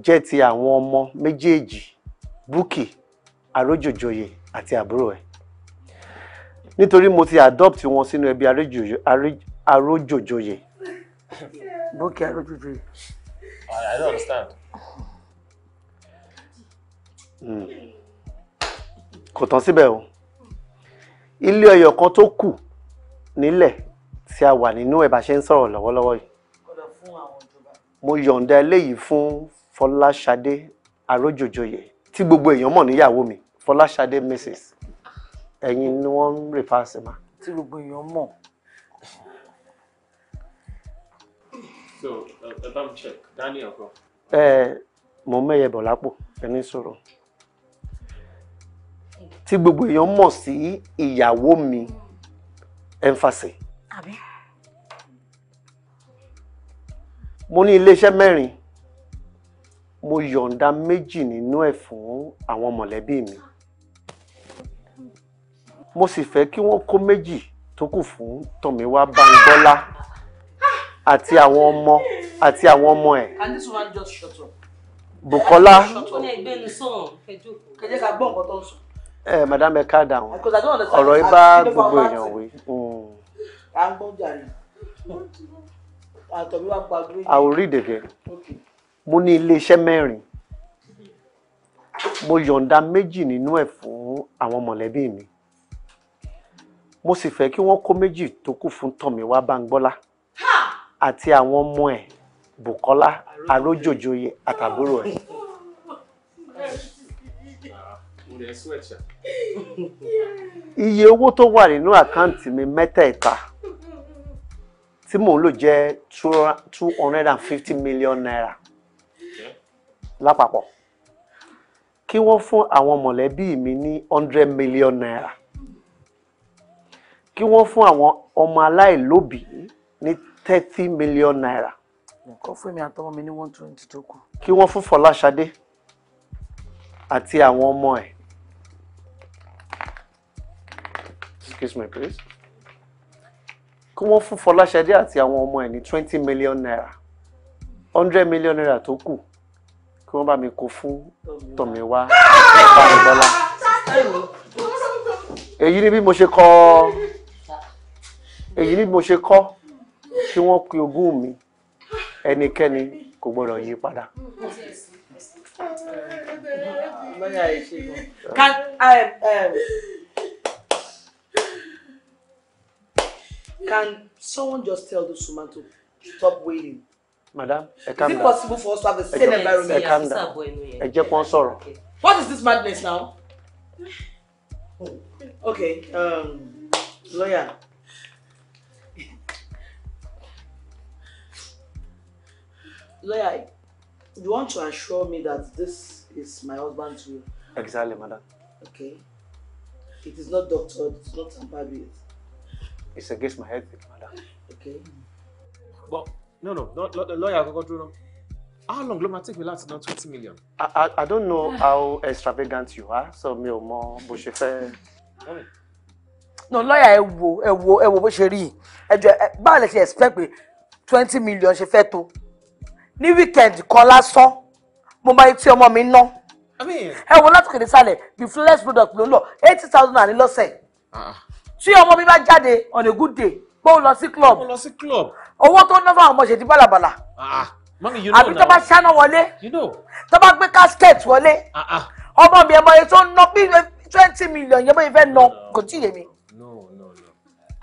jẹ́ ti àwọn ọmọ méjèèjì Bukky Arójòjòyè àti àbúrò ẹ̀ nítorí mo ti adopt wọn sínú ẹbí Arójòjòyè. Bukky Arójòjòyè. I don't understand. Hmm. Kò tán síbẹ̀ o. Ilé ẹyọ kan tó kù nílẹ̀ tí a wà nínú ẹ̀ bá ṣe ń sọ̀rọ̀ lọ́wọ́lọ́wọ́ yìí mo yọ̀ǹda eléyìí fún fọláṣadé arójòjòyè tí gbogbo èèyàn mọ̀ níyàwó mi fọláṣadé mrs ẹ̀yin ni wọ́n ń rè fáṣẹ ma. tí gbogbo èèyàn mọ̀. so uh, ẹ bá mi check daniel kan. ẹ mọ mẹyẹ bọ lápò ẹni sọ̀rọ̀ tí gbogbo èèyàn mọ̀ sí ìyàwó mi ẹnfàsì. àbí. mo ní iléeṣẹ́ mẹ́rin mo yọ̀ǹda méjì nínú ẹ̀ fún àwọn mọ̀lẹ́bí mi mo sì fẹ́ kí wọ́n kó méjì tó kù fún Tọ̀míwá Báńgbọ́lá àti àwọn ọmọ àti àwọn ọmọ ẹ̀. Can ẹ madam ẹ ká dáhùn ọ̀rọ̀ yìí bá gbogbo èèyàn wí. Mm àtọ̀bí wa pa green. I will read again. Okay. mo ní iléeṣẹ́ mẹ́rin mo yọ̀ǹda méjì nínú ẹ̀ fún àwọn mọ̀lẹ́bí mi mo sì fẹ́ kí wọ́n kó méjì tó kù fún Tọ̀míwá Báńgbọ́lá àti àwọn ọmọ ẹ̀ Bùkọ́lá Arójòjòyè àtàbúrò ẹ̀. iye owó tó wà nínú àkáǹtì mi mẹ́tẹ̀ẹ̀ta tí mò ń lò jẹ́ two hundred and fifty million naira lápapọ̀ kí wọ́n fún àwọn mọ̀lẹ́bí mi ní hundred million naira kí wọ́n fún àwọn ọmọ aláìlóbì ní thirty million naira. nǹkan fún mi àtọmọ mi ní one twenty tó kù. kí wọ́n fún Fọláṣadé àti àwọn ọmọ ẹ̀ excuse me please kí wọ́n fún Fọláṣadé àti àwọn ọmọ ẹ̀ ní twenty million naira hundred million naira tó kù kí wọ́n bá mi kó fún Tọ̀míwá Bámidọ́lá èyí ni bí mo ṣe kọ èyí ni bí mo ṣe kọ kí wọ́n pe ogún mi ẹnikẹ́ni kò gbọ́dọ̀ yí padà. Can I, um, um Can someone just tell this woman to stop wailing? Madam, Is it possible for us to have the same environment? I can't. Ẹ jẹ́ kó What is this madness now? Okay, um, lawyer. Lawyer, you want to assure me that this is my husband's will? Exactly, madam. Okay. It is not doctored, it's not tampered with. It's against my head, madam. Okay. But no, no, the lawyer Go kọ́kọ́ dúró. How long ló máa take me last ná twenty million? I, I I don't know how extravagant you are, so me, ò mọ bó ṣe No lawyer. Ewo, ewo, ewo, but ẹ wo bó ṣe rí yìí. Ẹ jọ báwo lè ṣe expect pé twenty million ṣe fẹ́ tó? Ní weekend kan lásán, mo máa tí ọmọ mi ná. Ẹ wo láti kéde sálẹ̀, the flex product ló ń lọ eighty thousand naira lọ́sẹ̀. Ah, ah tí ọmọ mi bá jáde on a good day pé ó lọ sí club ó lọ sí club owó tó ná fáwọn ọmọ ṣètì bàlàbàlà ah, àbí tó bá ṣáná wọlé tó bá gbé casket wọlé ah, ah. ọmọ mi ẹmọ yẹn tó ná bí twenty million yẹn bó yẹn fẹ́ ná kò tí ì yé mi.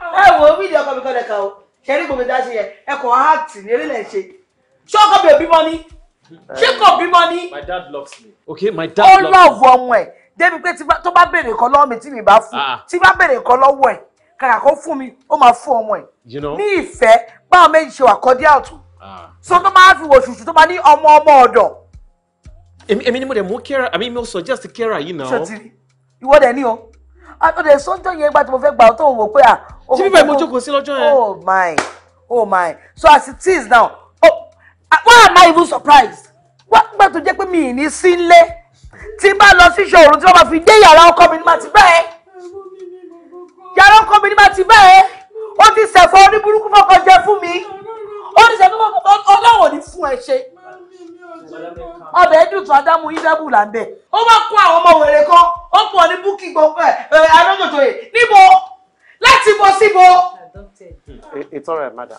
ẹ wo fídíò ọkọ mi kọ́ lẹ́ka o ṣe ní gbogbo dáṣe yẹn ẹ kò áàtì ní erílẹ̀ ṣe ṣé ọkọ mi ò bímọ ni eh. ṣé kò bímọ ni. my dad loves me. okay my dad loves me. ó lọ́ọ̀bù ọmọ ẹ̀ débi pé tó bá béèrè nǹkan lọ́wọ́ mi tí mi bá fún ah. tí bá béèrè nǹkan lọ́wọ́ ẹ̀ kàkà kó fún mi ó máa fún ọmọ ẹ̀ ní ìfẹ́ báwọn méjì ṣe wà cordial ọ̀tún ah. so tó máa fi wòṣùṣù tó máa ní ọmọ ọmọ ọ̀dọ̀. èmi ni mo dẹ̀ mú kẹ́ra àmì mi ò suggest kẹ́ra yìí náà. sotiri ìwọ dẹ̀ ni o àtọ̀dẹ̀ sọ́jọ́ yẹn gbà tí mo fẹ́ gbà tó wò pé à. Ah, ṣé bíbá ìmọ̀ jókòó sí lọ́jọ́ yẹn. oh my oh my so as it is now oh why am I even surprised wá gbà tó jẹ́ pé mi ì tí bá lọ sí ṣòro tí wọ́n máa fi dé yàrá ọkọ mi ni màá ti bẹ́ẹ̀ yàrá ọkọ mi ni màá ti bẹ́ẹ̀ ó ti ṣẹ̀fọ́ oníburúkú fọkọ jẹ fún mi ó ti ṣẹ̀fọ́ ọlọ́wọ̀ ní fún ẹ ṣe ọbẹ̀ ẹ̀dùn tó adámú ìdábù là ń bẹ̀ ó bá kó àwọn ọmọ wèrè kan ó pọ̀ ní búkì gbogbo ẹ̀ adójòjòyè níbo láti bọ̀ síbo. it's all right madam.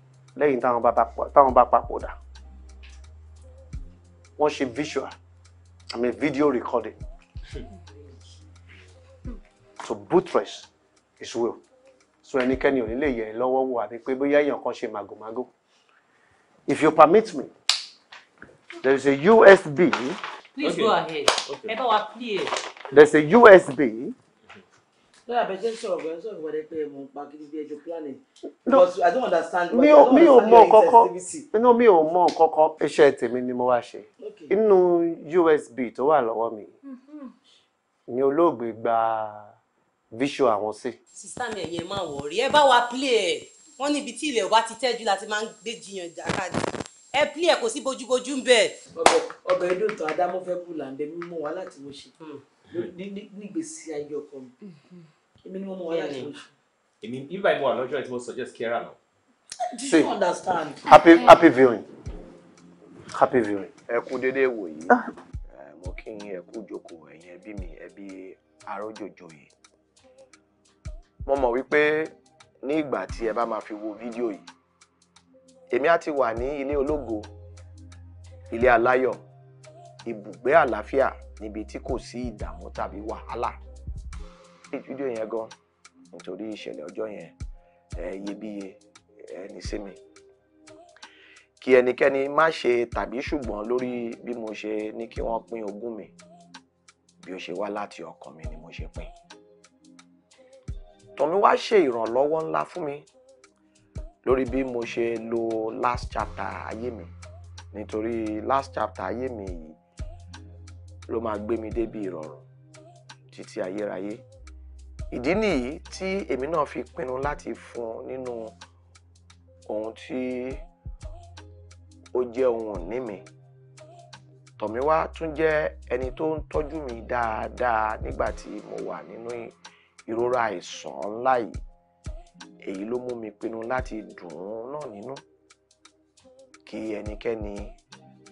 lẹ́yìn táwọn bá papòdà wọ́n ṣe visual I mean video recording to buttress his will so ẹnikẹ́ni ò ní lè yẹ ẹ lọ́wọ́ wò àbí pé bóyá èèyàn kan ṣe màgòmágó if you permit me there is a USB. please okay. go ahead ẹ bá wa play. there is a USB. So I bet you sọ̀rọ̀ bẹ̀rẹ̀ sọ̀rọ̀ bẹ̀rẹ̀ pé mo ń pa kí bí ẹjọ́ planning. Because I don't understand. Mi ò mi ò mọ kọ́kọ́. Inú mi ò mọ kọ́kọ́. Iṣẹ́ tèmi ni mo wá ṣe. Inú USB tó wà lọ́wọ́ mi mm-hmm. ni olóògbé gba visual àwọn sí. Sísá mi ẹ̀yẹ máa wọ̀ rí. Ẹ bá wa play ẹ̀. Wọ́n ní ibi tí ilẹ̀ wa ti tẹ́jú láti máa ń gbé jiyàn jákàdì. Ẹ play ẹ̀ kò sí bójúbójú ń bẹ̀. Ọbẹ̀ ọbẹ̀ Edóntàn Adámọ́fẹ́ kù là ń bẹ mímú wa láti mo ṣe hmm. nígbèsí ayé ọkọ mi. Mm-hmm èmi ni mo mọ wàhálà tí mo ṣe. èmi bíbá ìmọ̀ àlọ́jọ́ tí mo suggest Kiera náà. do you understand. happy happy viewing happy viewing. ẹ dédé wò yìí ah. mo kí yín ẹ kú jókòó ẹ̀yin ẹbí mi ẹbí arójòjò yìí mo mọ̀ wípé ní ìgbà tí ẹ bá máa fi wo fídíò yìí èmi á ti wà ní ilé ológo ilé aláyọ̀ ibùgbé àlàáfíà níbi tí kò sí ìdààmú tàbí wàhálà fídíò yẹn gan nítorí ìṣẹ̀lẹ̀ ọjọ́ yẹn iyebíye ẹni sí mi kí ẹnikẹ́ni má ṣe tàbí ṣùgbọ́n lórí bí mo ṣe ní kí wọ́n pín ogún mi bí ó ṣe wá láti ọkàn mi ni mo ṣe pín tọ́mi wá ṣe ìrànlọ́wọ́ ńlá fún mi lórí bí mo ṣe lo last chapter ayé mi nítorí last chapter ayé mi yìí ló máa gbé mi débi ìrọ̀rùn títí ayérayé. Ayé ìdí nìyí tí èmi náà fi pinnu láti fún un nínú ohun tí ó jẹ́ ohun ìní mi Tọ̀míwá tún jẹ́ ẹni tó ń tọ́jú mi dáadáa nígbà tí mo wà nínú ìrora àìsàn ńlá yìí èyí ló mú mi pinnu láti dùn ún náà nínú kí ẹnikẹ́ni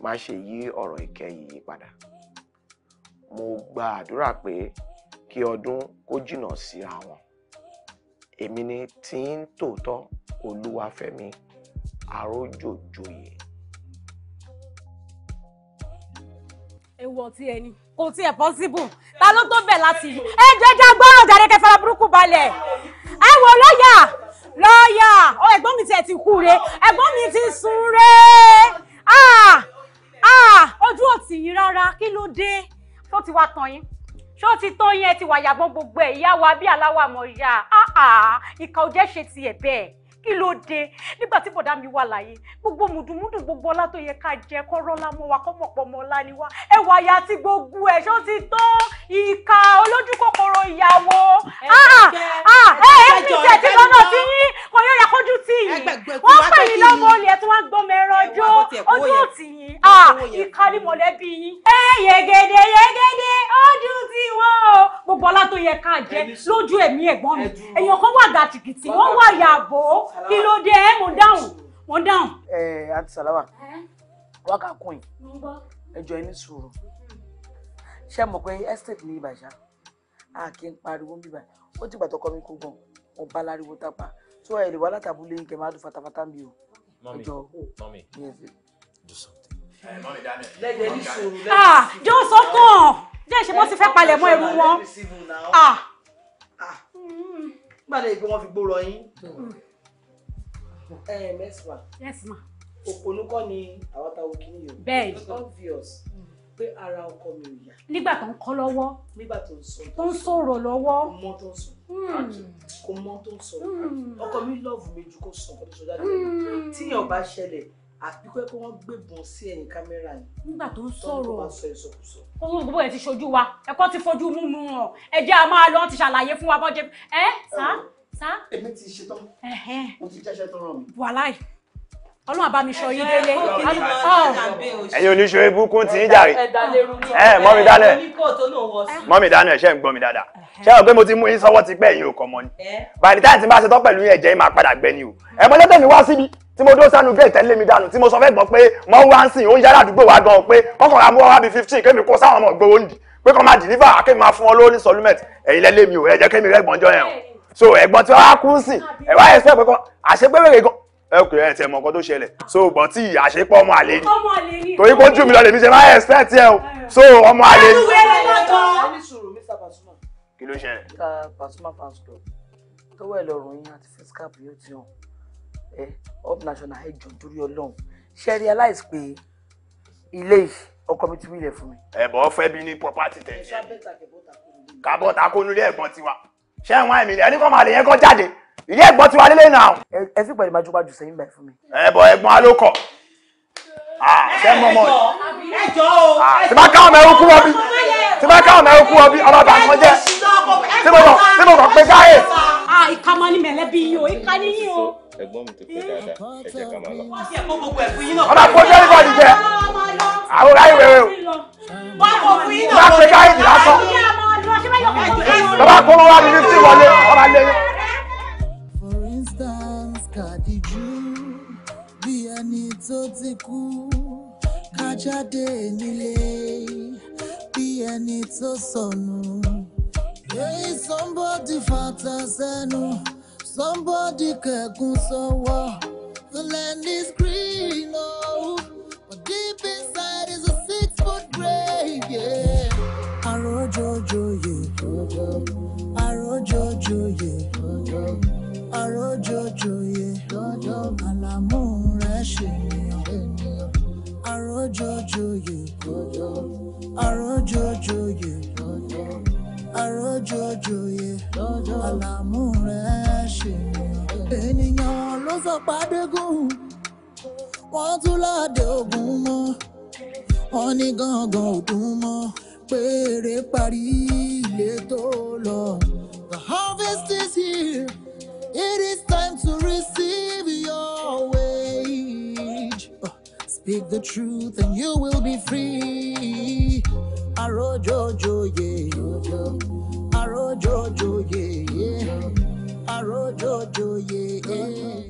má ṣe yí ọ̀rọ̀ ìkẹyìn padà mo gba àdúrà pé kí ọdún kó jìnnà síra wọn èmi ni tí ń tòótọ́ olúwafẹ́mi àrójòjòyè. ewu ọtí ẹni kò tí ẹ pọ́síbù ta ló tó bẹ̀ láti yìí ẹ jẹjẹ gbọ́ràn jáde kẹfàrà burúkú balẹ̀ ẹ wò lọ́ọ̀yà lọ́ọ̀yà ọ ẹ̀gbọ́n mi tiẹ̀ ti kú re ẹ̀gbọ́n mi ti sùn re ah, ah, ojú òtí yìí rárá kí ló dé tó ti wá tán yín ṣó ti tó yẹn ti wàyàgbọ́n gbogbo ẹ̀ ìyá wa bí aláwàmọ̀ yá ah, ah. ìkà ò jẹ́ ṣe tiẹ̀ bẹ́ẹ̀ kí ló dé nígbà tí bọ̀dá mi wà láyé gbogbo mùdùmùdù gbogbo ọlá tó yẹ ká jẹ kọ́rọ́ la mọ́ wa kọ́mọ̀ pọ̀ mọ́ ọlá ni wá ẹwà ya ti gbogbo ẹ̀ ṣó ti tó ìka olójú kòkòrò ìyàwó ẹ̀ẹ́dì tẹ̀ tí lọ́nà tí yín kò yóò yakójú tì yín wọ́n pè yín lọ́mọ olè tí wọ́n gbọ́mọ ẹran ọjọ́ ojú òtì yín ìka ni mọ̀lẹ́bí yín. ẹ yẹgẹdẹ yẹgẹdẹ ojú ti wọ́n o gbogbo ọlá tó yẹ ká jẹ lójú ẹ̀mí ẹ̀gbọ́n mi èèyàn kan wà gàtìgìtì wọ́n wà yàgò kí ló dé ẹ mò ń dáhùn mò ń dáhùn. ẹ àti sàláwà wákàkùn yìí ẹjọ ẹni sùúrù ṣé mọ̀ pé estate ní ìbàjá a kì í pariwo bíbà ó ti gbàtọ́ kọ́ mi kó gan mo bá láriwo tápá tó ẹ lè wá látàbúlé ń kẹ máa dùn fatafata mi o. mọ́mí mọ́mí do something. lẹ́yìn ẹni sùúrù ah, lẹ́yìn. ah jọ sọ kàn jẹ́ ìṣe bó ti fẹ́ palẹ̀ mọ́ ẹrú wọn. ah. ah. gbàdé ìgbé wọn fi gbó yín. Hmm ẹ mẹ́sì ma. yes ma. òpònú kọ́ ni àwọn táwọn kìíní obvious pé ara ọkọ mi ò yá. nígbà tó ń kọ́ lọ́wọ́. nígbà tó ń sọ. tó ń sọ̀rọ̀ lọ́wọ́. kò mọ tó ń sọ. Hmm. kò mọ tó ń sọ. Hmm. ọkọ mi lọ́ọ̀bù mi ju kó sọ ọkọ tó jáde lọ. Hmm. tíyàn bá ṣẹlẹ̀ àpípẹ́ kó wọ́n gbébọn sí ẹ̀yìn kámẹ́rà yìí. nígbà tó ń sọ̀rọ̀ tó gbogbo ẹ̀ ti ṣojú wa ẹ̀kọ́ ti fojú mú mu hàn ẹ̀jẹ̀ a máa lọ ti ṣàlàyé fún wa bọ́jẹ́ ẹ̀ sá sá. èmi ti ṣetán mo ti jẹ́ṣẹ́ tó ràn mí. wàláì ọlọ́run àbá mi sọ yín délé. ẹ̀yin oníṣòwò ibùkún ti ń jàre ẹ mọ́ mi dáná ẹ̀ mọ́ mi dáná ẹ̀ ṣe ń gbọ́ mi dáadáa ṣé o pé mo ti mú yín sọ́wọ́ ti pẹ́ ẹ̀yin ò kọ̀ mọ́ ni bàdí táyà tí n bá ṣetán pẹ̀lú yín ẹ̀jẹ̀ yín máa padà gbẹ ni o ẹ̀ mọ́ lẹ́tẹ̀ mi wá síbi tí mo dó sánú gé ìtẹ́lé mi dànù tí mo sọ fẹ́ gbọ́ pé mọ́ wá ń sìn ó ń yára àdúgbò wa gan pé kọ́kọ́ ra mú wa bíi fifteen kémi kó sáwọn ọmọ gbowó nì pé kọ́ máa deliver kémi máa fún ọ lóní solument ẹ̀yin lẹ́lẹ́mi o ẹ̀jẹ̀ kémi rẹ́gbọ̀njọ́ yẹn o so ẹ̀gbọ́n tí wọ́n á kú sí ẹ̀ wá ẹ̀sẹ̀ pẹ̀kọ́ àṣepẹ́wẹ̀rẹ̀ gan ẹkùn ẹ̀ tẹ̀ mọ̀ nǹkan tó ṣẹlẹ̀ so bọ̀ tí àṣepọ̀ ọmọ àlè ni torí kó jù mí lọ lèmi ṣe máa ẹ̀sẹ̀ tiẹ̀ o so ọmọ àlè ni. kí ló ṣẹlẹ̀. Pasuma fans club tọwọ́ ẹ̀ lọ́rùn yín àti fiscap yóò ti hàn ẹ up national ẹ jọ torí Ọlọ́run ṣe realize pé ilé yìí ọkọ mi ti wílẹ̀ fún mi. ẹ̀bọ̀ fẹ́ bí ní property tẹ̀ ṣe kábọ̀tà kónú lé ẹ̀gbọ́n tiwa ṣé ń wá ẹ̀mí ẹni kọ́ máa lè yẹn kọ́ jáde ìyá ẹ̀gbọ́n ti wá lélẹ̀ náà. ẹ sì pẹ̀lú gbajúgbajù sẹ́yìn bẹ́ẹ̀ fún mi. ẹ bọ ẹ̀gbọ́n alókọ ṣe mọ mọ tí bá káwọn mẹ́rin kú ọbí tí bá káwọn mẹ́rin kú ọbí ọmọ bàbá kan jẹ tí mo kọ tí mo kọ pé káyè. ìkàmọ́ ni mẹ̀lẹ́bí yìí o ìkà ni yìí o. ẹ̀gbọ́n mi ti pé dáadáa ẹ jẹ́ ká máa lọ. ọmọ kò jẹ́ nígbà jíjẹ àwọn ọ̀rá ìwé rẹ o. wọ́n kò fún yín náà. bá pé káyè bàbá kó wọn wá ní fífi wọlé ọba lé. for instance kàdíjú bí ẹni tó ti kú kájáde nílé bí ẹni tó sọnù. Hey, somebody fata sẹ́nu, somebody kẹ̀kún sọ́wọ́. The land is green, oh, but deep inside is a six-foot grave, yeah àrójòjòyè àrójòjòyè àrójòjòyè àlàmú rẹ ṣèyàn àrójòjòyè àrójòjòyè àrójòjòyè àlàmú rẹ ṣèyàn. ènìyàn ló sọ pàdégùn wọn tún láàdé ogun mọ wọn ní gángan ògùn mọ. puede parir el dolor. The harvest is here, it is time to receive your wage. Uh, speak the truth and you will be free. ye, Arojojo, yeah. ye, yeah. Arojojo, ye.